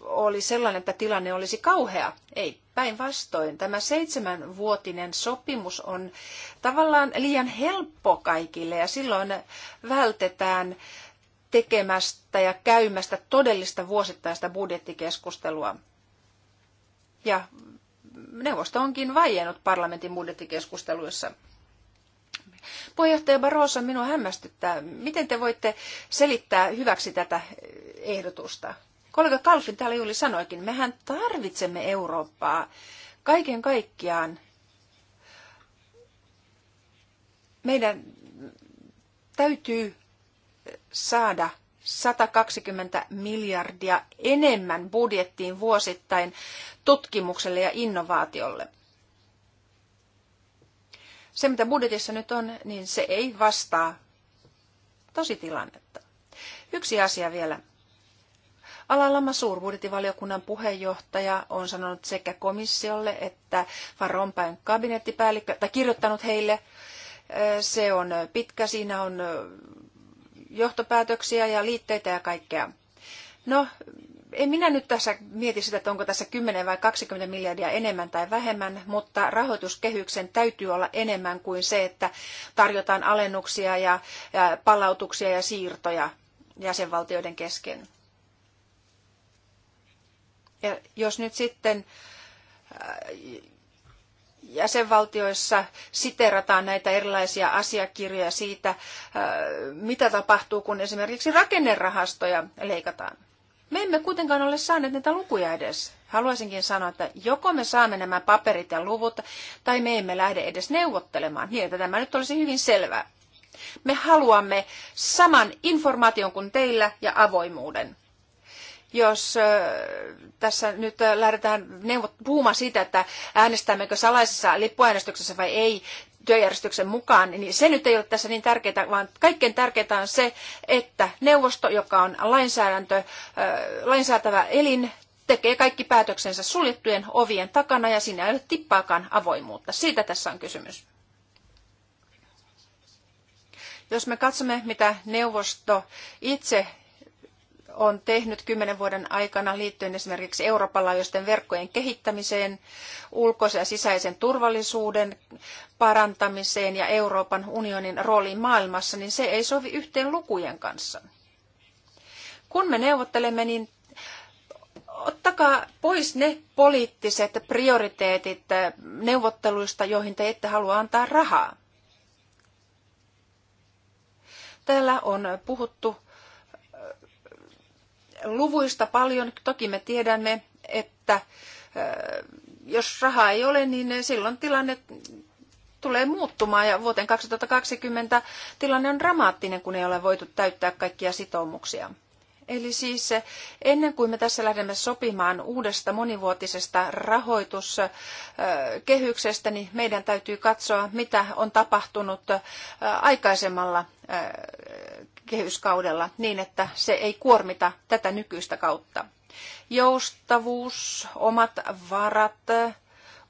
oli sellainen, että tilanne olisi kauhea. Ei, päinvastoin. Tämä seitsemänvuotinen sopimus on tavallaan liian helppo kaikille ja silloin vältetään tekemästä ja käymästä todellista vuosittaista budjettikeskustelua. Ja neuvosto onkin vaiennut parlamentin budjettikeskusteluissa. Puheenjohtaja Barroso, minua hämmästyttää. Miten te voitte selittää hyväksi tätä ehdotusta? Kollega Kalfin täällä juuri sanoikin, mehän tarvitsemme Eurooppaa kaiken kaikkiaan. Meidän täytyy saada 120 miljardia enemmän budjettiin vuosittain tutkimukselle ja innovaatiolle. Se, mitä budjetissa nyt on, niin se ei vastaa tositilannetta. Yksi asia vielä. Alalama suurbudjettivaliokunnan puheenjohtaja on sanonut sekä komissiolle että Van Rompuyn kabinettipäällikkö, tai kirjoittanut heille, se on pitkä, siinä on johtopäätöksiä ja liitteitä ja kaikkea. No, en minä nyt tässä mieti sitä, että onko tässä 10 vai 20 miljardia enemmän tai vähemmän, mutta rahoituskehyksen täytyy olla enemmän kuin se, että tarjotaan alennuksia ja, ja palautuksia ja siirtoja jäsenvaltioiden kesken. Ja jos nyt sitten äh, jäsenvaltioissa siteerataan näitä erilaisia asiakirjoja siitä, äh, mitä tapahtuu, kun esimerkiksi rakennerahastoja leikataan. Me emme kuitenkaan ole saaneet näitä lukuja edes. Haluaisinkin sanoa, että joko me saamme nämä paperit ja luvut, tai me emme lähde edes neuvottelemaan, niin että tämä nyt olisi hyvin selvää. Me haluamme saman informaation kuin teillä ja avoimuuden jos tässä nyt lähdetään puhumaan siitä, että äänestämmekö salaisessa lippuäänestyksessä vai ei työjärjestyksen mukaan, niin se nyt ei ole tässä niin tärkeää, vaan kaikkein tärkeintä on se, että neuvosto, joka on lainsäädäntö, lainsäätävä elin, tekee kaikki päätöksensä suljettujen ovien takana ja siinä ei ole tippaakaan avoimuutta. Siitä tässä on kysymys. Jos me katsomme, mitä neuvosto itse on tehnyt kymmenen vuoden aikana liittyen esimerkiksi Euroopan laajuisten verkkojen kehittämiseen, ulkoisen ja sisäisen turvallisuuden parantamiseen ja Euroopan unionin rooliin maailmassa, niin se ei sovi yhteen lukujen kanssa. Kun me neuvottelemme, niin ottakaa pois ne poliittiset prioriteetit neuvotteluista, joihin te ette halua antaa rahaa. Täällä on puhuttu luvuista paljon. Toki me tiedämme, että jos rahaa ei ole, niin silloin tilanne tulee muuttumaan ja vuoteen 2020 tilanne on dramaattinen, kun ei ole voitu täyttää kaikkia sitoumuksia. Eli siis ennen kuin me tässä lähdemme sopimaan uudesta monivuotisesta rahoituskehyksestä, niin meidän täytyy katsoa, mitä on tapahtunut aikaisemmalla kehyskaudella niin, että se ei kuormita tätä nykyistä kautta. Joustavuus, omat varat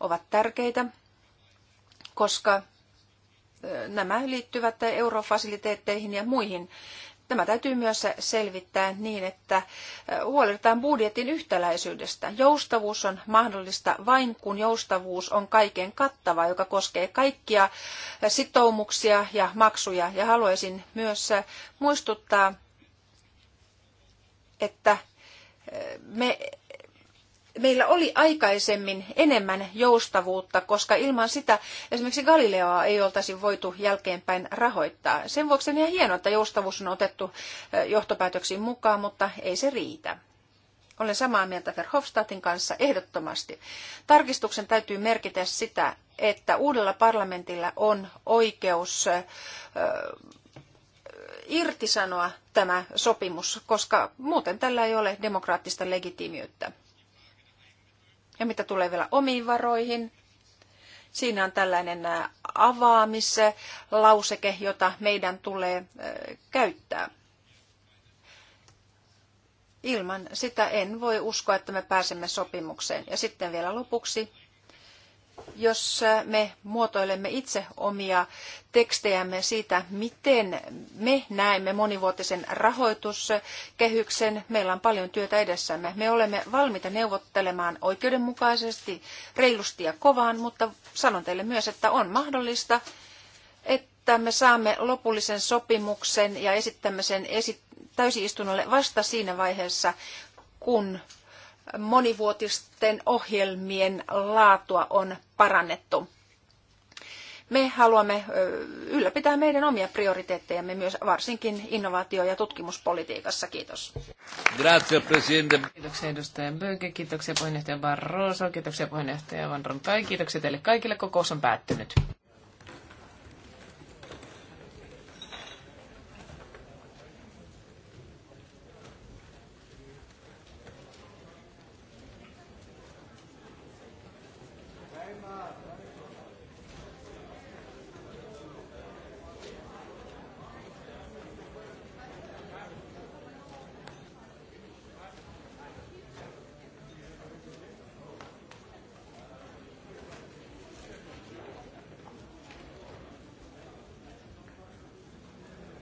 ovat tärkeitä, koska nämä liittyvät eurofasiliteetteihin ja muihin Tämä täytyy myös selvittää niin, että huolehditaan budjetin yhtäläisyydestä. Joustavuus on mahdollista vain, kun joustavuus on kaiken kattava, joka koskee kaikkia sitoumuksia ja maksuja. Ja haluaisin myös muistuttaa, että me meillä oli aikaisemmin enemmän joustavuutta, koska ilman sitä esimerkiksi Galileoa ei oltaisi voitu jälkeenpäin rahoittaa. Sen vuoksi on ihan hienoa, että joustavuus on otettu johtopäätöksiin mukaan, mutta ei se riitä. Olen samaa mieltä Verhofstadtin kanssa ehdottomasti. Tarkistuksen täytyy merkitä sitä, että uudella parlamentilla on oikeus irtisanoa tämä sopimus, koska muuten tällä ei ole demokraattista legitiimiyttä. Ja mitä tulee vielä omiin varoihin, siinä on tällainen avaamislauseke, jota meidän tulee käyttää. Ilman sitä en voi uskoa, että me pääsemme sopimukseen. Ja sitten vielä lopuksi jos me muotoilemme itse omia tekstejämme siitä, miten me näemme monivuotisen rahoituskehyksen, meillä on paljon työtä edessämme. Me olemme valmiita neuvottelemaan oikeudenmukaisesti, reilusti ja kovaan, mutta sanon teille myös, että on mahdollista, että me saamme lopullisen sopimuksen ja esittämme sen esi- täysistunnolle vasta siinä vaiheessa, kun monivuotisten ohjelmien laatua on parannettu. Me haluamme ylläpitää meidän omia prioriteettejamme myös varsinkin innovaatio- ja tutkimuspolitiikassa. Kiitos. Grazie, presidente. Kiitoksia edustaja Böke, kiitoksia puheenjohtaja Barroso, kiitoksia puheenjohtaja Van Rompuy, kiitoksia teille kaikille. Kokous on päättynyt.